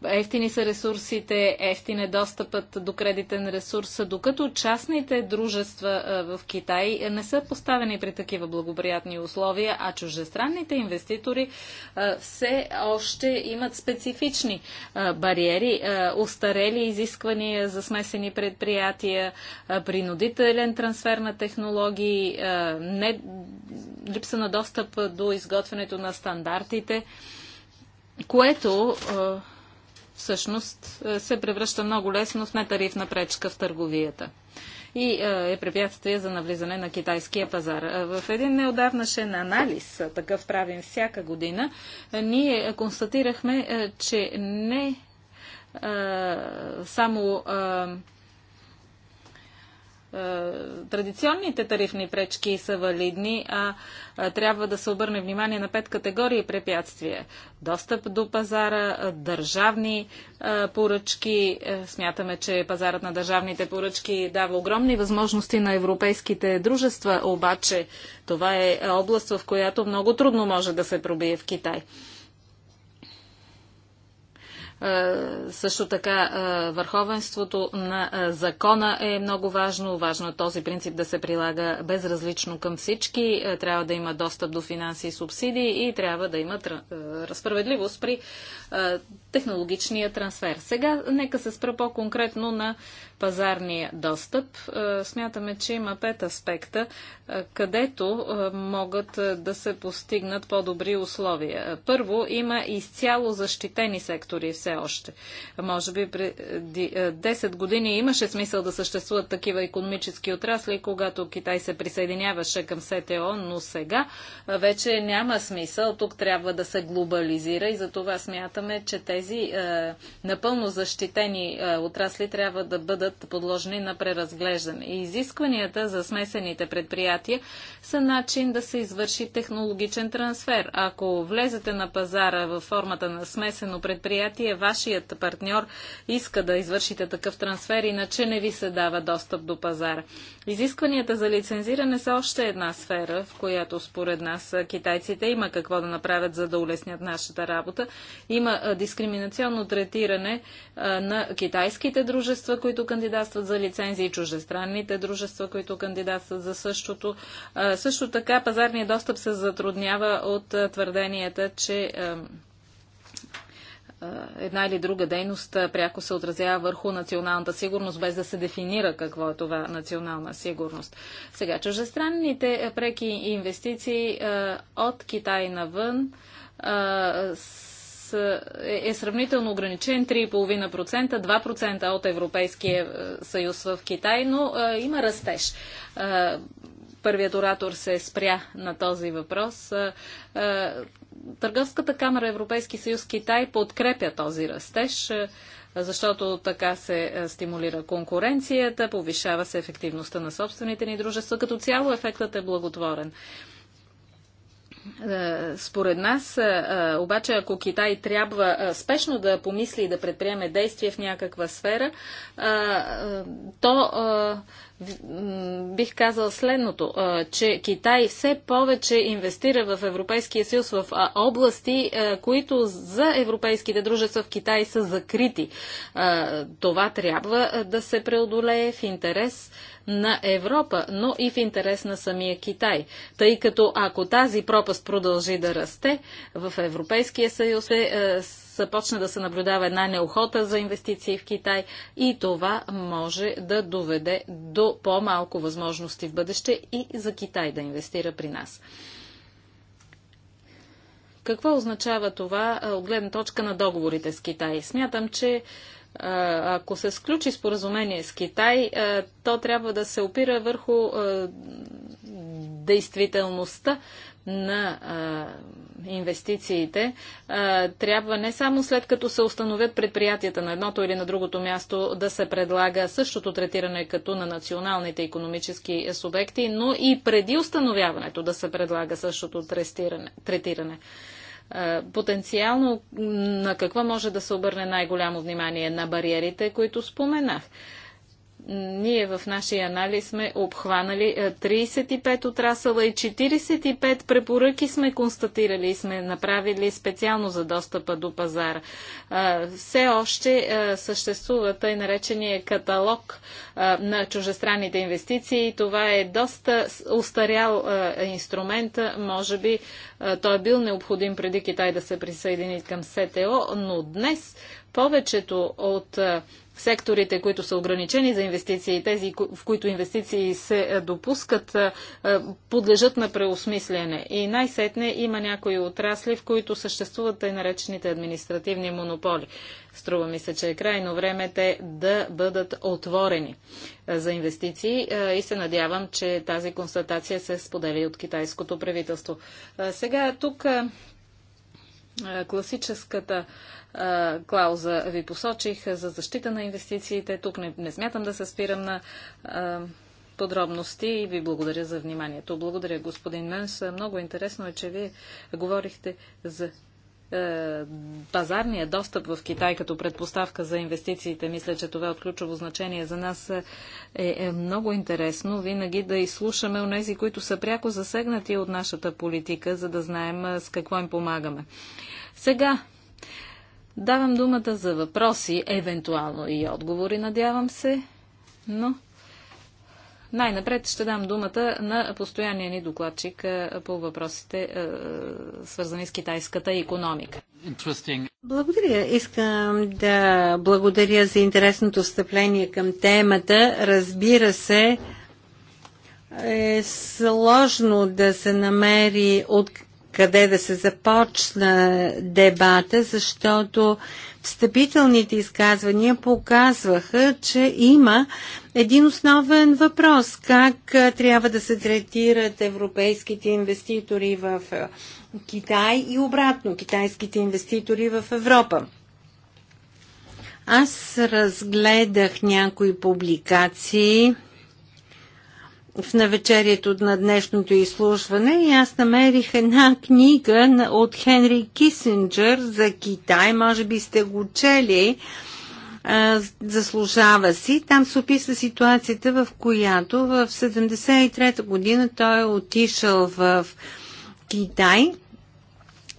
Speaker 1: ефтини са ресурсите, ефтин е достъпът до кредитен ресурс, докато частните дружества в Китай не са поставени при такива благоприятни условия, а чужестранните инвеститори все още имат специфични бариери, устарели изисквания за смесени предприятия, принудителен трансфер на технологии, не, липса на достъп до изготвянето на стандартите, което всъщност е, се превръща много лесно в нетарифна пречка в търговията и е, е препятствие за навлизане на китайския пазар. Е, в един неодавнашен анализ, такъв правим всяка година, ние констатирахме, че не само е, традиционните тарифни пречки са валидни, а трябва да се обърне внимание на пет категории препятствия. Достъп до пазара, е, държавни е, поръчки. Смятаме, че пазарът на държавните поръчки дава огромни възможности на европейските дружества, обаче това е област, в която много трудно може да се пробие в Китай. Е, също така е, върховенството на е, закона е много важно. Важно е този принцип да се прилага безразлично към всички. Трябва да има достъп до финанси и субсидии и трябва да има разправедливост при технологичния трансфер. Сега нека се спра по-конкретно на пазарния достъп, е, смятаме, че има пет аспекта, е, където е, могат да се постигнат по-добри условия. Първо, има изцяло защитени сектори все още. Може би преди 10 години имаше смисъл да съществуват такива економически отрасли, когато Китай се присъединяваше към СТО, но сега вече няма смисъл. Тук трябва да се глобализира и за това смятаме, че тези напълно защитени отрасли трябва да бъдат бъдат подложени на преразглеждане. И изискванията за смесените предприятия са начин да се извърши технологичен трансфер. Ако влезете на пазара в формата на смесено предприятие, вашият партньор иска да извършите такъв трансфер, иначе не ви се дава достъп до пазара. Изискванията за лицензиране са още една сфера, в която според нас китайците има какво да направят, за да улеснят нашата работа. Има дискриминационно третиране на китайските дружества, които кандидатстват за лицензии, чужестранните дружества, които кандидатстват за същото. Също така пазарният достъп се затруднява от твърденията, че една или друга дейност пряко се отразява върху националната сигурност, без да се дефинира какво е това национална сигурност. Сега, чужестранните преки инвестиции от Китай навън е, е, е сравнително ограничен 3,5%, 2% от Европейския е, съюз в Китай, но има растеж. Първият оратор се спря на този въпрос. Търговската камера Европейски съюз Китай подкрепя този растеж защото така се стимулира конкуренцията, повишава се ефективността на собствените ни дружества. Като цяло ефектът е благотворен. Е, според нас, е, е, обаче, ако Китай трябва спешно да помисли и да предприеме действие в някаква сфера, то бих казал следното, че Китай все повече инвестира в Европейския съюз в области, които за европейските дружества в Китай са закрити. Това трябва да се преодолее в интерес на Европа, но и в интерес на самия Китай. Тъй като ако тази пропаст продължи да расте, в Европейския съюз се започна да се наблюдава една неохота за инвестиции в Китай и това може да доведе до по-малко възможности в бъдеще и за Китай да инвестира при нас. Какво означава това от гледна точка на договорите с Китай? Смятам, че ако се сключи споразумение с Китай, то трябва да се опира върху действителността на а, инвестициите а, трябва не само след като се установят предприятията на едното или на другото място да се предлага същото третиране като на националните економически субекти, но и преди установяването да се предлага същото третиране. А, потенциално на какво може да се обърне най-голямо внимание? На бариерите, които споменах ние в нашия анализ сме обхванали 35 е, отрасъла и 45 препоръки сме констатирали и сме направили специално за достъпа до пазара. Е, все още е, съществува тъй наречения каталог на чужестранните инвестиции. Това е доста устарял инструмент. Може би той е бил необходим преди Китай да се присъедини към СТО, но днес повечето от секторите, които са ограничени за инвестиции и тези, в които инвестиции се е, допускат, е, е, подлежат на преосмислене. И най-сетне има някои отрасли, в които съществуват и наречените административни монополи. Струва ми се, че е крайно време те да бъдат отворени за инвестиции и се надявам, че тази констатация се сподели от китайското правителство. Сега тук е, класическата е, клауза ви посочих за защита на инвестициите. Тук не, не смятам да се спирам на е, подробности и ви благодаря за вниманието. Благодаря, господин Менс. Много интересно е, че вие говорихте за е, пазарния достъп в Китай като предпоставка за инвестициите, мисля, че това е от ключово значение за нас е, е, е много интересно винаги да изслушаме нези, които са пряко засегнати от нашата политика, за да знаем е, с какво им помагаме. Сега давам думата за въпроси, евентуално и отговори, надявам се, но най-напред ще дам думата на постоянния ни докладчик е, по въпросите, е, свързани с китайската економика.
Speaker 2: Благодаря. Искам да благодаря за интересното встъпление към темата. Разбира се, е сложно да се намери от къде да се започна дебата, защото встъпителните изказвания показваха, че има един основен въпрос как трябва да се третират европейските инвеститори в Китай и обратно китайските инвеститори в Европа. Аз разгледах някои публикации в навечерието на днешното изслушване и аз намерих една книга от Хенри Кисенджер за Китай. Може би сте го чели. заслужава си. Там се описва ситуацията, в която в 73-та година той е отишъл в Китай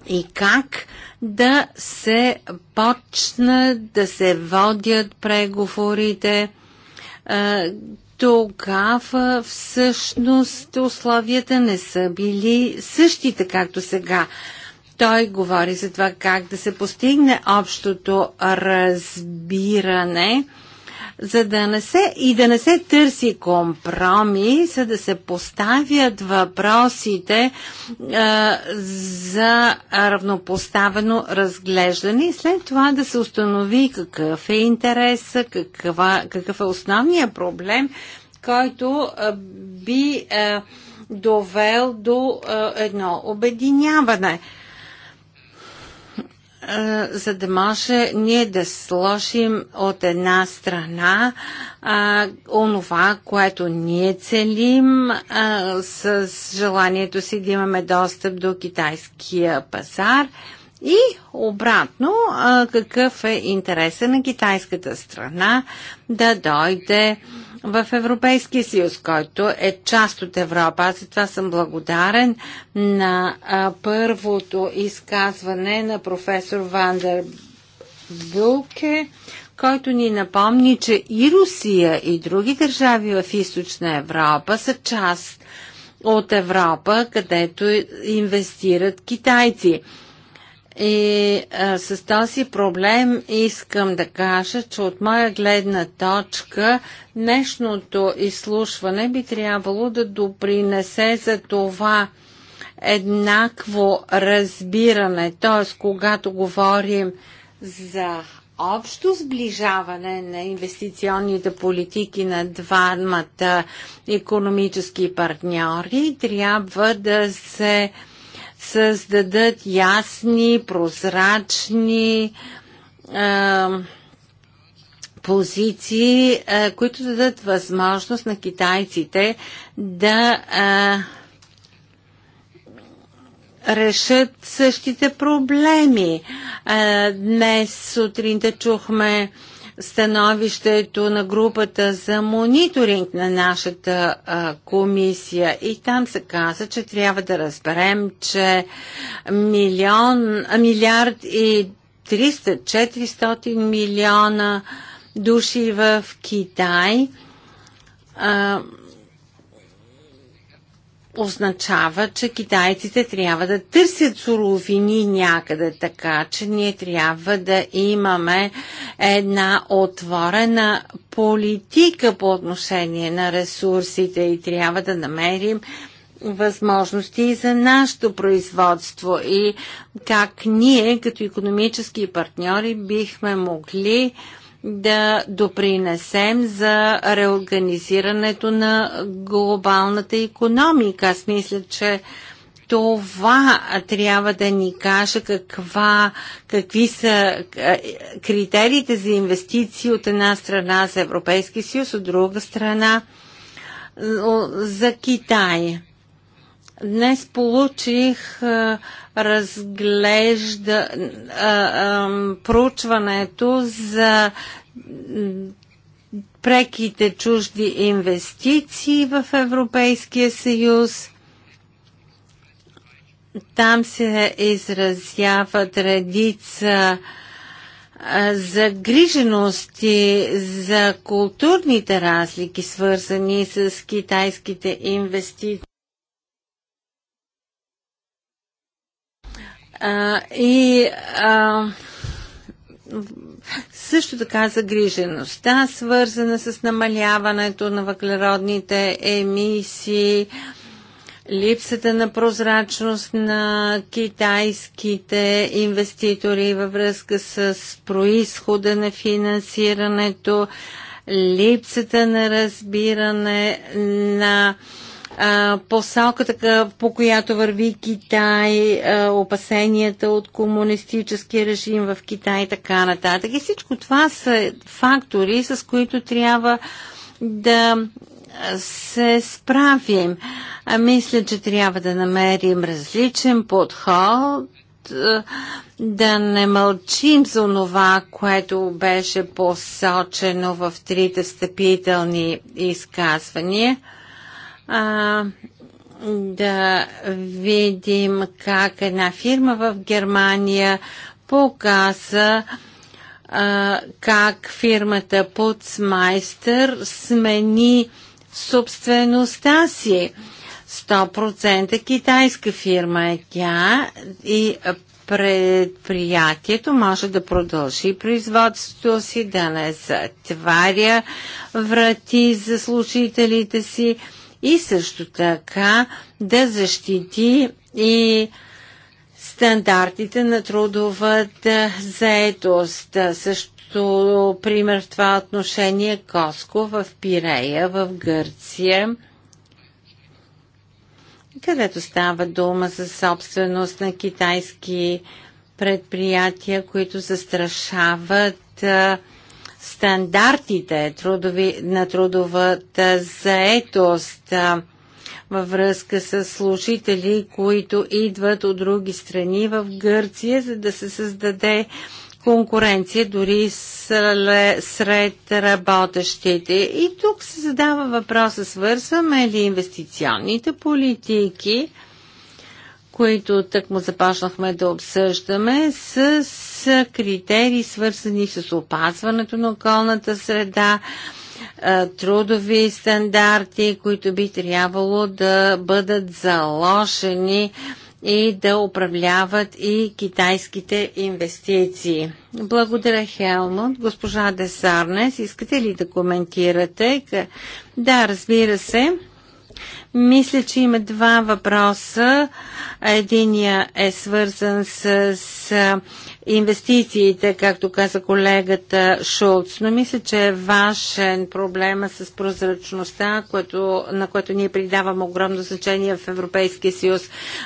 Speaker 2: и как да се почнат да се водят преговорите, тогава всъщност условията не са били същите, както сега. Той говори за това как да се постигне общото разбиране за да не се и да не се търси компромис, за да се поставят въпросите а, за равнопоставено разглеждане и след това да се установи какъв е интереса, каква, какъв е основният проблем, който а, би а, довел до а, едно обединяване. А, за да може ние да сложим от една страна а, онова, което ние целим а, с желанието си да имаме достъп до китайския пазар и обратно а, какъв е интереса на китайската страна да дойде а, в Европейския съюз, който е част от Европа. Аз за това съм благодарен на а, първото изказване на професор Вандер Булке, който ни напомни, че и Русия и други държави в източна Европа са част от Европа, където инвестират китайци. И а, с този проблем искам да кажа, че от моя гледна точка днешното изслушване би трябвало да допринесе за това еднакво разбиране, т.е. когато говорим за общо сближаване на инвестиционните политики на двамата економически партньори, трябва да се а, създадат ясни, прозрачни а, позиции, а, които дадат възможност на китайците да а, решат същите проблеми. А, днес сутринта чухме а, становището на групата за мониторинг на нашата а, комисия и там се каза, че трябва да разберем, че милион, а, милиард и 300-400 милиона души в Китай а, означава, че китайците трябва да търсят суровини някъде, така че ние трябва да имаме една отворена политика по отношение на ресурсите и трябва да намерим възможности за нашето производство и как ние като економически партньори бихме могли да допринесем за реорганизирането на глобалната економика. Аз мисля, че това трябва да ни каже каква, какви са критериите за инвестиции от една страна за Европейски съюз, от друга страна за Китай. Днес получих а, разглежда а, а, проучването за преките чужди инвестиции в Европейския съюз. Там се изразяват редица загрижености за културните разлики, свързани с китайските инвестиции. и а, също така загрижеността, свързана с намаляването на въглеродните емисии, липсата на прозрачност на китайските инвеститори във връзка с происхода на финансирането, липсата на разбиране на а, посоката, по която върви Китай, опасенията от комунистически режим в Китай и така нататък. И всичко това са фактори, с които трябва да се справим. А мисля, че трябва да намерим различен подход, да не мълчим за това, което беше посочено в трите встъпителни изказвания – а, да видим как една фирма в Германия показа а, как фирмата Putzmeister смени собствеността си. 100% китайска фирма е тя и предприятието може да продължи производството си, да не затваря врати за служителите си, и също така да защити и стандартите на трудовата заетост. Също пример в това отношение е Коско в Пирея, в Гърция където става дума за собственост на китайски предприятия, които застрашават а, стандартите трудови, на трудовата заетост във връзка с служители, които идват от други страни в Гърция, за да се създаде конкуренция дори сред работещите. И тук се задава въпроса, свързваме ли инвестиционните политики – които тък му започнахме да обсъждаме, с, с критерии свързани с опазването на околната среда, трудови стандарти, които би трябвало да бъдат заложени и да управляват и китайските инвестиции. Благодаря, Хелмут. Госпожа Десарнес, искате ли да коментирате? Да, разбира се. Мисля, че има два въпроса. Единия е свързан с, с инвестициите, както каза колегата Шулц, но мисля, че е важен проблема с прозрачността, което, на което ние придаваме огромно значение в Европейския съюз.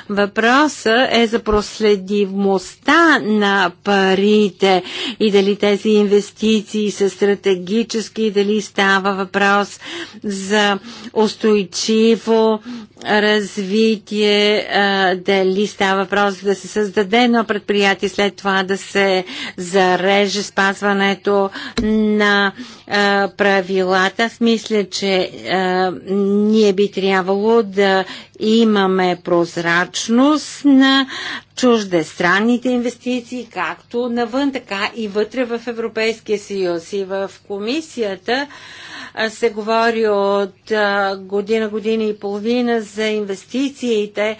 Speaker 2: Въпросът е за проследимостта на парите и дали тези инвестиции са стратегически, и дали става въпрос за устойчиво развитие, дали става въпрос да се създаде едно предприятие след това да се зареже спазването на а, правилата. Аз мисля, че а, ние би трябвало да Имаме прозрачност на чуждестранните инвестиции, както навън, така и вътре в Европейския съюз. И в комисията се говори от година, година и половина за инвестициите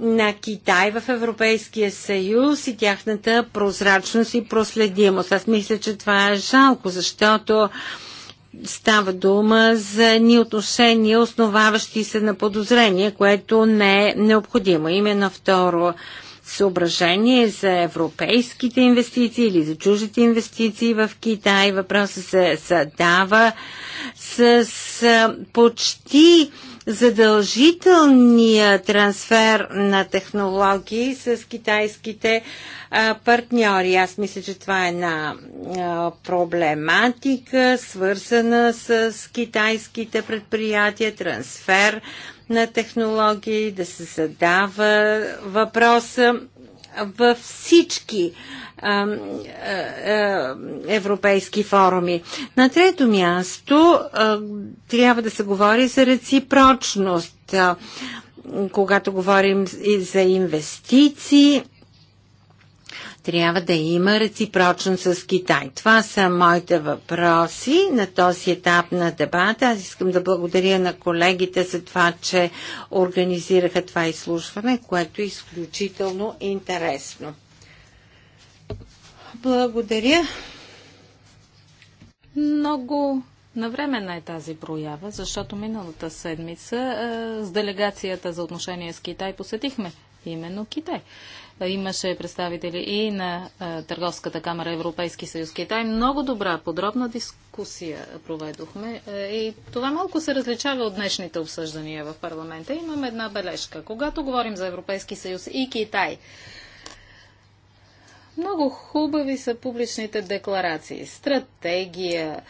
Speaker 2: на Китай в Европейския съюз и тяхната прозрачност и проследимост. Аз мисля, че това е жалко, защото става дума за ни отношения, основаващи се на подозрение, което не е необходимо. Именно второ съображение е за европейските инвестиции или за чуждите инвестиции в Китай. Въпросът се задава с, с почти задължителния трансфер на технологии с китайските партньори. Аз мисля, че това е една проблематика, свързана с китайските предприятия, трансфер на технологии, да се задава въпроса във всички европейски форуми. На трето място трябва да се говори за реципрочност. Когато говорим и за инвестиции, трябва да има реципрочност с Китай. Това са моите въпроси на този етап на дебата. Аз искам да благодаря на колегите за това, че организираха това изслушване, което е изключително
Speaker 1: интересно.
Speaker 2: Благодаря.
Speaker 1: Много Навременна е тази проява, защото миналата седмица е, с делегацията за отношение с Китай посетихме именно Китай. Имаше представители и на Търговската камера Европейски съюз Китай. Много добра, подробна дискусия проведохме и това малко се различава от днешните обсъждания в парламента. Имам една бележка. Когато говорим за Европейски съюз и Китай, много хубави са публичните декларации. Стратегия,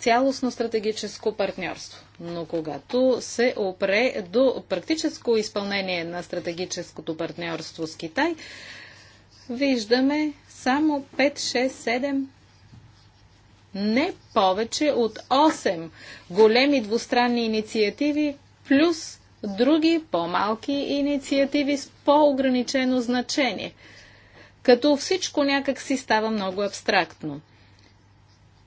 Speaker 1: цялостно стратегическо партньорство. Но когато се опре до практическо изпълнение на стратегическото партньорство с Китай, виждаме само 5, 6, 7, не повече от 8 големи двустранни инициативи, плюс други по-малки инициативи с по-ограничено значение. Като всичко някак си става много абстрактно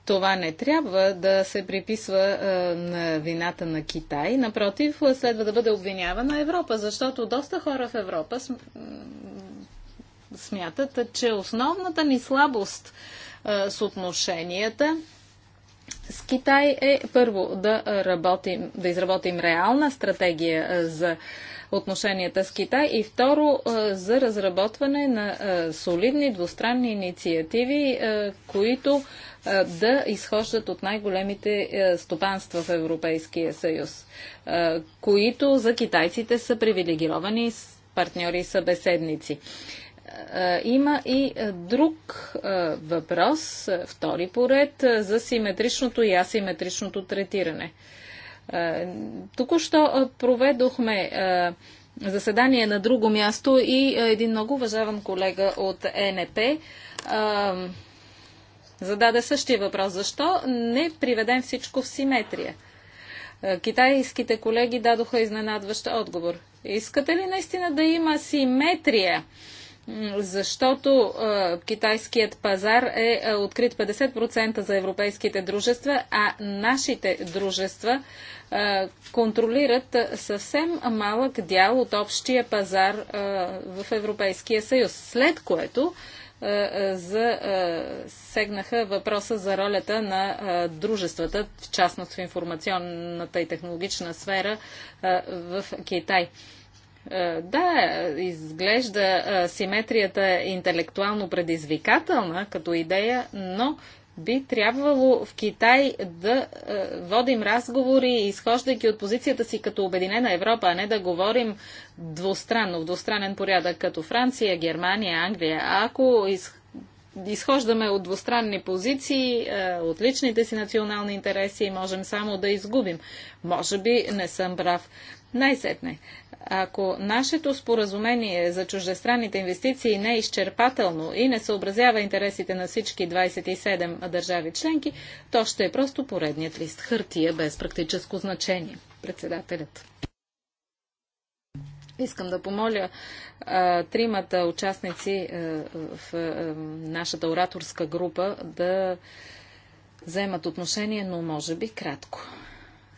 Speaker 1: това не трябва да се приписва а, на вината на Китай. Напротив, следва да бъде обвинявана Европа, защото доста хора в Европа смятат, че основната ни слабост а, с отношенията с Китай е първо да работим, да изработим реална стратегия за отношенията с Китай и второ за разработване на солидни двустранни инициативи, които да изхождат от най-големите стопанства в Европейския съюз, които за китайците са привилегировани партньори и събеседници. Има и друг въпрос, втори поред, за симетричното и асиметричното третиране. Току-що проведохме заседание на друго място и един много уважаван колега от ЕНП зададе същия въпрос. Защо не приведем всичко в симетрия? Е, китайските колеги дадоха изненадващ отговор. Искате ли наистина да има симетрия? защото е, китайският пазар е, е открит 50% за европейските дружества, а нашите дружества е, контролират съвсем малък дял от общия пазар е, в Европейския съюз. След което е, е, за е, сегнаха въпроса за ролята на дружествата, в частност в информационната и технологична сфера в Китай. Да, изглежда симетрията е интелектуално предизвикателна като идея, но би трябвало в Китай да е, водим разговори, изхождайки от позицията си като Обединена Европа, а не да говорим двустранно, в двустранен порядък, като Франция, Германия, Англия. А ако из... изхождаме от двустранни позиции, е, от личните си национални интереси, можем само да изгубим. Може би не съм прав. Най-сетне. Ако нашето споразумение за чуждестранните инвестиции не е изчерпателно и не съобразява интересите на всички 27 държави членки, то ще е просто поредният лист хартия без практическо значение. Председателят. Искам да помоля а, тримата участници а, в а, нашата ораторска група да вземат отношение, но може би кратко.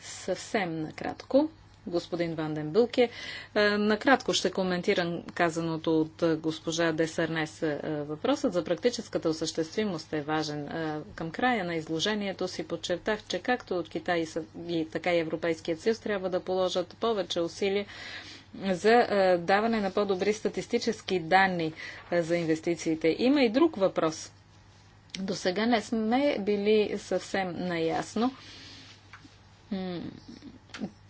Speaker 1: Съвсем накратко господин Ванден Бълке. Е, накратко ще коментирам казаното от госпожа Десарнес. Е, въпросът за практическата осъществимост е важен. Е, към края на изложението си подчертах, че както от Китай и така и Европейският съюз трябва да положат повече усилия за даване на по-добри статистически данни за инвестициите. Има и друг въпрос. До сега не сме били съвсем наясно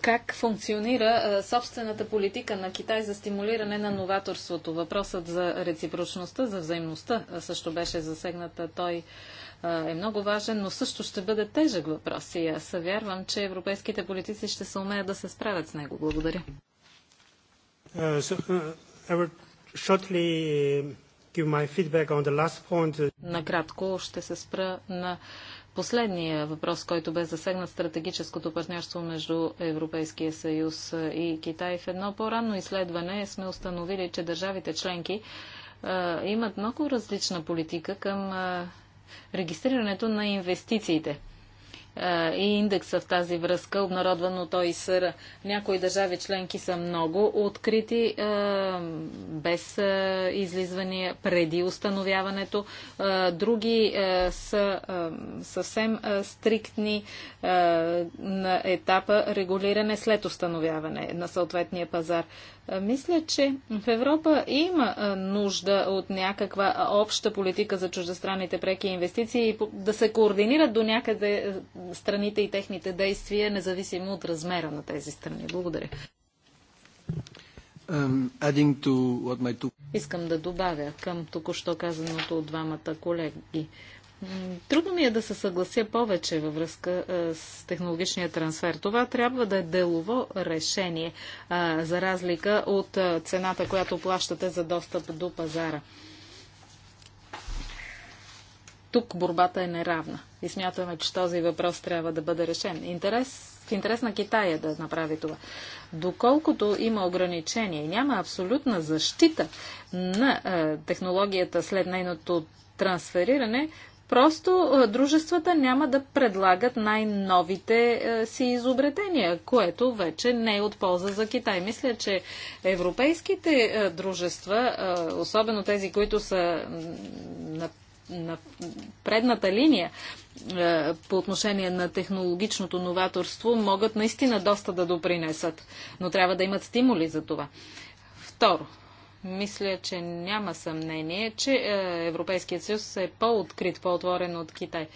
Speaker 1: как функционира собствената политика на Китай за стимулиране на новаторството. Въпросът за реципрочността, за взаимността също беше засегната. Той е много важен, но също ще бъде тежък въпрос и аз вярвам, че европейските политици ще се умеят да се справят с него. Благодаря. Uh, uh,
Speaker 2: uh,
Speaker 1: Накратко ще се спра на Последния въпрос, който бе засегнат стратегическото партньорство между Европейския съюз и Китай. В едно по-ранно изследване сме установили, че държавите членки а, имат много различна политика към а, регистрирането на инвестициите. Е, и индекса в тази връзка, обнародвано той ОИСР. Някои държави членки са много открити, е, без е, излизвания преди установяването. Други са съвсем стриктни на етапа регулиране след установяване на съответния пазар. Е, мисля, че в Европа има е, нужда от някаква обща политика за чуждестранните преки инвестиции и да се координират до някъде е, страните и техните действия, независимо от размера на тези страни. Благодаря. Искам да добавя към току-що казаното от двамата колеги. Трудно ми е да се съглася повече във връзка с технологичния трансфер. Това трябва да е делово решение, за разлика от цената, която плащате за достъп до пазара. Тук борбата е неравна и смятаме, че този въпрос трябва да бъде решен. Интерес, в интерес на Китая е да направи това. Доколкото има ограничения и няма абсолютна защита на технологията след нейното трансфериране, Просто дружествата няма да предлагат най-новите си изобретения, което вече не е от полза за Китай. Мисля, че европейските дружества, особено тези, които са на на предната линия по отношение на технологичното новаторство могат наистина доста да допринесат, но трябва да имат стимули за това. Второ, мисля, че няма съмнение, че е, Европейският съюз е по-открит, по-отворен от Китай.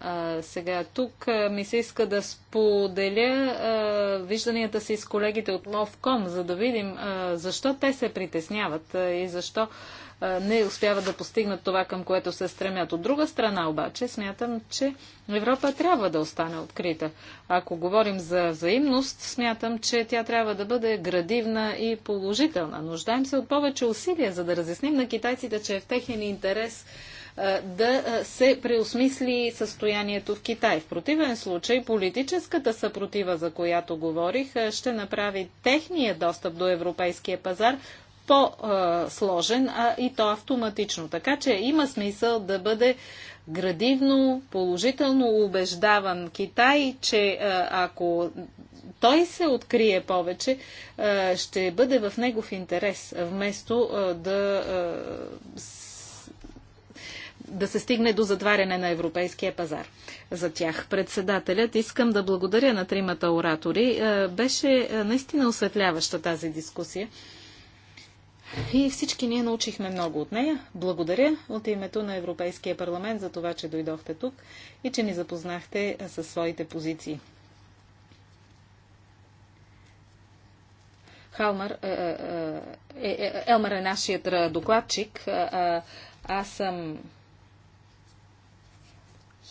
Speaker 1: А, сега тук е, ми се иска да споделя а, е, вижданията си с колегите от Ловком, за да видим а, защо те се притесняват и защо не успяват да постигнат това, към което се стремят. От друга страна обаче, смятам, че Европа трябва да остане открита. Ако говорим за взаимност, смятам, че тя трябва да бъде градивна и положителна. Нуждаем се от повече усилия, за да разясним на китайците, че е в техен интерес да се преосмисли състоянието в Китай. В противен случай политическата съпротива, за която говорих, ще направи техния достъп до европейския пазар по-сложен, а и то автоматично. Така че има смисъл да бъде градивно, положително убеждаван Китай, че ако той се открие повече, ще бъде в негов интерес, вместо да да се стигне до затваряне на европейския пазар. За тях председателят искам да благодаря на тримата оратори. Беше наистина осветляваща тази дискусия. И всички ние научихме много от нея. Благодаря от името на Европейския парламент за това, че дойдохте тук и че ни запознахте със своите позиции. Халмар, е, е, е, е Елмар е нашият е, докладчик. Е, аз съм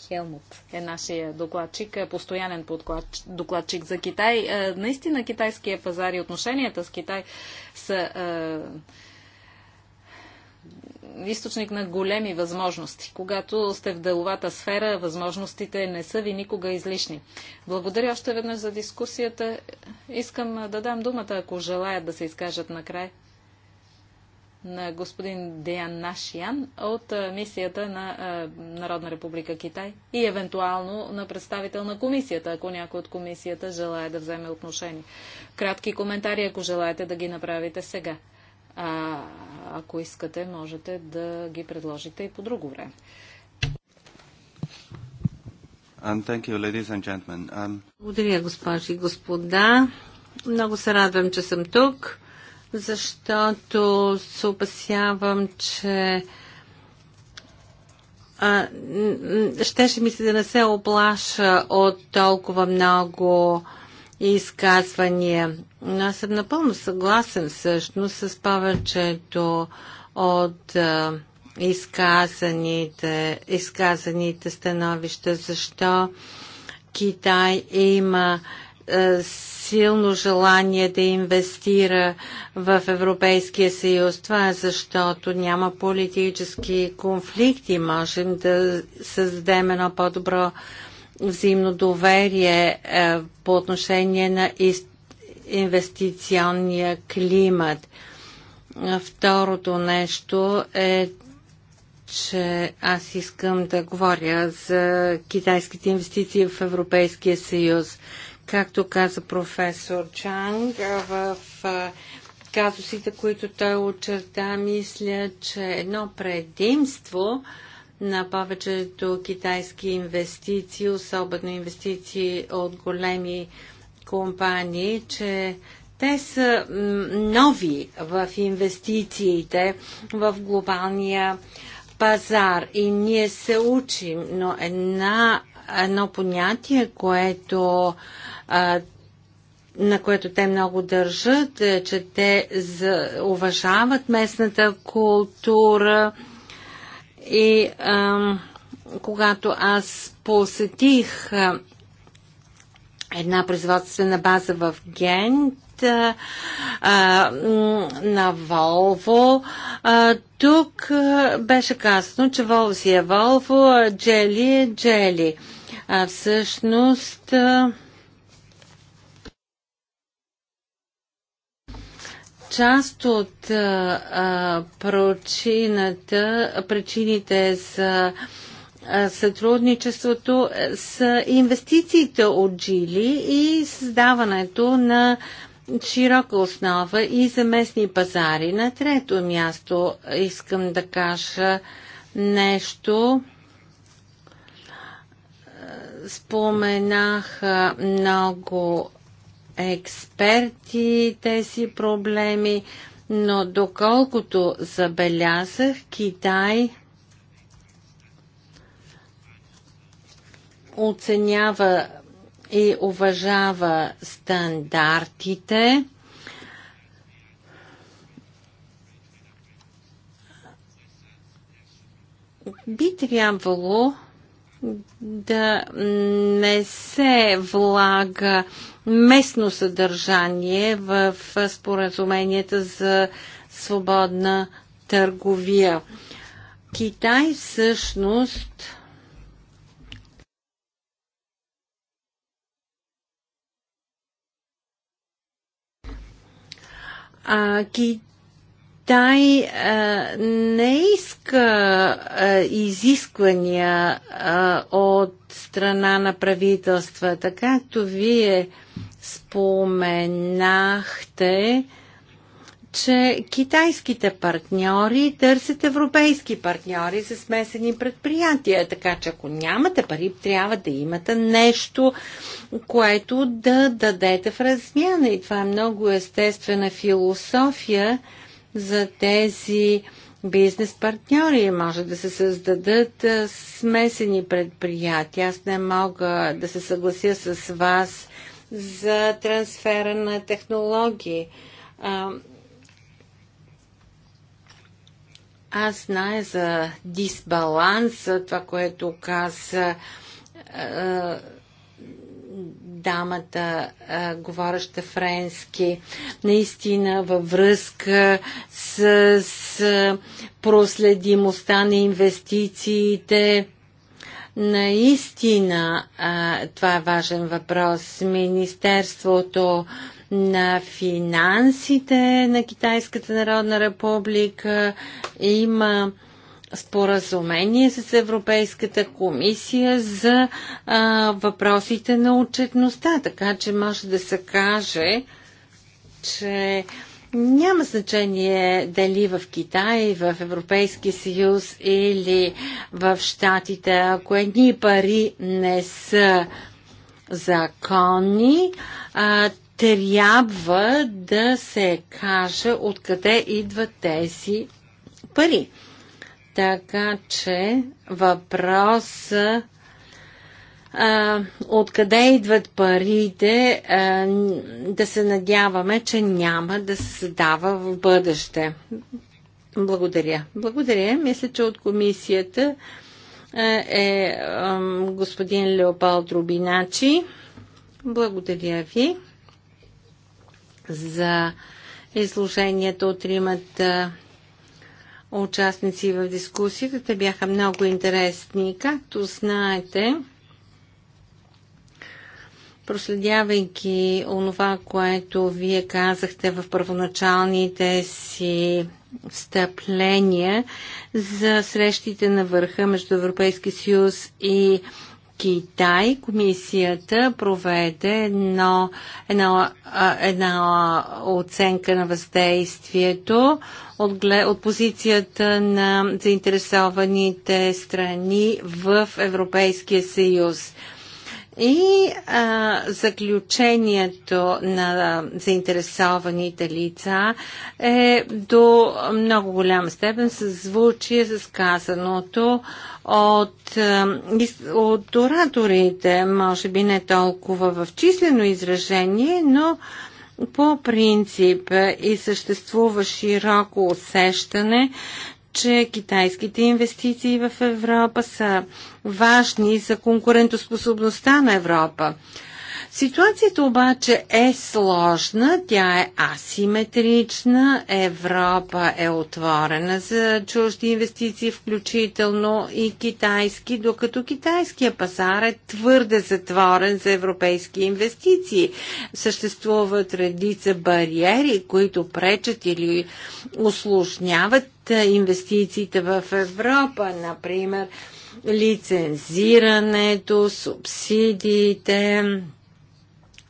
Speaker 1: Хелмут е нашия докладчик, е постоянен докладчик за Китай. Е, наистина китайския пазар и отношенията с Китай са е, източник на големи възможности. Когато сте в деловата сфера, възможностите не са ви никога излишни. Благодаря още веднъж за дискусията. Искам да дам думата, ако желаят да се изкажат накрая на господин Деян Нашиян от мисията на Народна република Китай и евентуално на представител на комисията, ако някой от комисията желая да вземе отношение. Кратки коментари, ако желаете да ги направите сега. А, ако искате, можете да ги предложите и по друго време.
Speaker 3: Um,
Speaker 2: Благодаря, госпожи и господа. Много се радвам, че съм тук защото се опасявам, че щеше ми се да не се оплаша от толкова много изказвания. Но аз съм напълно съгласен всъщност с повечето от изказаните, изказаните становища, защо Китай има силно желание да инвестира в Европейския съюз. Това е защото няма политически конфликти. Можем да създадем едно по-добро взаимно доверие е, по отношение на инвестиционния климат. Второто нещо е, че аз искам да говоря за китайските инвестиции в Европейския съюз както каза професор Чанг, в казусите, които той очерта, мисля, че едно предимство на повечето китайски инвестиции, особено инвестиции от големи компании, че те са нови в инвестициите в глобалния пазар и ние се учим, но една, едно понятие, което а, на което те много държат, е, че те за, уважават местната култура и а, когато аз посетих а, една производствена база в Гент а, а, на Волво. А, тук а, беше казано, че Волво си е Волво, а Джели е Джели. А всъщност а, Част от а, причината, причините за сътрудничеството е, с инвестициите от Джили и създаването на широка основа и за местни пазари. На трето място искам да кажа нещо. Споменах много експерти тези проблеми, но доколкото забелязах, Китай оценява и уважава стандартите. Би трябвало да не се влага местно съдържание в споразуменията за свободна търговия. Китай всъщност а, Китай Китай а, не иска а, изисквания а, от страна на правителствата, както вие споменахте че китайските партньори търсят европейски партньори за смесени предприятия. Така че ако нямате пари, трябва да имате нещо, което да дадете в размяна. И това е много естествена философия за тези бизнес партньори. Може да се създадат смесени предприятия. Аз не мога да се съглася с вас за трансфера на технологии. Аз знае за дисбаланс, това, което каза дамата, а, говореща френски, наистина във връзка с, с проследимостта на инвестициите. Наистина, а, това е важен въпрос. Министерството на финансите на Китайската народна република има споразумение с Европейската комисия за а, въпросите на отчетността. Така че може да се каже, че няма значение дали в Китай, в Европейския съюз или в Штатите, ако едни пари не са законни, а, трябва да се каже откъде идват тези пари. Така че въпрос а, откъде идват парите, а, да се надяваме, че няма да се задава в бъдеще. Благодаря. Благодаря. Мисля, че от комисията е господин Леопалд Рубиначи. Благодаря ви за изложението от Римата участници в дискусията. Те бяха много интересни. Както знаете, проследявайки онова, което вие казахте в първоначалните си встъпления за срещите на върха между Европейски съюз и Китай комисията проведе едно, една, една оценка на въздействието от, от позицията на заинтересованите страни в Европейския съюз. И а, заключението на заинтересованите лица е до много голяма степен съзвучие с казаното от, от ораторите, може би не толкова в числено изражение, но по принцип и съществува широко усещане, че китайските инвестиции в Европа са важни за конкурентоспособността на Европа. Ситуацията обаче е сложна, тя е асиметрична, Европа е отворена за чужди инвестиции, включително и китайски, докато китайския пазар е твърде затворен за европейски инвестиции. Съществуват редица бариери, които пречат или услужняват инвестициите в Европа, например лицензирането, субсидиите,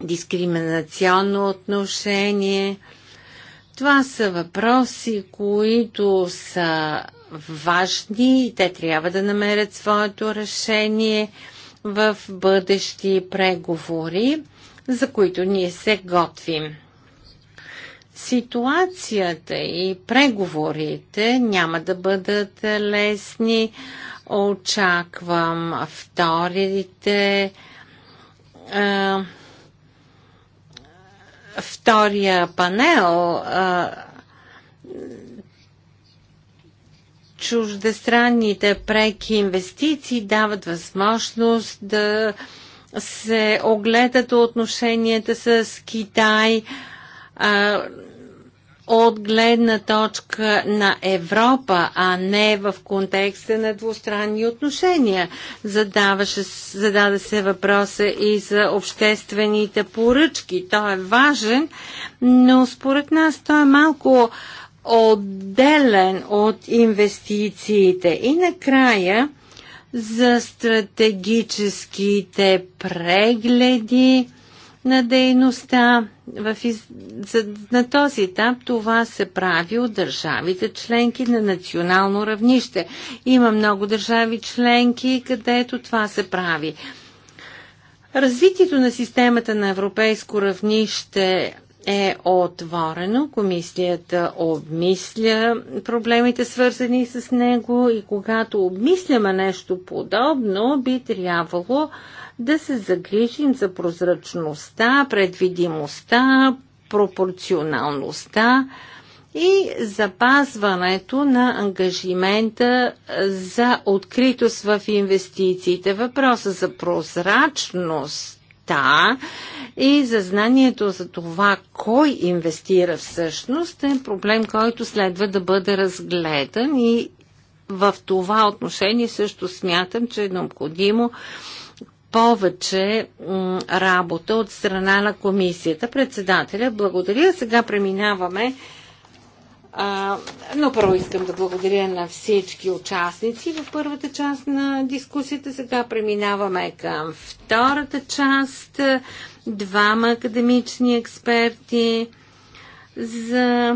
Speaker 2: дискриминационно отношение. Това са въпроси, които са важни и те трябва да намерят своето решение в бъдещи преговори, за които ние се готвим. Ситуацията и преговорите няма да бъдат лесни. Очаквам вторите втория панел чуждестранните преки инвестиции дават възможност да се огледат отношенията с Китай, от гледна точка на Европа, а не в контекста на двустранни отношения. Задаваше, зададе се въпроса и за обществените поръчки. Той е важен, но според нас той е малко отделен от инвестициите. И накрая за стратегическите прегледи на дейността. В из... за... На този етап това се прави от държавите членки на национално равнище. Има много държави членки, където това се прави. Развитието на системата на европейско равнище е отворено. Комисията обмисля проблемите свързани с него и когато обмисляме нещо подобно, би трябвало да се загрижим за прозрачността, предвидимостта, пропорционалността и запазването на ангажимента за откритост в инвестициите. Въпроса за прозрачността и за знанието за това кой инвестира всъщност е проблем, който следва да бъде разгледан и в това отношение също смятам, че е необходимо повече работа от страна на комисията. Председателя, благодаря. Сега преминаваме. А, но първо искам да благодаря на всички участници в първата част на дискусията. Сега преминаваме към втората част. Двама академични експерти за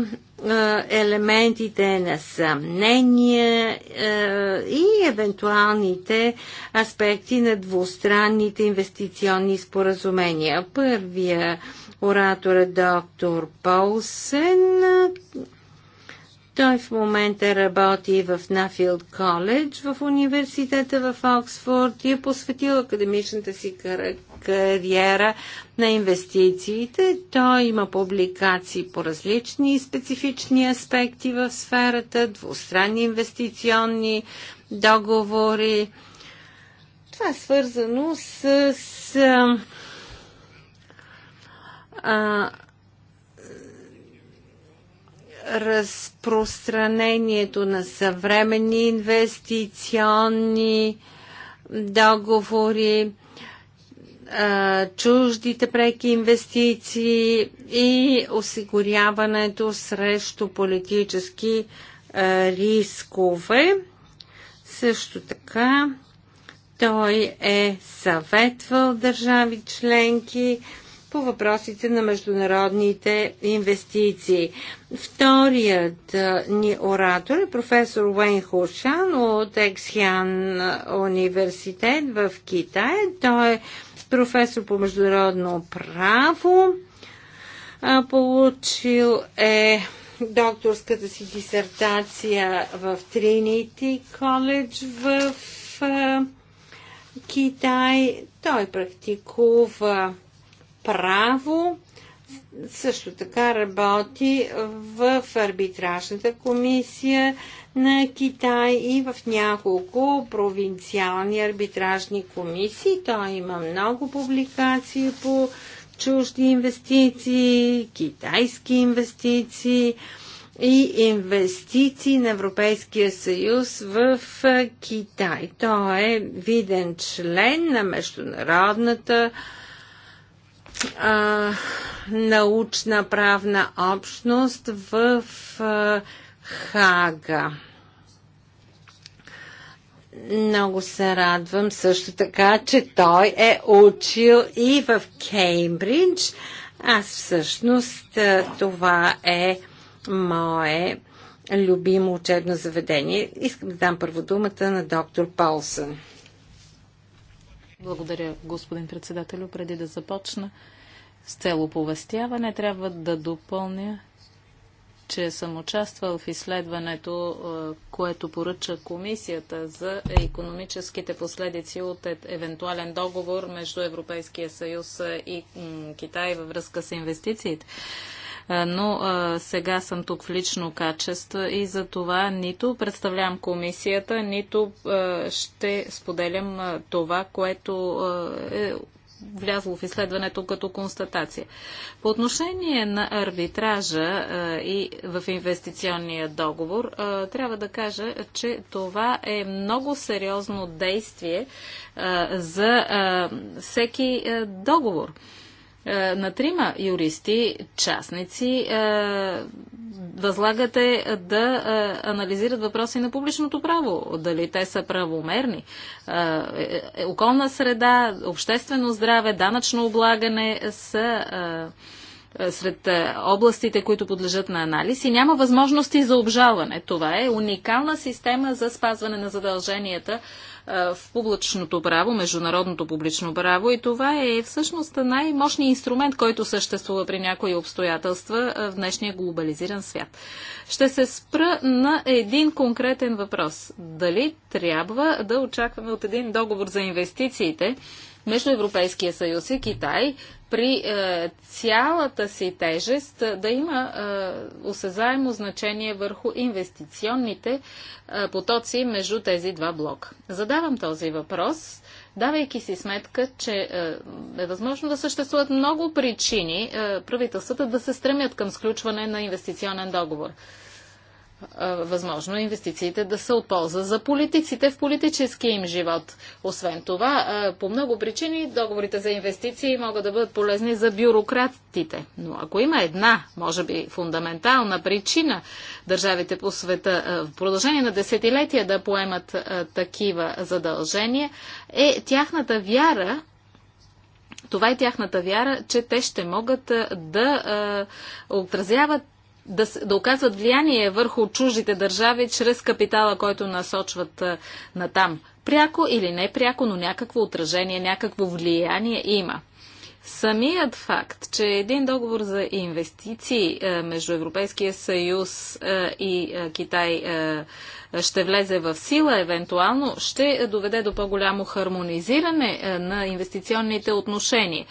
Speaker 2: елементите на съмнение и евентуалните аспекти на двустранните инвестиционни споразумения. Първия оратор е доктор Полсен. Той в момента работи в Нафилд Коледж в университета в Оксфорд и е посветил академичната си кариера на инвестициите. Той има публикации по различни специфични аспекти в сферата, двустранни инвестиционни договори. Това е свързано с, с а, разпространението на съвременни инвестиционни договори, чуждите преки инвестиции и осигуряването срещу политически рискове. Също така той е съветвал държави членки по въпросите на международните инвестиции. Вторият ни оратор е професор Уейн Хушан от Ексхиан университет в Китай. Той е професор по международно право. Получил е докторската си дисертация в Тринити College в Китай. Той практикува право също така работи в арбитражната комисия на Китай и в няколко провинциални арбитражни комисии. Той има много публикации по чужди инвестиции, китайски инвестиции и инвестиции на Европейския съюз в Китай. Той е виден член на международната а, научна правна общност в Хага. Много се радвам също така, че той е учил и в Кеймбридж. Аз всъщност това е мое любимо учебно заведение.
Speaker 1: Искам да дам първо думата на доктор Паулсън. Благодаря, господин председател, Преди да започна, с цел оповестяване трябва да допълня, че съм участвал в изследването, е, което поръча Комисията за економическите последици от е, евентуален договор между Европейския съюз е, и Китай във връзка с инвестициите но а, сега съм тук в лично качество и за това нито представлявам комисията, нито а, ще споделям а, това, което е влязло в изследването като констатация. По отношение на арбитража и в инвестиционния договор, трябва да кажа, че това е много сериозно действие за всеки договор на трима юристи, частници, възлагате да анализират въпроси на публичното право. Дали те са правомерни. Е, е, е, околна среда, обществено здраве, данъчно облагане са сред областите, които подлежат на анализ и няма възможности за обжалване. Това е уникална система за спазване на задълженията в публичното право, международното публично право и това е всъщност най-мощният инструмент, който съществува при някои обстоятелства в днешния глобализиран свят. Ще се спра на един конкретен въпрос. Дали трябва да очакваме от един договор за инвестициите между Европейския съюз и Китай при е, цялата си тежест е, да има е, осезаемо значение върху инвестиционните е, потоци между тези два блока. Задавам този въпрос, давайки си сметка, че е, е възможно да съществуват много причини е, правителствата да се стремят към сключване на инвестиционен договор възможно инвестициите да са от полза за политиците в политическия им живот. Освен това, по много причини договорите за инвестиции могат да бъдат полезни за бюрократите. Но ако има една, може би фундаментална причина държавите по света в продължение на десетилетия да поемат такива задължения, е тяхната вяра това е тяхната вяра, че те ще могат да а, отразяват да, да оказват влияние върху чуждите държави чрез капитала, който насочват на там. Пряко или не пряко, но някакво отражение, някакво влияние има. Самият факт, че един договор за инвестиции между Европейския съюз и Китай ще влезе в сила, евентуално ще доведе до по-голямо хармонизиране на инвестиционните отношения.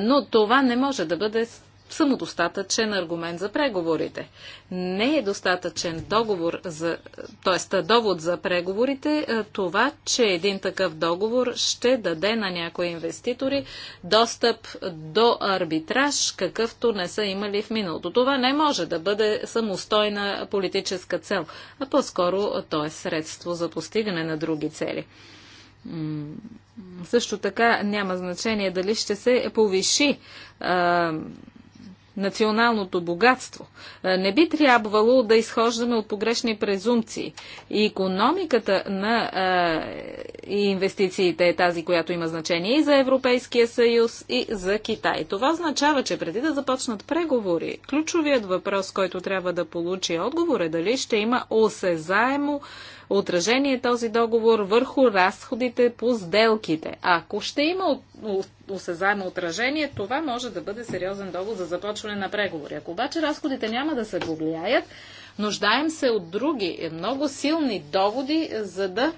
Speaker 1: Но това не може да бъде самодостатъчен аргумент за преговорите. Не е достатъчен договор за, т.е. довод за преговорите това, че един такъв договор ще даде на някои инвеститори достъп до арбитраж, какъвто не са имали в миналото. Това не може да бъде самостойна политическа цел, а по-скоро то е средство за постигане на други цели. Също така няма значение дали ще се повиши а, националното богатство. Е, не би трябвало да изхождаме от погрешни презумпции. И економиката на е, и инвестициите е тази, която има значение и за Европейския съюз, и за Китай. Това означава, че преди да започнат преговори, ключовият въпрос, който трябва да получи отговор е дали ще има осезаемо отражение този договор върху разходите по сделките. Ако ще има осезаемо отражение, това може да бъде сериозен договор за започване на преговори. Ако обаче разходите няма да се повлияят, нуждаем се от други е, много силни доводи, за да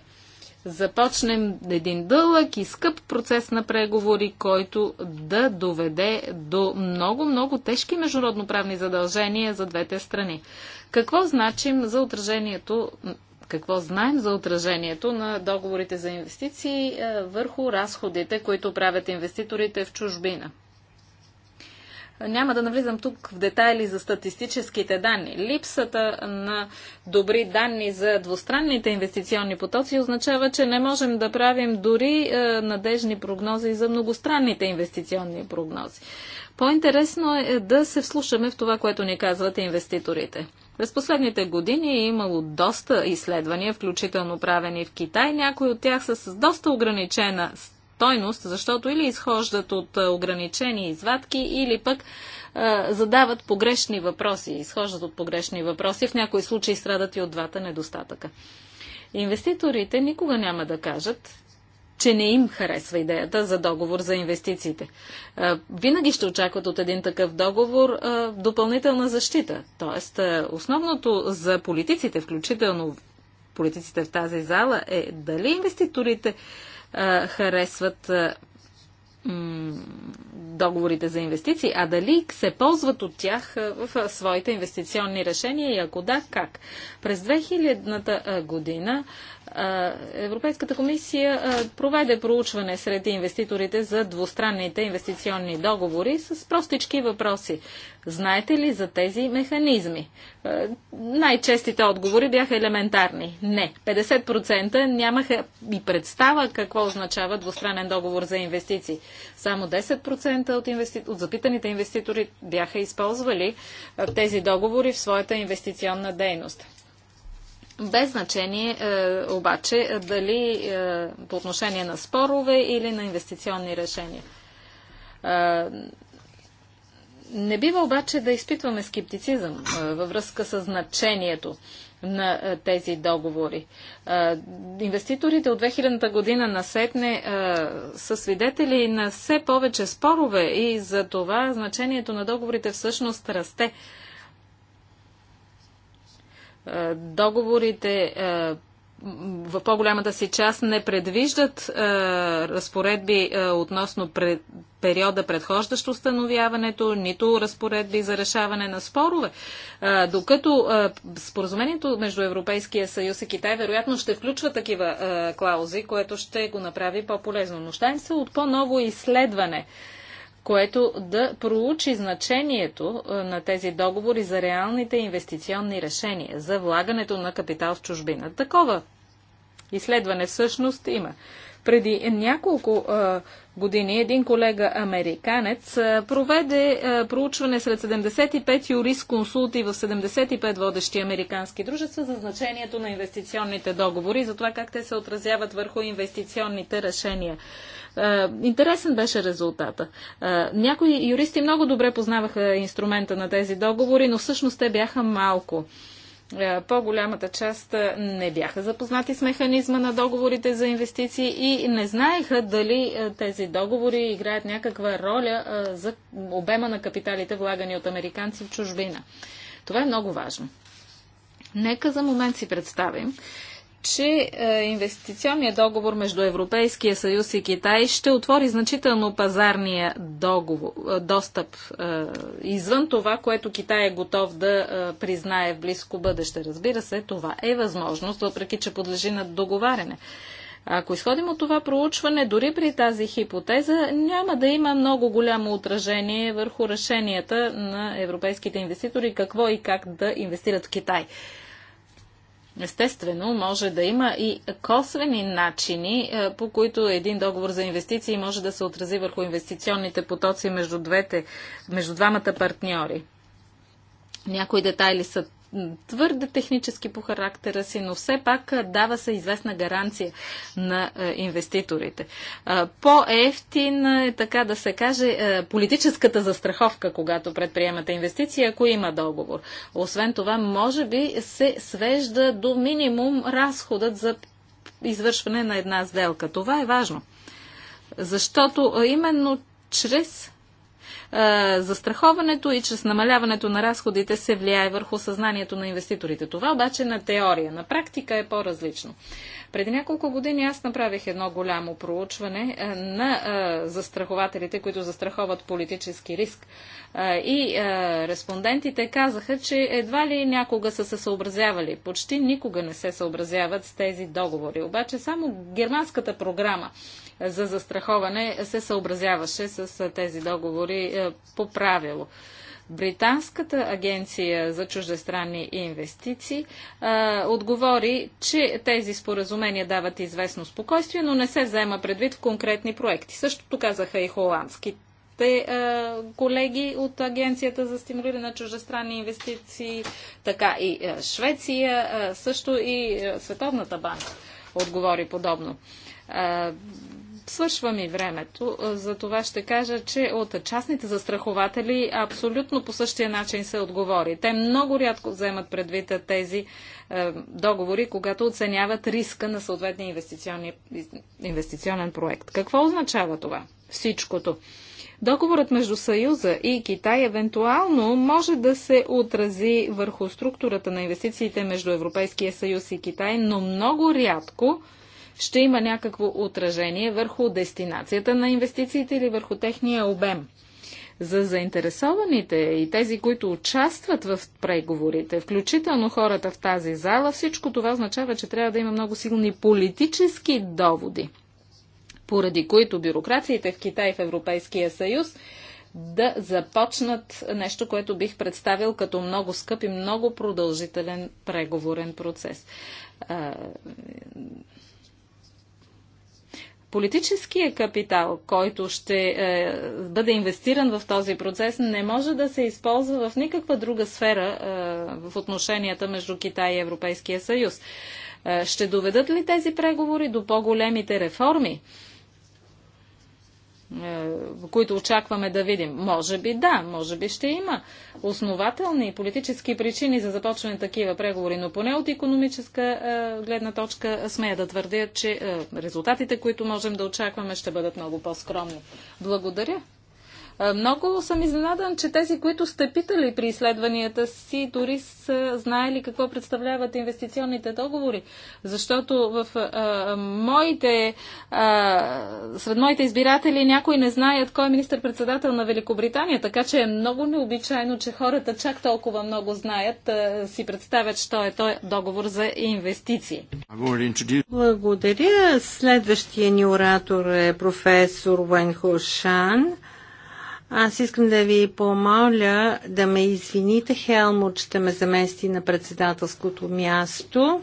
Speaker 1: започнем един дълъг и скъп процес на преговори, който да доведе до много-много тежки международноправни задължения за двете страни. Какво значим за отражението какво знаем за отражението на договорите за инвестиции е, върху разходите, които правят инвеститорите в чужбина. Няма да навлизам тук в детайли за статистическите данни. Липсата на добри данни за двустранните инвестиционни потоци означава, че не можем да правим дори е, надежни прогнози за многостранните инвестиционни прогнози. По-интересно е, е да се вслушаме в това, което ни казват инвеститорите. През последните години е имало доста изследвания, включително правени в Китай. Някои от тях са с доста ограничена стойност, защото или изхождат от ограничени извадки, или пък а, задават погрешни въпроси, изхождат от погрешни въпроси, в някои случаи страдат и от двата недостатъка. Инвеститорите никога няма да кажат, че не им харесва идеята за договор за инвестициите. Винаги ще очакват от един такъв договор допълнителна защита. Тоест, основното за политиците, включително политиците в тази зала, е дали инвеститорите харесват договорите за инвестиции, а дали се ползват от тях в своите инвестиционни решения и ако да, как? През 2000-та година Европейската комисия проведе проучване сред инвеститорите за двустранните инвестиционни договори с простички въпроси. Знаете ли за тези механизми? Най-честите отговори бяха елементарни. Не. 50% нямаха и представа какво означава двустранен договор за инвестиции. Само 10% от, инвести... от запитаните инвеститори бяха използвали тези договори в своята инвестиционна дейност. Без значение е, обаче дали е, по отношение на спорове или на инвестиционни решения. Е, не бива обаче да изпитваме скептицизъм е, във връзка с значението на е, тези договори. Е, инвеститорите от 2000 година насетне е, са свидетели на все повече спорове и за това значението на договорите всъщност расте. Е, договорите е, в по-голямата си част не предвиждат е, разпоредби относно пред, периода предхождащо установяването, нито разпоредби за решаване на спорове. докато споразумението между Европейския съюз и Китай вероятно ще включва такива клаузи, което ще го направи по-полезно. им се от по-ново изследване което да проучи значението е, на тези договори за реалните инвестиционни решения, за влагането на капитал в чужбина. Такова изследване всъщност има. Преди няколко а, е, години един колега американец а, е, проведе а, проучване сред 75 юрист консулти в 75 водещи американски дружества за значението на инвестиционните договори и за това как те се отразяват върху инвестиционните решения. Е, интересен беше резултата. Е, някои юристи много добре познаваха инструмента на тези договори, но всъщност те бяха малко. Е, по-голямата част не бяха запознати с механизма на договорите за инвестиции и не знаеха дали тези договори играят някаква роля за обема на капиталите, влагани от американци в чужбина. Това е много важно. Нека за момент си представим, че е, инвестиционният договор между Европейския съюз и Китай ще отвори значително пазарния договор, е, достъп е, извън това, което Китай е готов да признае в близко бъдеще. Разбира се, това е възможност, въпреки че подлежи на договаряне. Ако изходим от това проучване, дори при тази хипотеза няма да има много голямо отражение върху решенията на европейските инвеститори какво и как да инвестират в Китай. Естествено, може да има и косвени начини, е, по които един договор за инвестиции може да се отрази върху инвестиционните потоци между, двете, между двамата партньори. Някои детайли са твърде технически по характера си, но все пак дава се известна гаранция на инвеститорите. По-ефтин е, така да се каже, политическата застраховка, когато предприемате инвестиции, ако има договор. Освен това, може би се свежда до минимум разходът за извършване на една сделка. Това е важно. Защото именно чрез е, застраховането и чрез намаляването на разходите се влияе върху съзнанието на инвеститорите. Това обаче на теория, на практика е по-различно. Преди няколко години аз направих едно голямо проучване е, на е, застрахователите, които застраховат политически риск. Е, и респондентите казаха, че едва ли някога са се съобразявали. Почти никога не се съобразяват с тези договори. Обаче само германската програма за застраховане се съобразяваше с тези договори по правило. Британската агенция за чуждестранни инвестиции а, отговори, че тези споразумения дават известно спокойствие, но не се взема предвид в конкретни проекти. Същото казаха и холандските те е, колеги от Агенцията за стимулиране на чуждестранни инвестиции, така и е, Швеция, е, също и е, Световната банка отговори подобно. Свършвам и времето. Е, за това ще кажа, че от частните застрахователи абсолютно по същия начин се отговори. Те много рядко вземат предвид тези е, договори, когато оценяват риска на съответния инвестиционен проект. Какво означава това? Всичкото. Договорът между Съюза и Китай евентуално може да се отрази върху структурата на инвестициите между Европейския съюз и Китай, но много рядко ще има някакво отражение върху дестинацията на инвестициите или върху техния обем. За заинтересованите и тези, които участват в преговорите, включително хората в тази зала, всичко това означава, че трябва да има много силни политически доводи, поради които бюрокрациите в Китай и в Европейския съюз да започнат нещо, което бих представил като много скъп и много продължителен преговорен процес. Политическия капитал, който ще е, бъде инвестиран в този процес, не може да се използва в никаква друга сфера е, в отношенията между Китай и Европейския съюз. Е, ще доведат ли тези преговори до по-големите реформи? Е, които очакваме да видим. Може би да, може би ще има основателни политически причини за започване такива преговори, но поне от економическа е, гледна точка смея да твърдя, че е, резултатите, които можем да очакваме, ще бъдат много по-скромни. Благодаря е, много съм изненадан, че тези, които сте питали при изследванията си, дори са знаели какво представляват инвестиционните договори. Защото в а, е, е, моите, а, сред моите избиратели някои не знаят кой е министър-председател на Великобритания, така че е много необичайно, че хората чак толкова много знаят, а, си представят, що е той договор за инвестиции.
Speaker 2: Благодаря. Следващия ни оратор е професор Вен Хошан аз искам да ви помоля да ме извините. Хелмут ще ме замести на председателското място.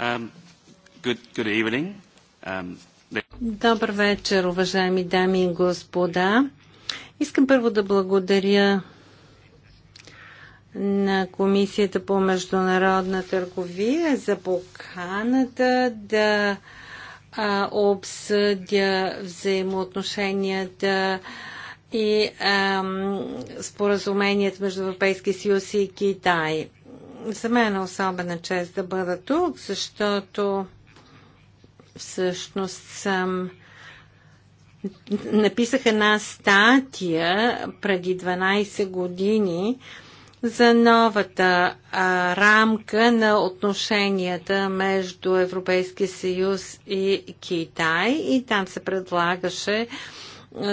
Speaker 2: Um, um, Добър вечер, уважаеми дами и господа. Искам първо да благодаря на Комисията по международна търговия за поканата да а, обсъдя взаимоотношенията и а, между Европейския съюз и Китай за мен е особена чест да бъда тук, защото всъщност съм написах една статия преди 12 години за новата а, рамка на отношенията между Европейския съюз и Китай и там се предлагаше а,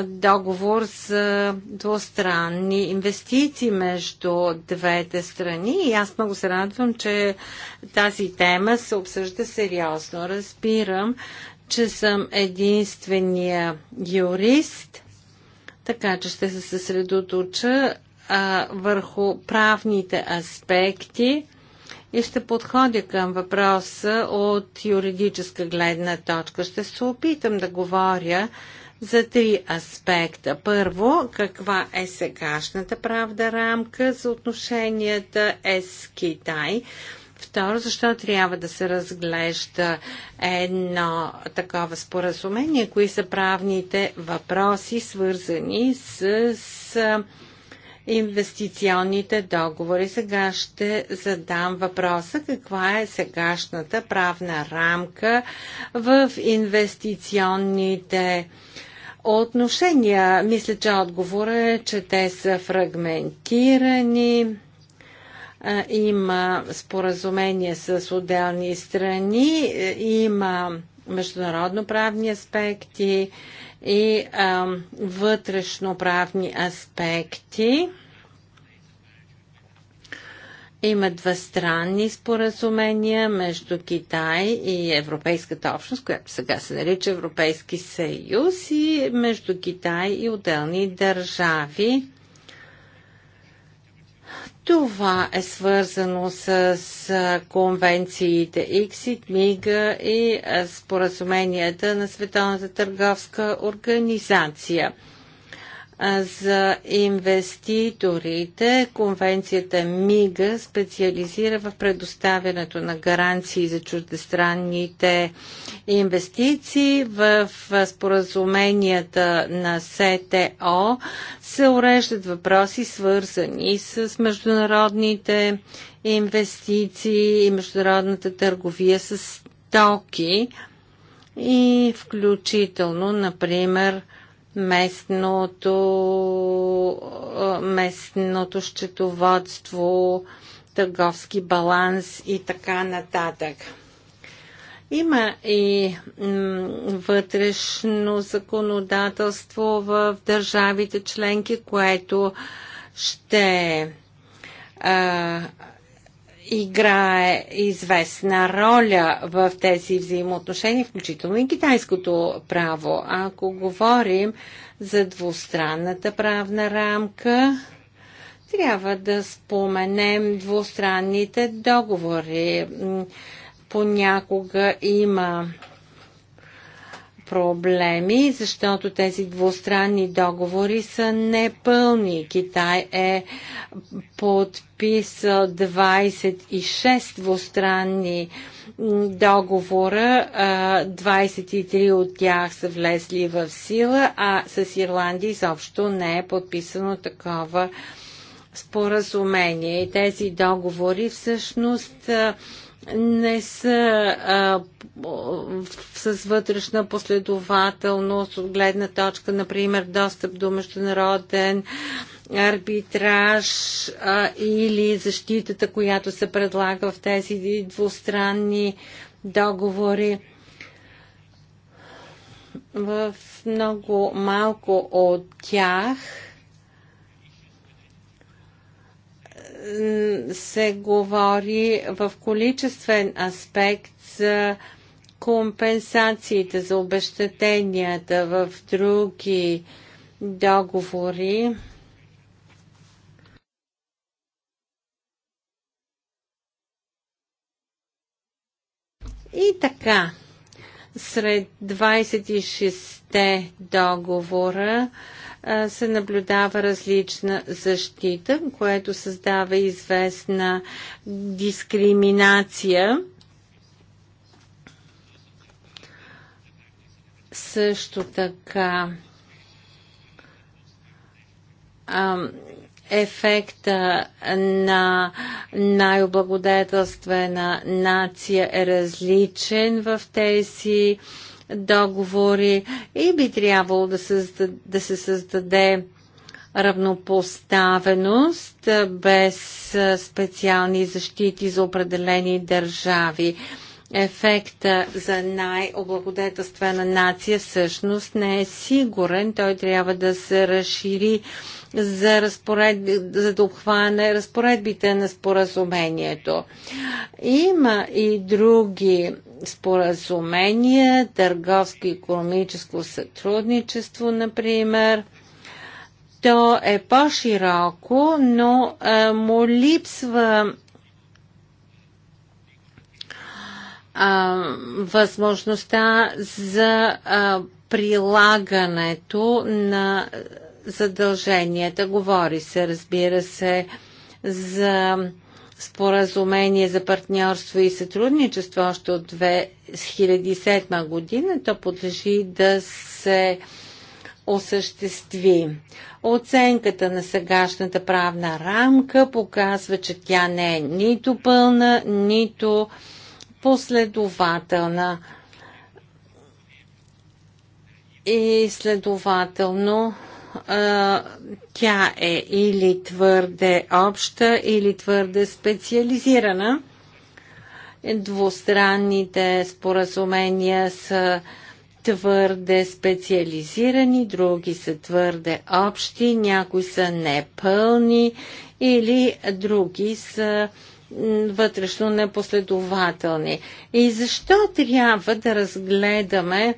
Speaker 2: договор за двустранни инвестиции между двете страни и аз много се радвам, че тази тема се обсъжда сериозно. Разбирам, че съм единствения юрист, така че ще се съсредоточа а, върху правните аспекти и ще подходя към въпроса от юридическа гледна точка. Ще се опитам да говоря за три аспекта. Първо, каква е сегашната правда рамка за отношенията с Китай. Второ, защо трябва да се разглежда едно такова споразумение? Кои са правните въпроси, свързани с, с инвестиционните договори? Сега ще задам въпроса каква е сегашната правна рамка в инвестиционните договори Отношения, мисля, че отговор е, че те са фрагментирани. Има споразумение с отделни страни, има международно-правни аспекти и вътрешно-правни аспекти. Има двустранни споразумения между Китай и Европейската общност, която сега се нарича Европейски съюз, и между Китай и отделни държави. Това е свързано с конвенциите ИКСИТ, МИГА и споразуменията на Световната търговска организация – за инвеститорите. Конвенцията МИГА специализира в предоставянето на гаранции за чуждестранните инвестиции. В споразуменията на СТО се уреждат въпроси, свързани с международните инвестиции и международната търговия с токи и включително, например, местното, местното счетоводство, търговски баланс и така нататък. Има и вътрешно законодателство в държавите членки, което ще а, играе известна роля в тези взаимоотношения, включително и китайското право. Ако говорим за двустранната правна рамка, трябва да споменем двустранните договори. Понякога има проблеми, защото тези двустранни договори са непълни. Китай е подписал 26 двустранни договора, 23 от тях са влезли в сила, а с Ирландия изобщо не е подписано такова споразумение. И тези договори всъщност не са а, с вътрешна последователност от гледна точка, например, достъп до международен арбитраж а, или защитата, която се предлага в тези двустранни договори. В много малко от тях се говори в количествен аспект за компенсациите, за обещетенията в други договори. И така, сред 26-те договора, се наблюдава различна защита, което създава известна дискриминация. Също така ефекта на най-облагодетелствена нация е различен в тези договори и би трябвало да, създаде, да се създаде равнопоставеност без специални защити за определени държави. Ефекта за най-облагодетелствена нация всъщност не е сигурен. Той трябва да се разшири за, разпоред... за да обхване разпоредбите на споразумението. Има и други споразумение, търговско и економическо сътрудничество, например. То е по-широко, но а, му липсва а, възможността за а, прилагането на задълженията. Говори се, разбира се, за споразумение за партньорство и сътрудничество още от 2007 година, то подлежи да се осъществи. Оценката на сегашната правна рамка показва, че тя не е нито пълна, нито последователна. И следователно тя е или твърде обща, или твърде специализирана. Двустранните споразумения са твърде специализирани, други са твърде общи, някои са непълни или други са вътрешно непоследователни. И защо трябва да разгледаме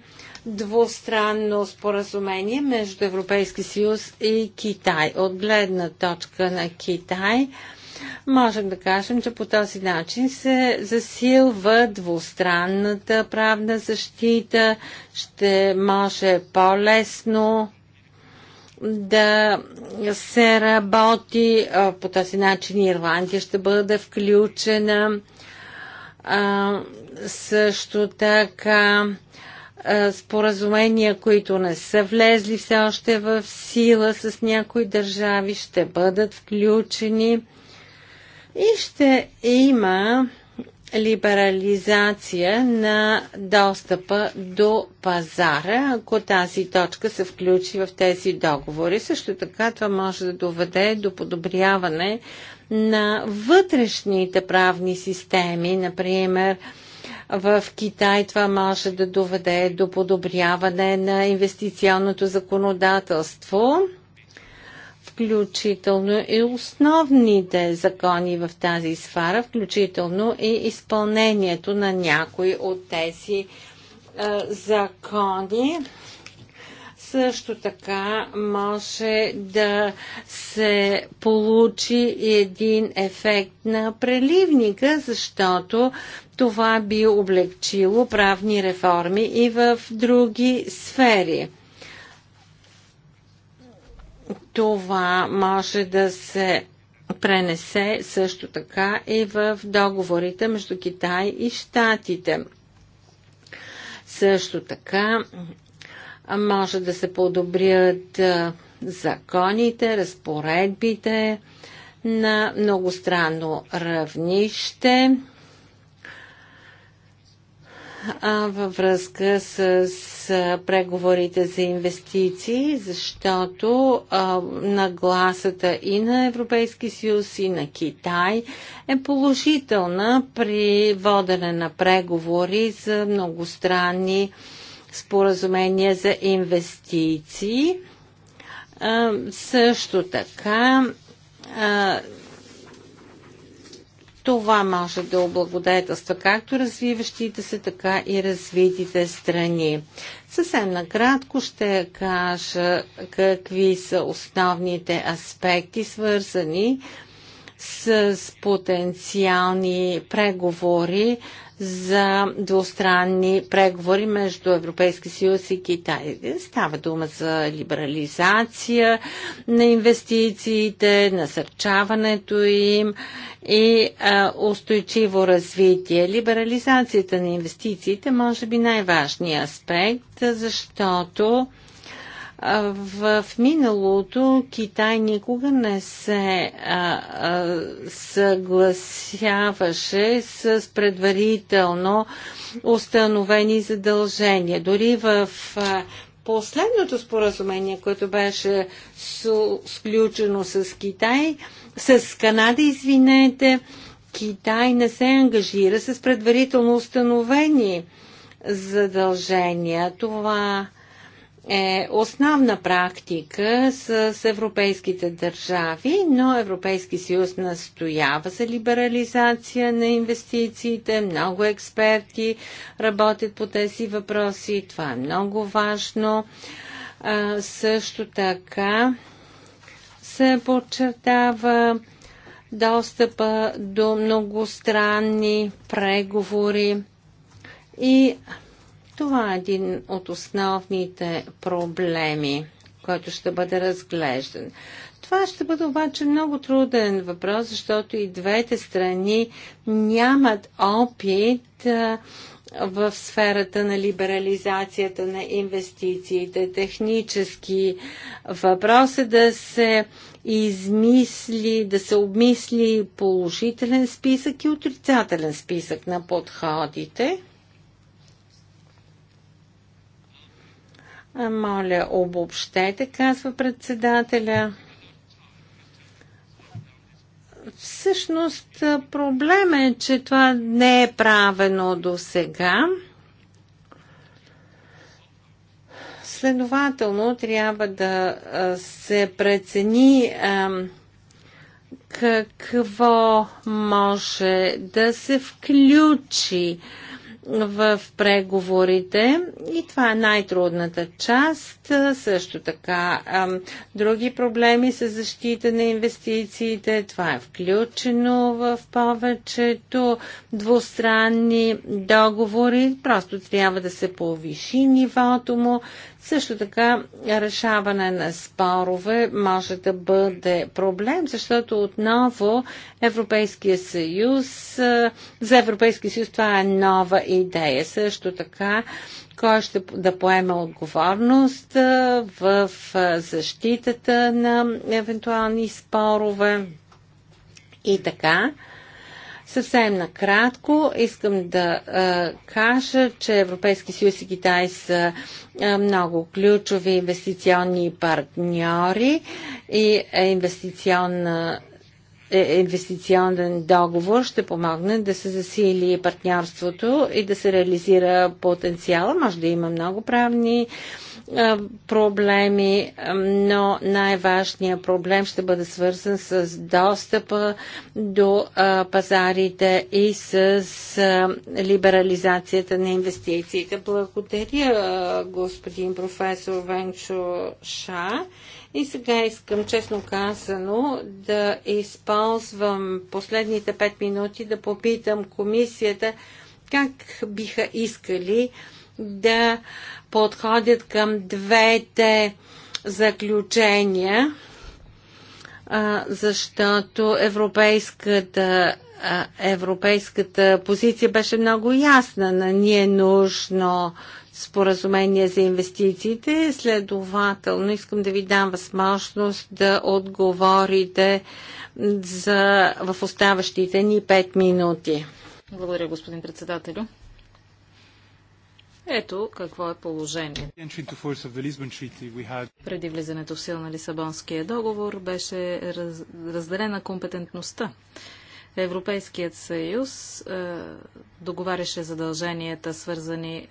Speaker 2: двустранно споразумение между Европейски съюз и Китай. От гледна точка на Китай, можем да кажем, че по този начин се засилва двустранната правна защита, ще може по-лесно да се работи. По този начин Ирландия ще бъде включена. А, също така споразумения, които не са влезли все още в сила с някои държави, ще бъдат включени и ще има либерализация на достъпа до пазара, ако тази точка се включи в тези договори. Също така това може да доведе до подобряване на вътрешните правни системи, например, в Китай. Това може да доведе до подобряване на инвестиционното законодателство включително и основните закони в тази сфера, включително и изпълнението на някои от тези е, закони. Също така може да се получи един ефект на преливника, защото това би облегчило правни реформи и в други сфери. Това може да се пренесе също така и в договорите между Китай и Штатите. Също така може да се подобрят законите, разпоредбите на многостранно равнище във връзка с, с преговорите за инвестиции, защото а, нагласата и на Европейски съюз, и на Китай е положителна при водене на преговори за многостранни споразумения за инвестиции. А, също така а, това може да облагодетелства както развиващите се, така и развитите страни. Съвсем накратко ще кажа какви са основните аспекти, свързани с потенциални преговори за двустранни преговори между Европейски съюз и Китай. Става дума за либерализация на инвестициите, насърчаването им и а, устойчиво развитие. Либерализацията на инвестициите може би най-важният аспект, защото в миналото Китай никога не се а, а, съгласяваше с предварително установени задължения. Дори в а, последното споразумение, което беше сключено с Китай, с Канада, извинете, Китай не се ангажира с предварително установени задължения. Това е основна практика с европейските държави, но Европейски съюз настоява за либерализация на инвестициите. Много експерти работят по тези въпроси. Това е много важно. А, също така се подчертава достъпа до многостранни преговори и това е един от основните проблеми, който ще бъде разглеждан. Това ще бъде обаче много труден въпрос, защото и двете страни нямат опит в сферата на либерализацията на инвестициите. Технически въпрос е да се измисли, да се обмисли положителен списък и отрицателен списък на подходите. Моля, обобщете, казва председателя. Всъщност проблем е, че това не е правено до сега. Следователно трябва да се прецени какво може да се включи в преговорите и това е най-трудната част. Също така други проблеми с защита на инвестициите. Това е включено в повечето двустранни договори. Просто трябва да се повиши нивото му също така решаване на спорове може да бъде проблем, защото отново Европейския съюз, за Европейския съюз това е нова идея. Също така кой ще да поеме отговорност в защитата на евентуални спорове и така. Съвсем накратко искам да а, кажа, че Европейски съюз и Китай са а, много ключови инвестиционни партньори и е инвестиционна е, е инвестиционен договор ще помогне да се засили партньорството и да се реализира потенциала. Може да има много правни проблеми, но най-важният проблем ще бъде свързан с достъпа до пазарите и с либерализацията на инвестициите. Благодаря, господин професор Венчо Ша. И сега искам, честно казано, да използвам последните пет минути да попитам комисията как биха искали да а, подходят към двете заключения, защото европейската европейската позиция беше много ясна. На ние нужно споразумение за инвестициите. Следователно, искам да ви дам възможност да отговорите за, в оставащите ни 5 минути.
Speaker 1: Благодаря, господин председателю. Ето какво е положение. Преди влизането в сила на Лисабонския договор беше раз, разделена компетентността. Европейският съюз е, договаряше задълженията, свързани е,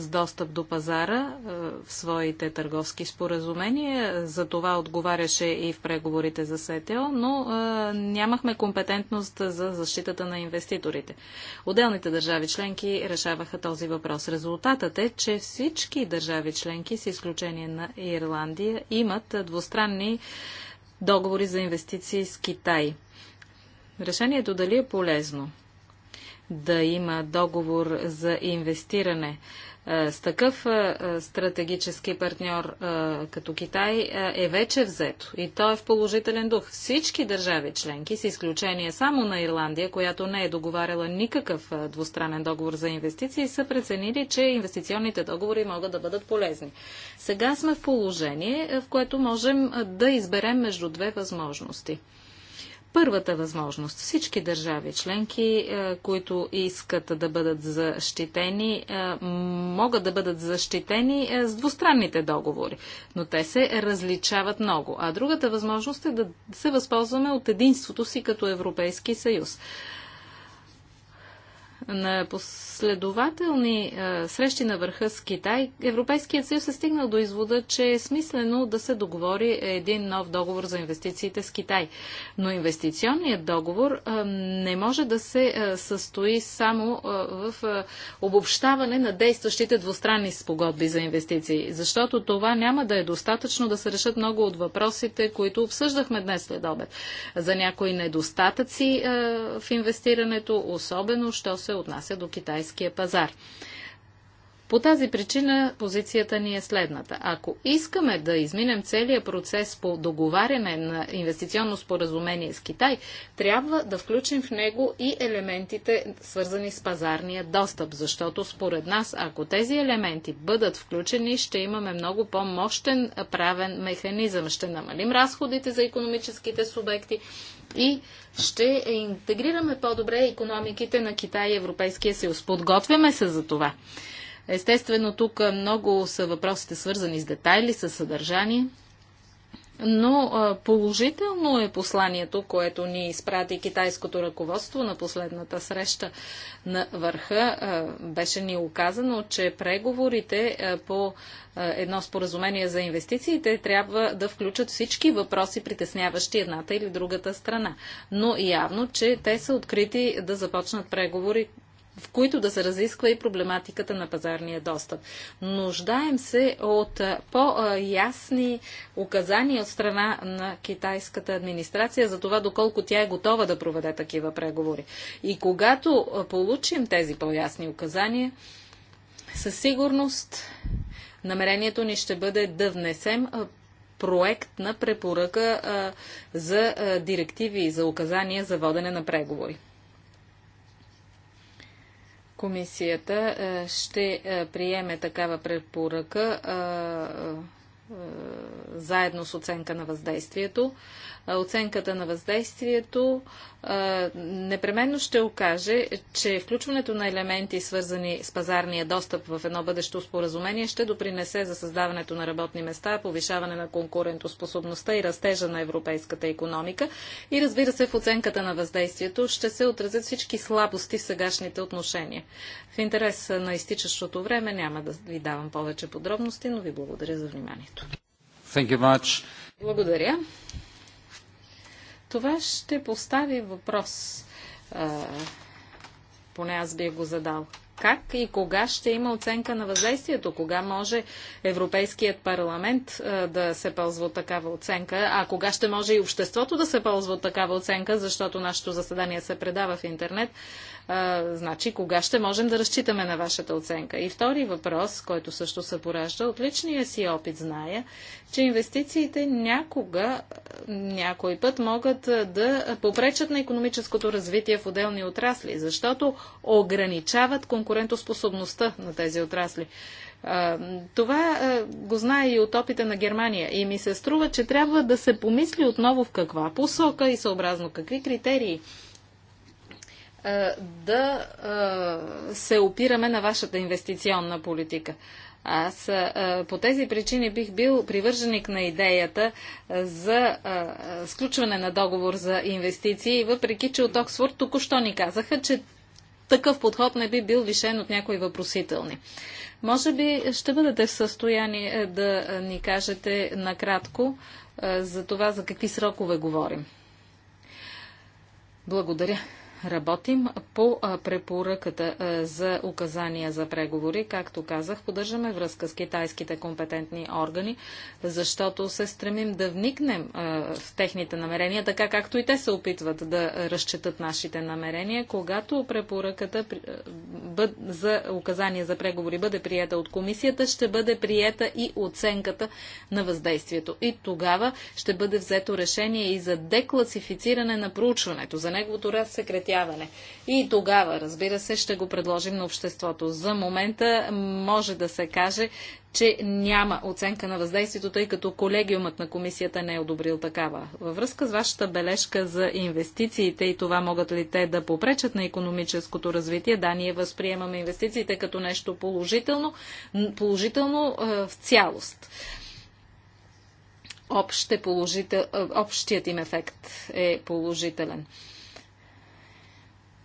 Speaker 1: с достъп до пазара е, в своите търговски споразумения. За това отговаряше и в преговорите за СТО, но е, нямахме компетентност за защитата на инвеститорите. Отделните държави членки решаваха този въпрос. Резултатът е, че всички държави членки, с изключение на Ирландия, имат двустранни договори за инвестиции с Китай. Решението дали е полезно да има договор за инвестиране е, с такъв е, е, стратегически партньор като Китай е вече взето и то е в положителен дух. Всички държави членки, с изключение само на Ирландия, която не е договаряла никакъв двустранен договор за инвестиции, са преценили, че инвестиционните договори могат да бъдат полезни. Сега сме в положение, в което можем да изберем между две възможности – Първата възможност. Всички държави членки, е, които искат да бъдат защитени, е, могат да бъдат защитени е, с двустранните договори, но те се различават много. А другата възможност е да се възползваме от единството си като Европейски съюз. На последователни а, срещи на върха с Китай, Европейският съюз е стигнал до извода, че е смислено да се договори един нов договор за инвестициите с Китай. Но инвестиционният договор а, не може да се а, състои само в обобщаване на действащите двустранни спогодби за инвестиции, защото това няма да е достатъчно да се решат много от въпросите, които обсъждахме днес след обед. За някои недостатъци в инвестирането, особено, що се отнася до китайския пазар. По тази причина позицията ни е следната. Ако искаме да изминем целият процес по договаряне на инвестиционно споразумение с Китай, трябва да включим в него и елементите, свързани с пазарния достъп, защото според нас, ако тези елементи бъдат включени, ще имаме много по-мощен правен механизъм. Ще намалим разходите за економическите субекти и ще интегрираме по-добре економиките на Китай и Европейския съюз. Подготвяме се за това. Естествено, тук много са въпросите свързани с детайли, с съдържание но положително е посланието, което ни изпрати китайското ръководство на последната среща на върха. Беше ни оказано, че преговорите по едно споразумение за инвестициите трябва да включат всички въпроси, притесняващи едната или другата страна. Но явно, че те са открити да започнат преговори в които да се разисква и проблематиката на пазарния достъп. Нуждаем се от по-ясни указания от страна на китайската администрация за това доколко тя е готова да проведе такива преговори. И когато получим тези по-ясни указания, със сигурност намерението ни ще бъде да внесем проект на препоръка за директиви и за указания за водене на преговори комисията е, ще е, приеме такава препоръка е, заедно с оценка на въздействието. Оценката на въздействието непременно ще окаже, че включването на елементи, свързани с пазарния достъп в едно бъдещо споразумение, ще допринесе за създаването на работни места, повишаване на конкурентоспособността и растежа на европейската економика. И разбира се, в оценката на въздействието ще се отразят всички слабости в сегашните отношения. В интерес на изтичащото време няма да ви давам повече подробности, но ви благодаря за вниманието. Благодаря. Това ще постави въпрос. поне аз би го задал. Как и кога ще има оценка на въздействието? Кога може Европейският парламент да се ползва от такава оценка? А кога ще може и обществото да се ползва от такава оценка, защото нашето заседание се предава в интернет? значи кога ще можем да разчитаме на вашата оценка? И втори въпрос, който също се поражда, от личния си опит зная, че инвестициите някога, някой път могат да попречат на економическото развитие в отделни отрасли, защото ограничават конкурентоспособността на тези отрасли. Това го знае и от опита на Германия. И ми се струва, че трябва да се помисли отново в каква посока и съобразно какви критерии е, да е, се опираме на вашата инвестиционна политика. Аз е, по тези причини бих бил привърженик на идеята за сключване на договор за инвестиции, въпреки че от Оксфорд току-що ни казаха, че такъв подход не би бил лишен от някои въпросителни. Може би ще бъдете в състояние да ни кажете накратко за това за какви срокове говорим. Благодаря работим по препоръката за указания за преговори. Както казах, поддържаме връзка с китайските компетентни органи, защото се стремим да вникнем в техните намерения, така както и те се опитват да разчитат нашите намерения. Когато препоръката за указания за преговори бъде приета от комисията, ще бъде приета и оценката на въздействието. И тогава ще бъде взето решение и за декласифициране на проучването, за неговото разсекретиране осветяване. И тогава, разбира се, ще го предложим на обществото. За момента може да се каже, че няма оценка на въздействието, тъй като колегиумът на комисията не е одобрил такава. Във връзка с вашата бележка за инвестициите и това могат ли те да попречат на економическото развитие, да, ние възприемаме инвестициите като нещо положително, положително е, в цялост. Е е, общият им ефект е положителен.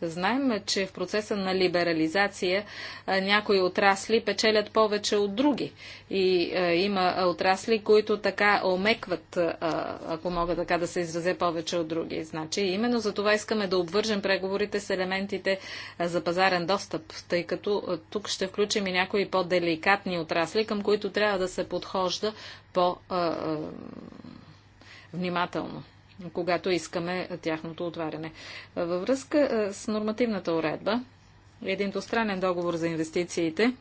Speaker 1: Знаем, че в процеса на либерализация някои отрасли печелят повече от други. И е, има отрасли, които така омекват, е, ако мога така да се изразе, повече от други. Значи, именно за това искаме да обвържем преговорите с елементите за пазарен достъп, тъй като тук ще включим и някои по-деликатни отрасли, към които трябва да се подхожда по- е, внимателно когато искаме тяхното отваряне. Във връзка с нормативната уредба, един двустранен договор за инвестициите,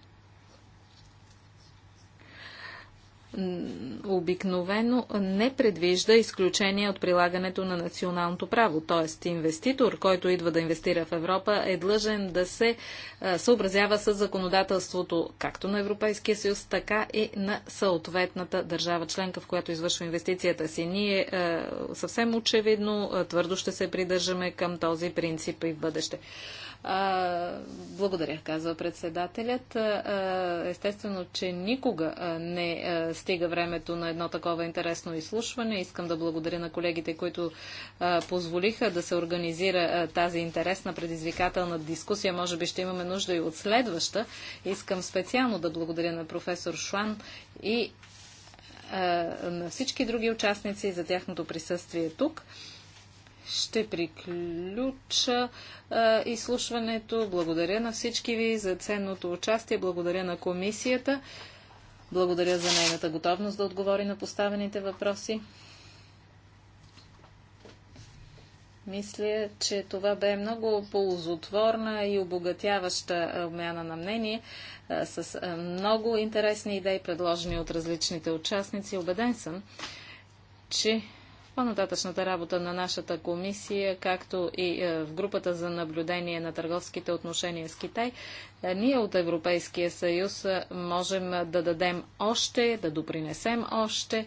Speaker 1: обикновено не предвижда изключение от прилагането на националното право. Тоест, инвеститор, който идва да инвестира в Европа, е длъжен да се съобразява с законодателството както на Европейския съюз, така и на съответната държава членка, в която извършва инвестицията си. Ние съвсем очевидно твърдо ще се придържаме към този принцип и в бъдеще. А, благодаря, казва председателят. А, естествено, че никога не а, стига времето на едно такова интересно изслушване. Искам да благодаря на колегите, които а, позволиха да се организира а, тази интересна предизвикателна дискусия. Може би ще имаме нужда и от следваща. Искам специално да благодаря на професор Шуан и на всички други участници за тяхното присъствие тук ще приключа а, изслушването. Благодаря на всички ви за ценното участие. Благодаря на комисията. Благодаря за нейната готовност да отговори на поставените въпроси. Мисля, че това бе много ползотворна и обогатяваща обмяна на мнение а, с много интересни идеи, предложени от различните участници. Обеден съм, че по-нататъчната работа на нашата комисия, както и е, в групата за наблюдение на търговските отношения с Китай, е, ние от Европейския съюз е, можем да дадем още, да допринесем още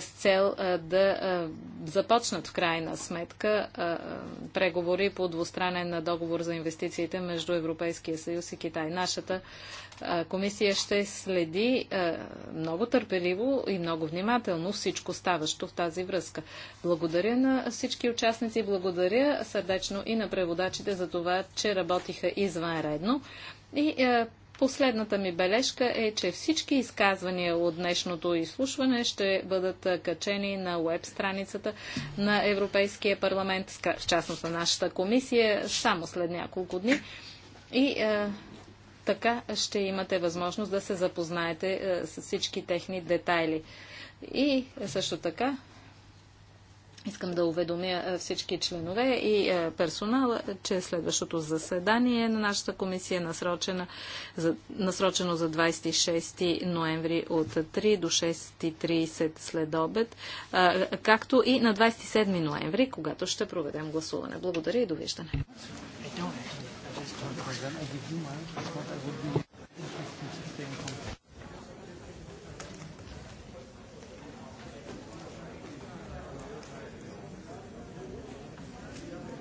Speaker 1: с цел да започнат в крайна сметка преговори по двустранен договор за инвестициите между Европейския съюз и Китай. Нашата комисия ще следи много търпеливо и много внимателно всичко ставащо в тази връзка. Благодаря на всички участници, благодаря сърдечно и на преводачите за това, че работиха извънредно. И Последната ми бележка е, че всички изказвания от днешното изслушване ще бъдат качени на веб страницата на Европейския парламент, в частност на нашата комисия, само след няколко дни. И е, така ще имате възможност да се запознаете е, с всички техни детайли. И също така Искам да уведомя е, всички членове и е, персонала, че следващото заседание на нашата комисия е насрочено за, насрочено за 26 ноември от 3 до 6.30 след обед, както и на 27 ноември, когато ще проведем гласуване. Благодаря и довиждане. Mr. President, I give you my, I thought I would be.